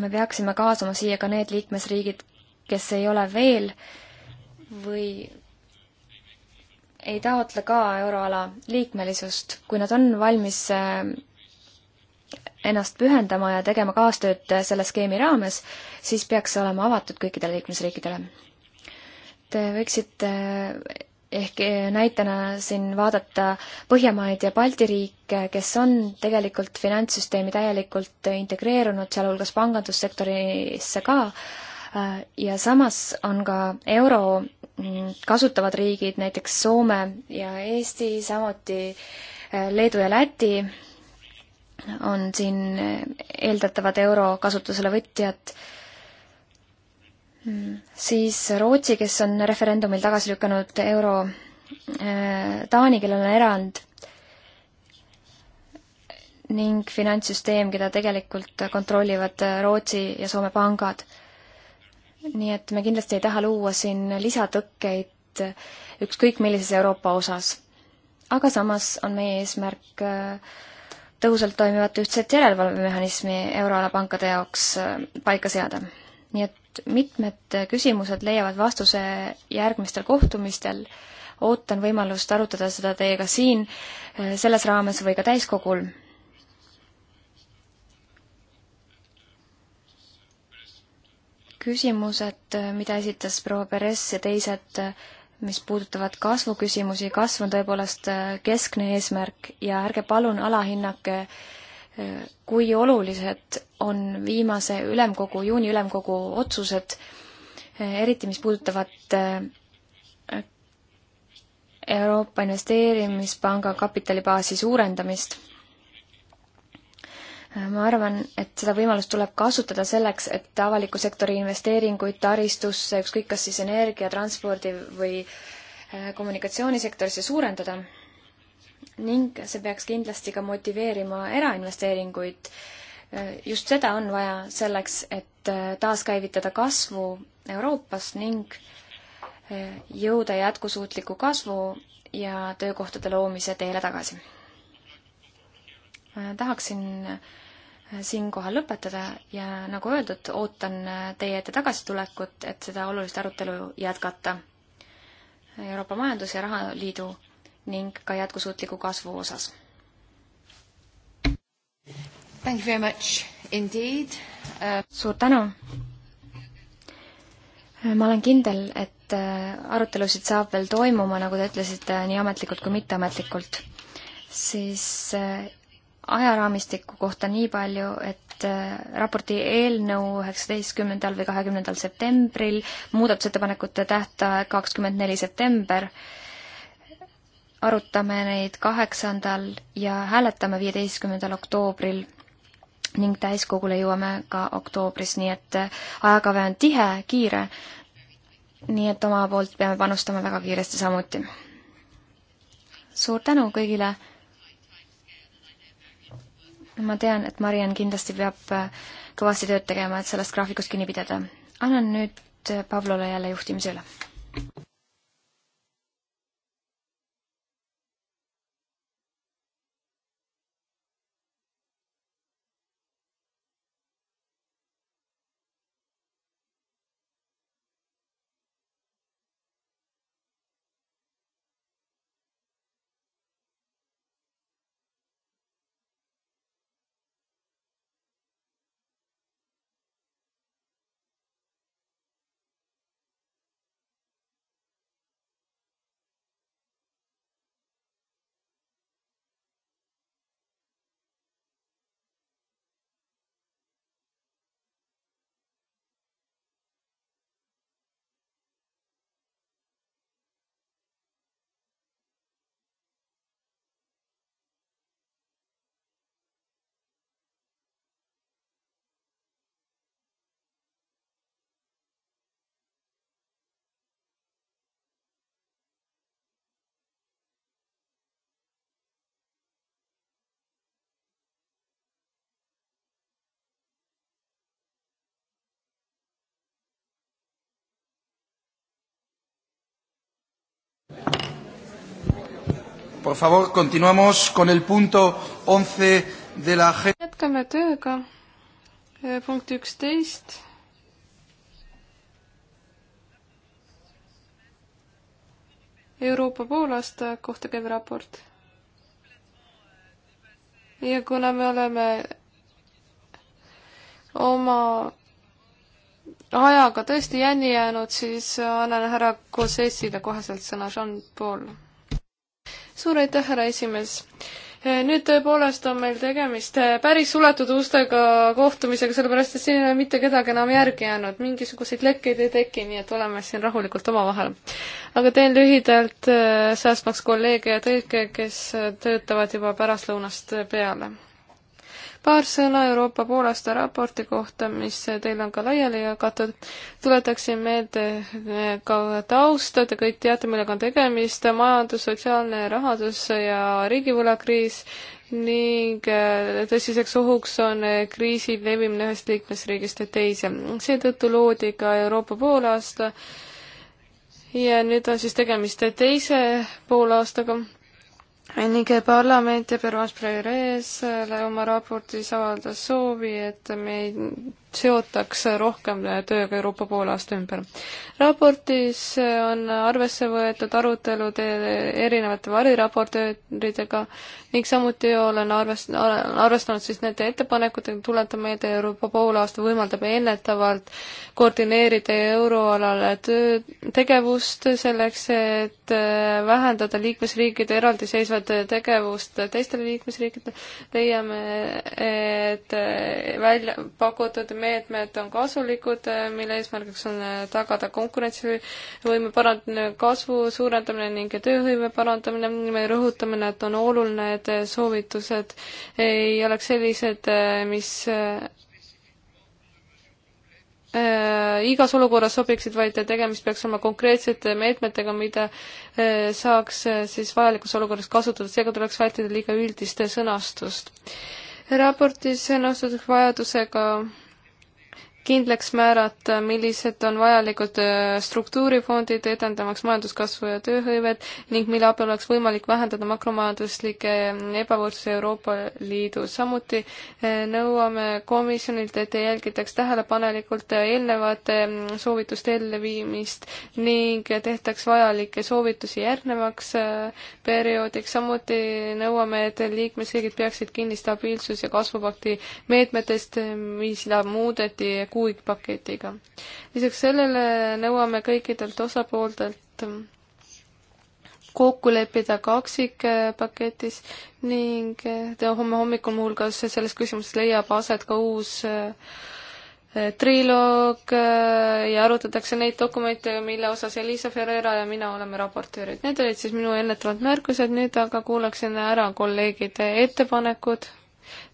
me peaksime kaasama siia ka need liikmesriigid, kes ei ole veel või ei taotle ka euroala liikmelisust, kui nad on valmis äh, ennast pühendama ja tegema kaastööd äh, selle skeemi raames, siis peaks see olema avatud kõikidele liikmesriikidele. Te võiksite äh, ehk näitena siin vaadata Põhjamaid ja Balti riike, kes on tegelikult finantssüsteemi täielikult integreerunud, sealhulgas pangandussektorisse ka, ja samas on ka euro kasutavad riigid, näiteks Soome ja Eesti, samuti Leedu ja Läti, on siin eeldatavad euro kasutusele võtjad siis Rootsi, kes on referendumil tagasi lükanud euro, äh, Taani, kellel on erand, ning finantssüsteem, keda tegelikult kontrollivad Rootsi ja Soome pangad. nii et me kindlasti ei taha luua siin lisatõkkeid ükskõik millises Euroopa osas. aga samas on meie eesmärk äh, tõhusalt toimivat ühtset järelevalvemehhanismi euroala pankade jaoks äh, paika seada. nii et et mitmed küsimused leiavad vastuse järgmistel kohtumistel. ootan võimalust arutada seda teiega siin, eh, selles raames või ka täiskogul küsimused, eh, mida esitas proua Peres ja teised, eh, mis puudutavad kasvuküsimusi, kasv on tõepoolest keskne eesmärk ja ärge palun alahinnake äh, kui olulised on viimase ülemkogu, juuni ülemkogu otsused, eriti mis puudutavad äh, Euroopa Investeerimispanga kapitalibaasi suurendamist. ma arvan, et seda võimalust tuleb kasutada selleks, et avaliku sektori investeeringuid taristusse, ükskõik kas siis energia, transpordi või äh, kommunikatsioonisektorisse suurendada ning see peaks kindlasti ka motiveerima erainvesteeringuid. just seda on vaja selleks, et äh, taaskäivitada kasvu Euroopas ning äh, jõuda jätkusuutliku kasvu ja töökohtade loomise teele tagasi. Äh, tahaksin siinkohal lõpetada ja nagu öeldud, ootan teie ette tagasitulekut, et seda olulist arutelu jätkata. Euroopa Majandus- ja Rahaliidu ning ka jätkusuutliku kasvu osas. Thank you very much indeed uh.... suur tänu. ma olen kindel, et äh, arutelusid saab veel toimuma, nagu te ütlesite, nii ametlikult kui mitteametlikult. siis äh, ajaraamistiku kohta nii palju, et äh, raporti eelnõu üheksateistkümnendal või kahekümnendal septembril, muudatusettepanekute tähtaeg kakskümmend neli september arutame neid kaheksandal ja hääletame viieteistkümnendal oktoobril ning täiskogule jõuame ka oktoobris, nii et ajakava on tihe, kiire, nii et oma poolt peame panustama väga kiiresti samuti. suur tänu kõigile! ma tean, et Mariann kindlasti peab kõvasti tööd tegema, et sellest graafikust kinni pidada. annan nüüd Pavlole jälle juhtimise üle. Por favor, continuamos con el punto 11 de la jätkame tööga. Äh, punkt üksteist. Euroopa poolaasta kohta käiv raport. ja kuna me oleme oma ajaga tõesti jänni jäänud, siis annan härra Kosessile koheselt sõna Jean-Paul suur aitäh, härra esimees! Eh, nüüd tõepoolest on meil tegemist eh, päris suletud ustega kohtumisega, sellepärast et siin ei ole mitte kedagi enam järgi jäänud, mingisuguseid lekkeid ei teki, nii et oleme siin rahulikult omavahel. aga teen lühidalt, eh, säästmaks kolleege ja tõlke, kes töötavad juba pärastlõunast peale paar sõna Euroopa poolaasta raporti kohta, mis teil on ka laiali jagatud. tuletaksin meelde e, ka tausta, te kõik teate, millega on tegemist, majandus, sotsiaalne rahandus ja riigivõlakriis ning e, tõsiseks ohuks on kriisi levimine ühest liikmesriigist teise. seetõttu loodi ka Euroopa poolaasta ja nüüd on siis tegemist teise poolaastaga ning parlament ja Pervans Preires äh, oma raportis avaldas soovi, et meid seotakse rohkem tööga Euroopa poolaasta ümber. raportis on arvesse võetud arutelud erinevate variraportööridega ning samuti olen arvest-, arvestanud siis nende ettepanekutega, tuletan meelde, Euroopa poolaasta võimaldab ennetavalt koordineerida euroalale töö, tegevust selleks, et äh, vähendada liikmesriikide eraldiseisvat tegevust teistele liikmesriikidele, leiame, et äh, välja pakutud meetmed on kasulikud, mille eesmärgiks on äh, tagada konkurentsivõime parandamine, kasvu suurendamine ning tööhõive parandamine. me rõhutame, et on oluline, et soovitused ei oleks sellised, äh, mis äh, igas olukorras sobiksid, vaid tegemist peaks olema konkreetsete meetmetega, mida saaks siis vajalikus olukorras kasutada, seega tuleks vältida liiga üldist sõnastust. raportis on osutud vajadusega kindlaks määrata, millised on vajalikud äh, struktuurifondid, edendamaks majanduskasvu ja tööhõivet ning mille abil oleks võimalik vähendada makromajanduslike äh, ebavõrdsuse Euroopa Liidus. samuti äh, nõuame komisjonilt, et jälgitaks tähelepanelikult eelnevate soovituste elluviimist ning tehtaks vajalikke soovitusi järgnevaks perioodiks. samuti nõuame, et liikmesriigid peaksid kinni stabiilsus- ja kasvupakti meetmetest, mis muudeti kuuikpaketiga. lisaks sellele nõuame kõikidelt osapooltelt kokku leppida kaksikpaketis ning homme hommikul muuhulgas selles küsimuses leiab aset ka uus äh, triloog äh, ja arutatakse neid dokumente, mille osas Elisa Ferreira ja mina oleme raportöörid. Need olid siis minu ennetavad märkused, nüüd aga kuulaksin ära kolleegide ettepanekud.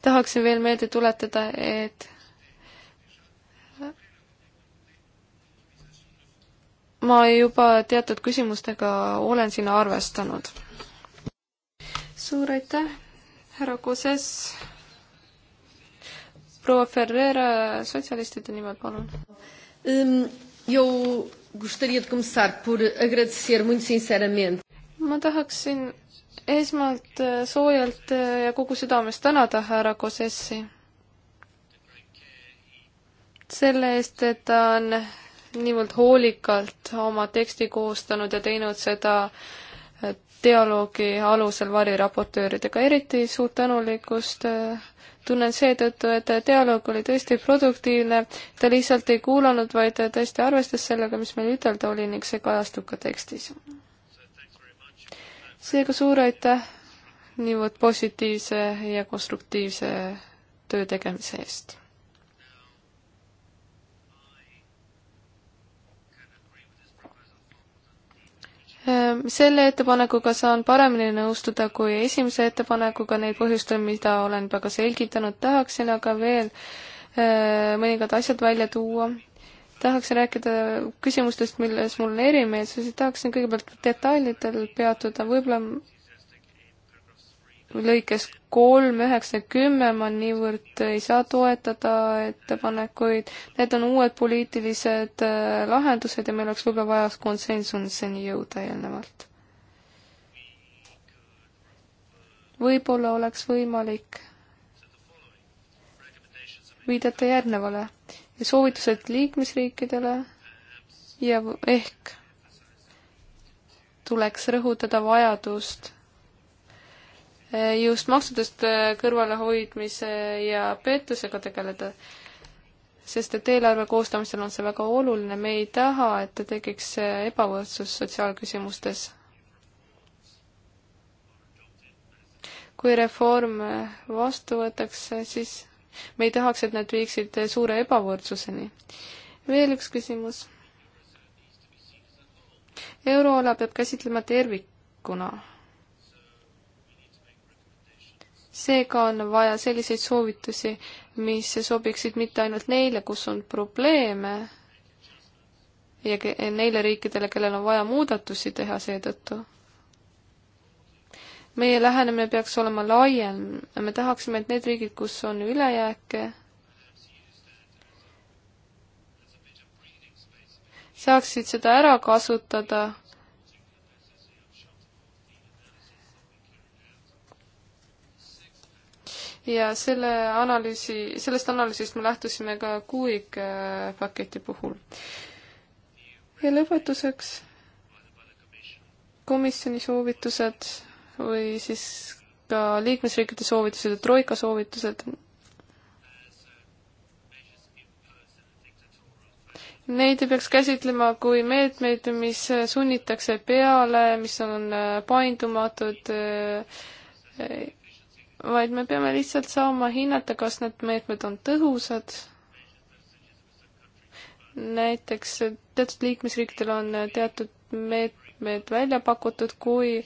tahaksin veel meelde tuletada, et ma juba teatud küsimustega olen siin arvestanud. suur aitäh, härra Koses. proua Ferreira sotsialistide nimel, palun um,. Eu gostaria de começar por agradecer muito sinceramente. ma tahaksin esmalt äh, soojalt äh, ja kogu südamest tänada härra Kosessi selle eest, et ta on niivõrd hoolikalt oma teksti koostanud ja teinud seda dialoogi alusel variraportööridega, eriti suurt tänulikkust äh, tunnen seetõttu, et dialoog oli tõesti produktiivne, ta lihtsalt ei kuulanud, vaid tõesti arvestas sellega, mis meil ütelda oli ning see kajastub ka tekstis. seega suur aitäh niivõrd positiivse ja konstruktiivse töö tegemise eest! Ehm, selle ettepanekuga saan paremini nõustuda kui esimese ettepanekuga, neil põhjustel, mida olen juba ka selgitanud, tahaksin aga veel ehm, mõningad asjad välja tuua. tahaksin rääkida küsimustest, milles mul on erimeelsusi, tahaksin kõigepealt detailidel peatuda, võib-olla lõikes kolm, üheksa, kümme ma niivõrd ei saa toetada ettepanekuid. Need on uued poliitilised äh, lahendused ja meil oleks võib-olla vaja konsensuseni jõuda eelnevalt. võib-olla oleks võimalik viidata järgnevale ja soovitused liikmesriikidele ja ehk tuleks rõhutada vajadust just maksudest äh, kõrvalehoidmise ja pettusega tegeleda. sest et eelarve koostamisel on see väga oluline, me ei taha, et tekiks äh, ebavõrdsus sotsiaalküsimustes. kui reform äh, vastu võetakse, siis me ei tahaks, et need viiksid suure ebavõrdsuseni. veel üks küsimus. euroala peab käsitlema tervikuna seega on vaja selliseid soovitusi, mis sobiksid mitte ainult neile, kus on probleeme ja neile riikidele, kellel on vaja muudatusi teha seetõttu. meie lähenemine peaks olema laiem, me tahaksime, et need riigid, kus on ülejääke, saaksid seda ära kasutada ja selle analüüsi, sellest analüüsist me lähtusime ka kuuik paketi puhul. ja lõpetuseks komisjoni soovitused või siis ka liikmesriikide soovitused ja troika soovitused. Neid ei peaks käsitlema kui meetmeid, mis sunnitakse peale, mis on paindumatud vaid me peame lihtsalt saama hinnata, kas need meetmed on tõhusad. näiteks teatud liikmesriikidel on teatud meetmed välja pakutud, kui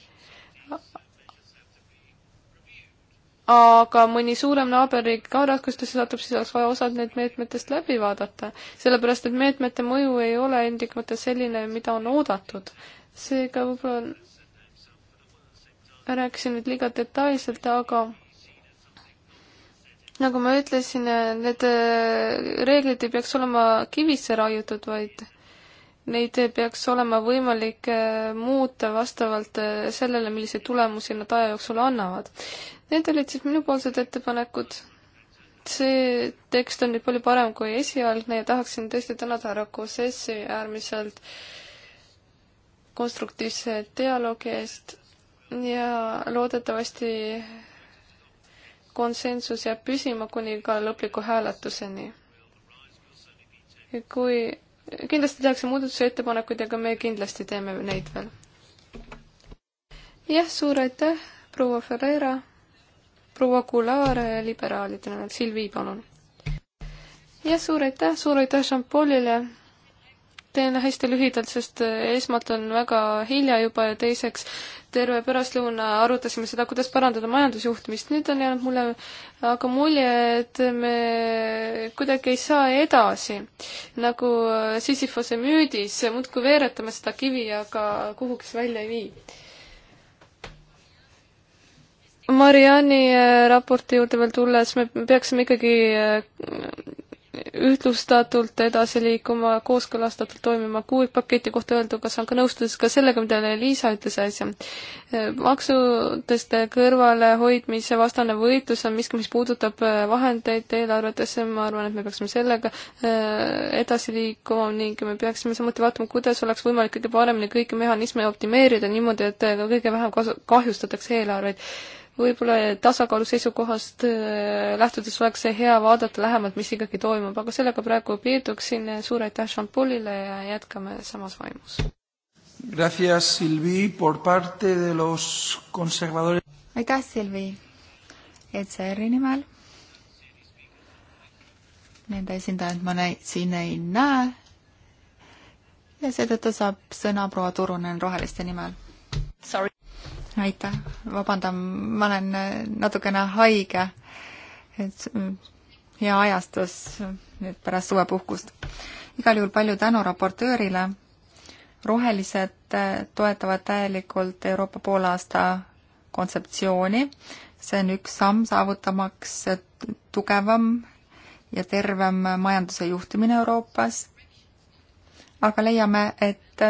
aga mõni suurem naaberriik ka raskustesse satub, siis oleks vaja osad need meetmetest läbi vaadata, sellepärast et meetmete mõju ei ole endikmata selline, mida on oodatud. seega võib-olla rääkisin nüüd liiga detailselt, aga nagu ma ütlesin, need äh, reeglid ei peaks olema kivisse raiutud, vaid neid peaks olema võimalik äh, muuta vastavalt äh, sellele, milliseid tulemusi nad aja jooksul annavad. Need olid siis minupoolsed ettepanekud. see tekst on nüüd palju parem kui esialgne ja tahaksin tõesti tänada härra Kosessi äärmiselt konstruktiivse dialoogi eest ja loodetavasti konsensus jääb püsima kuni ka lõpliku hääletuseni. kui kindlasti tehakse muudatusettepanekuid, aga me kindlasti teeme neid veel. jah, suur aitäh, proua Ferreira, proua Kular liberaalide nimel, Silvi, palun. jah, suur aitäh, suur aitäh Jean-Paulile. teen hästi lühidalt, sest eh, esmalt on väga hilja juba ja teiseks terve pärastlõuna arutasime seda, kuidas parandada majandusjuhtimist, nüüd on jäänud mulle aga mulje, et me kuidagi ei saa edasi. nagu Sisyphose müüdis, muudkui veeretame seda kivi, aga kuhugi see välja ei vii. Mariani eh, raporti juurde veel tulles, me peaksime ikkagi eh, ühtlustatult edasi liikuma, kooskõlastatult toimima, kuid paketi kohta öelduga saan ka nõustuda ka sellega, mida Liisa ütles äsja. Äh, maksudest kõrvalehoidmise vastane võitlus on miski, mis puudutab äh, vahendeid eelarvetesse, ma arvan, et me peaksime sellega äh, edasi liikuma ning me peaksime samuti vaatama, kuidas oleks võimalik kõige paremini kõiki mehhanisme optimeerida niimoodi, et kõige vähem kasu, kahjustatakse eelarveid võib-olla tasakaalu seisukohast äh, lähtudes oleks see hea vaadata lähemalt, mis ikkagi toimub, aga sellega praegu piirduksin, suur aitäh Šampolile ja jätkame samas vaimus. Gracias Silvi por parte de los conservadores. aitäh Silvi, ECR-i nimel. Nende esindajat ma näi-, siin ei näe ja seetõttu saab sõna proua Turunen Roheliste nimel. Sorry aitäh, vabandan, ma olen äh, natukene haige, et äh, hea ajastus äh, nüüd pärast suvepuhkust. igal juhul palju tänu raportöörile, rohelised toetavad täielikult Euroopa poolaasta kontseptsiooni, see on üks samm saavutamaks tugevam ja tervem majanduse juhtimine Euroopas, aga leiame, et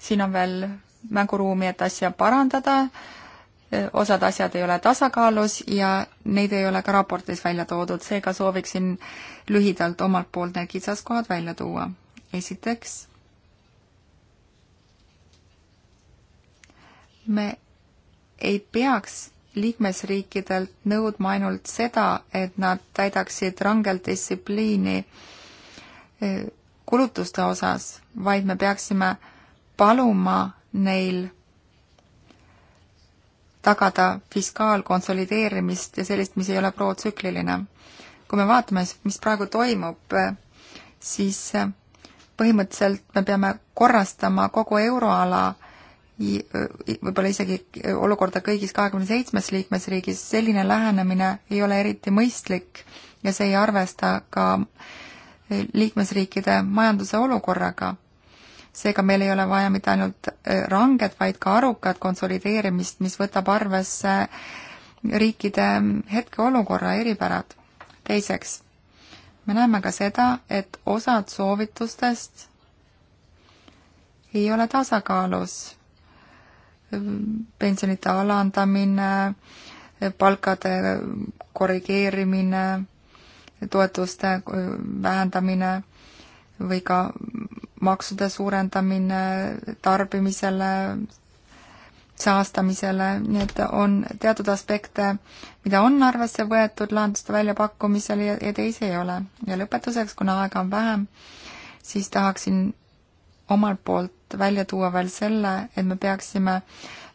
siin on veel mänguruumi, et asja parandada, osad asjad ei ole tasakaalus ja neid ei ole ka raportis välja toodud, seega sooviksin lühidalt omalt poolt need kitsaskohad välja tuua. esiteks, me ei peaks liikmesriikidelt nõudma ainult seda, et nad täidaksid rangelt distsipliini eh, kulutuste osas, vaid me peaksime paluma neil tagada fiskaalkonsolideerimist ja sellist, mis ei ole protsükliline. kui me vaatame, mis praegu toimub, siis põhimõtteliselt me peame korrastama kogu euroala võib-olla isegi olukorda kõigis kahekümne seitsmes liikmesriigis, selline lähenemine ei ole eriti mõistlik ja see ei arvesta ka liikmesriikide majanduse olukorraga seega meil ei ole vaja mitte ainult äh, ranget, vaid ka arukat konsolideerimist, mis võtab arvesse äh, riikide mm, hetkeolukorra eripärad. teiseks, me näeme ka seda, et osad soovitustest ei ole tasakaalus. pensionite alandamine, palkade korrigeerimine, toetuste äh, vähendamine või ka maksude suurendamine tarbimisele, saastamisele, nii et on teatud aspekte, mida on arvesse võetud lahenduste väljapakkumisel ja, ja teisi ei ole. ja lõpetuseks, kuna aega on vähem, siis tahaksin omalt poolt välja tuua veel selle, et me peaksime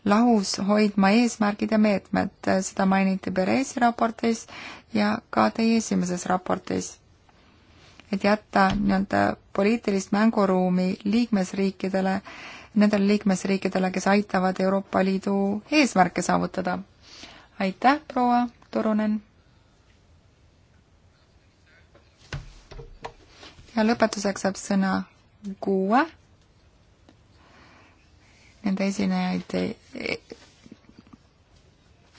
lahus hoidma eesmärgid ja meetmed, seda mainiti Perezi raportis ja ka teie esimeses raportis et jätta nii-öelda poliitilist mänguruumi liikmesriikidele, nendele liikmesriikidele, kes aitavad Euroopa Liidu eesmärke saavutada. aitäh, proua Turunen! ja lõpetuseks saab sõna kuue. Nende esinejaid ei, e-,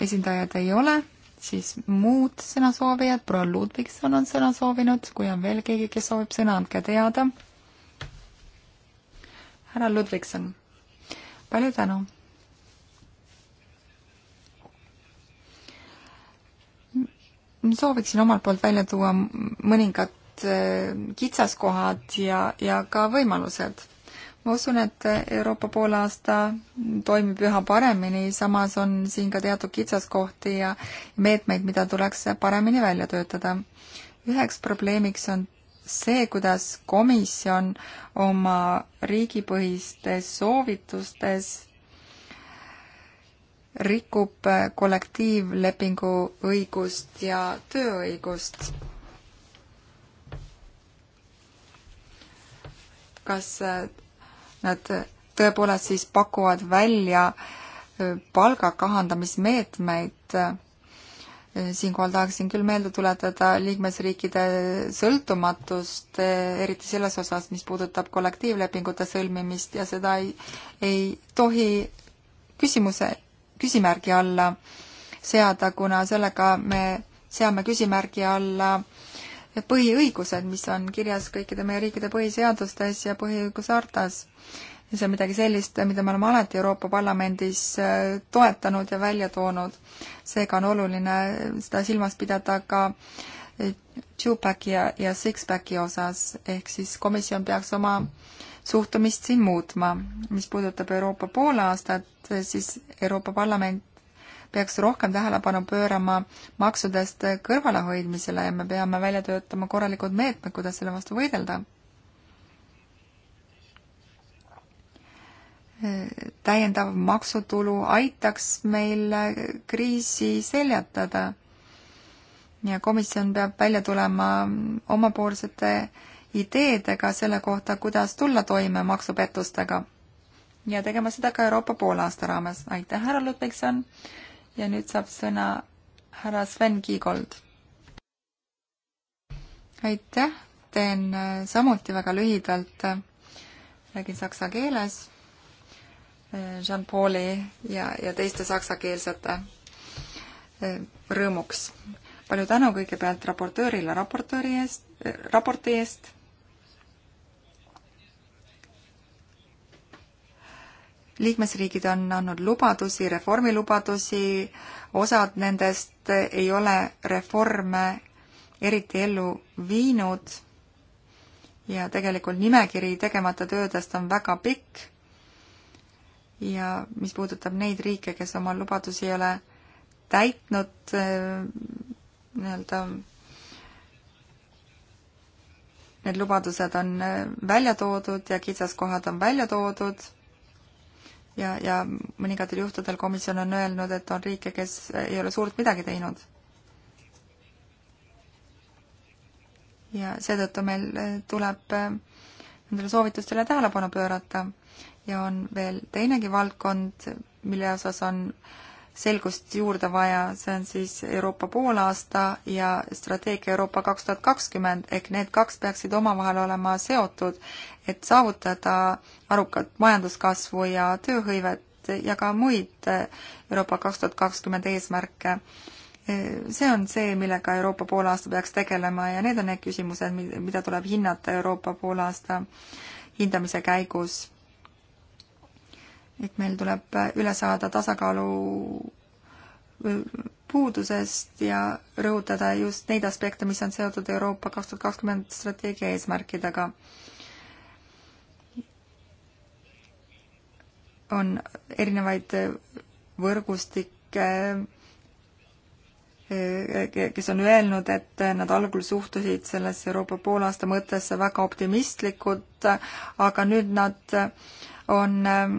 esindajad ei ole siis muud sõnasoovijad, proua Ludvigson on sõna soovinud, kui on veel keegi, kes soovib sõna, andke teada. härra Ludvigson, palju tänu. sooviksin omalt poolt välja tuua mõningad äh, kitsaskohad ja, ja ka võimalused ma usun, et Euroopa poolaasta toimib üha paremini, samas on siin ka teatud kitsaskohti ja meetmeid, mida tuleks paremini välja töötada. üheks probleemiks on see, kuidas komisjon oma riigipõhistes soovitustes rikub kollektiivlepingu õigust ja tööõigust kas nad tõepoolest siis pakuvad välja palga kahandamismeetmeid. siinkohal tahaksin küll meelde tuletada liikmesriikide sõltumatust, e, eriti selles osas, mis puudutab kollektiivlepingute sõlmimist ja seda ei, ei tohi küsimuse, küsimärgi alla seada, kuna sellega me seame küsimärgi alla põhiõigused, mis on kirjas kõikide meie riikide põhiseadustes ja põhiõiguse hartas ja see on midagi sellist, mida me oleme alati Euroopa Parlamendis äh, toetanud ja välja toonud. seega on oluline seda silmas pidada ka äh, two-pack'i ja, ja six-pack'i osas, ehk siis komisjon peaks oma suhtumist siin muutma. mis puudutab Euroopa poolaastat, siis Euroopa Parlament peaks rohkem tähelepanu pöörama maksudest kõrvalehoidmisele ja me peame välja töötama korralikud meetmed, kuidas selle vastu võidelda täiendav maksutulu aitaks meil kriisi seljatada. ja komisjon peab välja tulema omapoolsete ideedega selle kohta, kuidas tulla toime maksupettustega. ja tegema seda ka Euroopa poolaasta raames. aitäh, härra Ludvigson! ja nüüd saab sõna härra Sven Kiigold. aitäh, teen äh, samuti väga lühidalt, räägin saksa keeles Jean Pauli ja, ja teiste saksakeelsete eh, rõõmuks. palju tänu kõigepealt raportöörile raportööri eest, eh, raporti eest. liikmesriigid on andnud lubadusi, reformilubadusi, osad nendest ei ole reforme eriti ellu viinud ja tegelikult nimekiri tegemata töödest on väga pikk ja mis puudutab neid riike, kes oma lubadusi ei ole täitnud äh, nii-öelda Need lubadused on äh, välja toodud ja kitsaskohad on välja toodud ja, ja mõningatel juhtudel komisjon on öelnud, et on riike, kes äh, ei ole suurt midagi teinud. ja seetõttu meil tuleb nendele soovitustele tähelepanu pöörata. ja on veel teinegi valdkond, mille osas on selgust juurde vaja, see on siis Euroopa poolaasta ja strateegia Euroopa kaks tuhat kakskümmend, ehk need kaks peaksid omavahel olema seotud, et saavutada arukat majanduskasvu ja tööhõivet ja ka muid Euroopa kaks tuhat kakskümmend eesmärke see on see, millega Euroopa poolaasta peaks tegelema ja need on need küsimused, mida tuleb hinnata Euroopa poolaasta hindamise käigus. et meil tuleb üle saada tasakaalu puudusest ja rõhutada just neid aspekte, mis on seotud Euroopa kaks tuhat kakskümmend strateegia eesmärkidega. on erinevaid võrgustikke Eh, kes on öelnud, et nad algul suhtusid sellesse Euroopa poolaasta mõttesse väga optimistlikult, aga nüüd nad on ehm,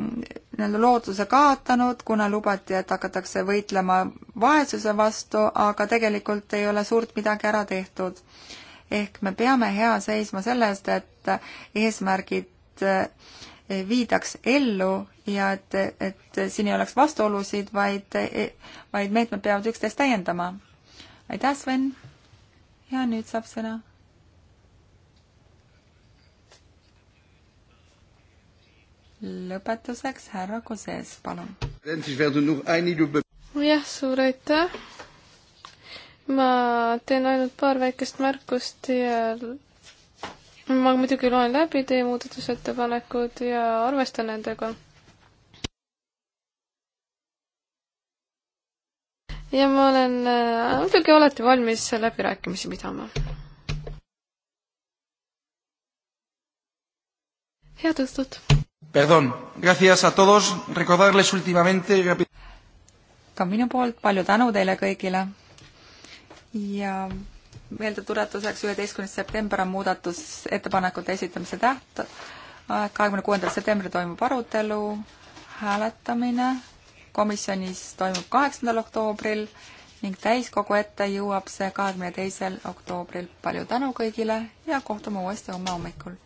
nii-öelda lootuse kaotanud, kuna lubati, et hakatakse võitlema vaesuse vastu, aga tegelikult ei ole suurt midagi ära tehtud. ehk me peame hea seisma selle eest, et eesmärgid viidaks ellu ja et, et siin ei oleks vastuolusid, vaid, vaid meetmed peavad üksteist täiendama. aitäh, Sven! ja nüüd saab sõna. lõpetuseks härra Koses, palun. jah, suur aitäh! ma teen ainult paar väikest märkust ja ma muidugi loen läbi teie muudatusettepanekud ja arvestan nendega. ja ma olen äh, muidugi alati valmis läbirääkimisi pidama. head õhtut! Perdón, gracias a todos, recordarles últimamente ka minu poolt palju tänu teile kõigile ja meeldetuletuseks, üheteistkümnes september on muudatusettepanekute esitamise tähtaeg, kahekümne kuuendal septembril toimub arutelu, hääletamine komisjonis toimub kaheksandal oktoobril ning täiskogu ette jõuab see kahekümne teisel oktoobril. palju tänu kõigile ja kohtume uuesti homme hommikul!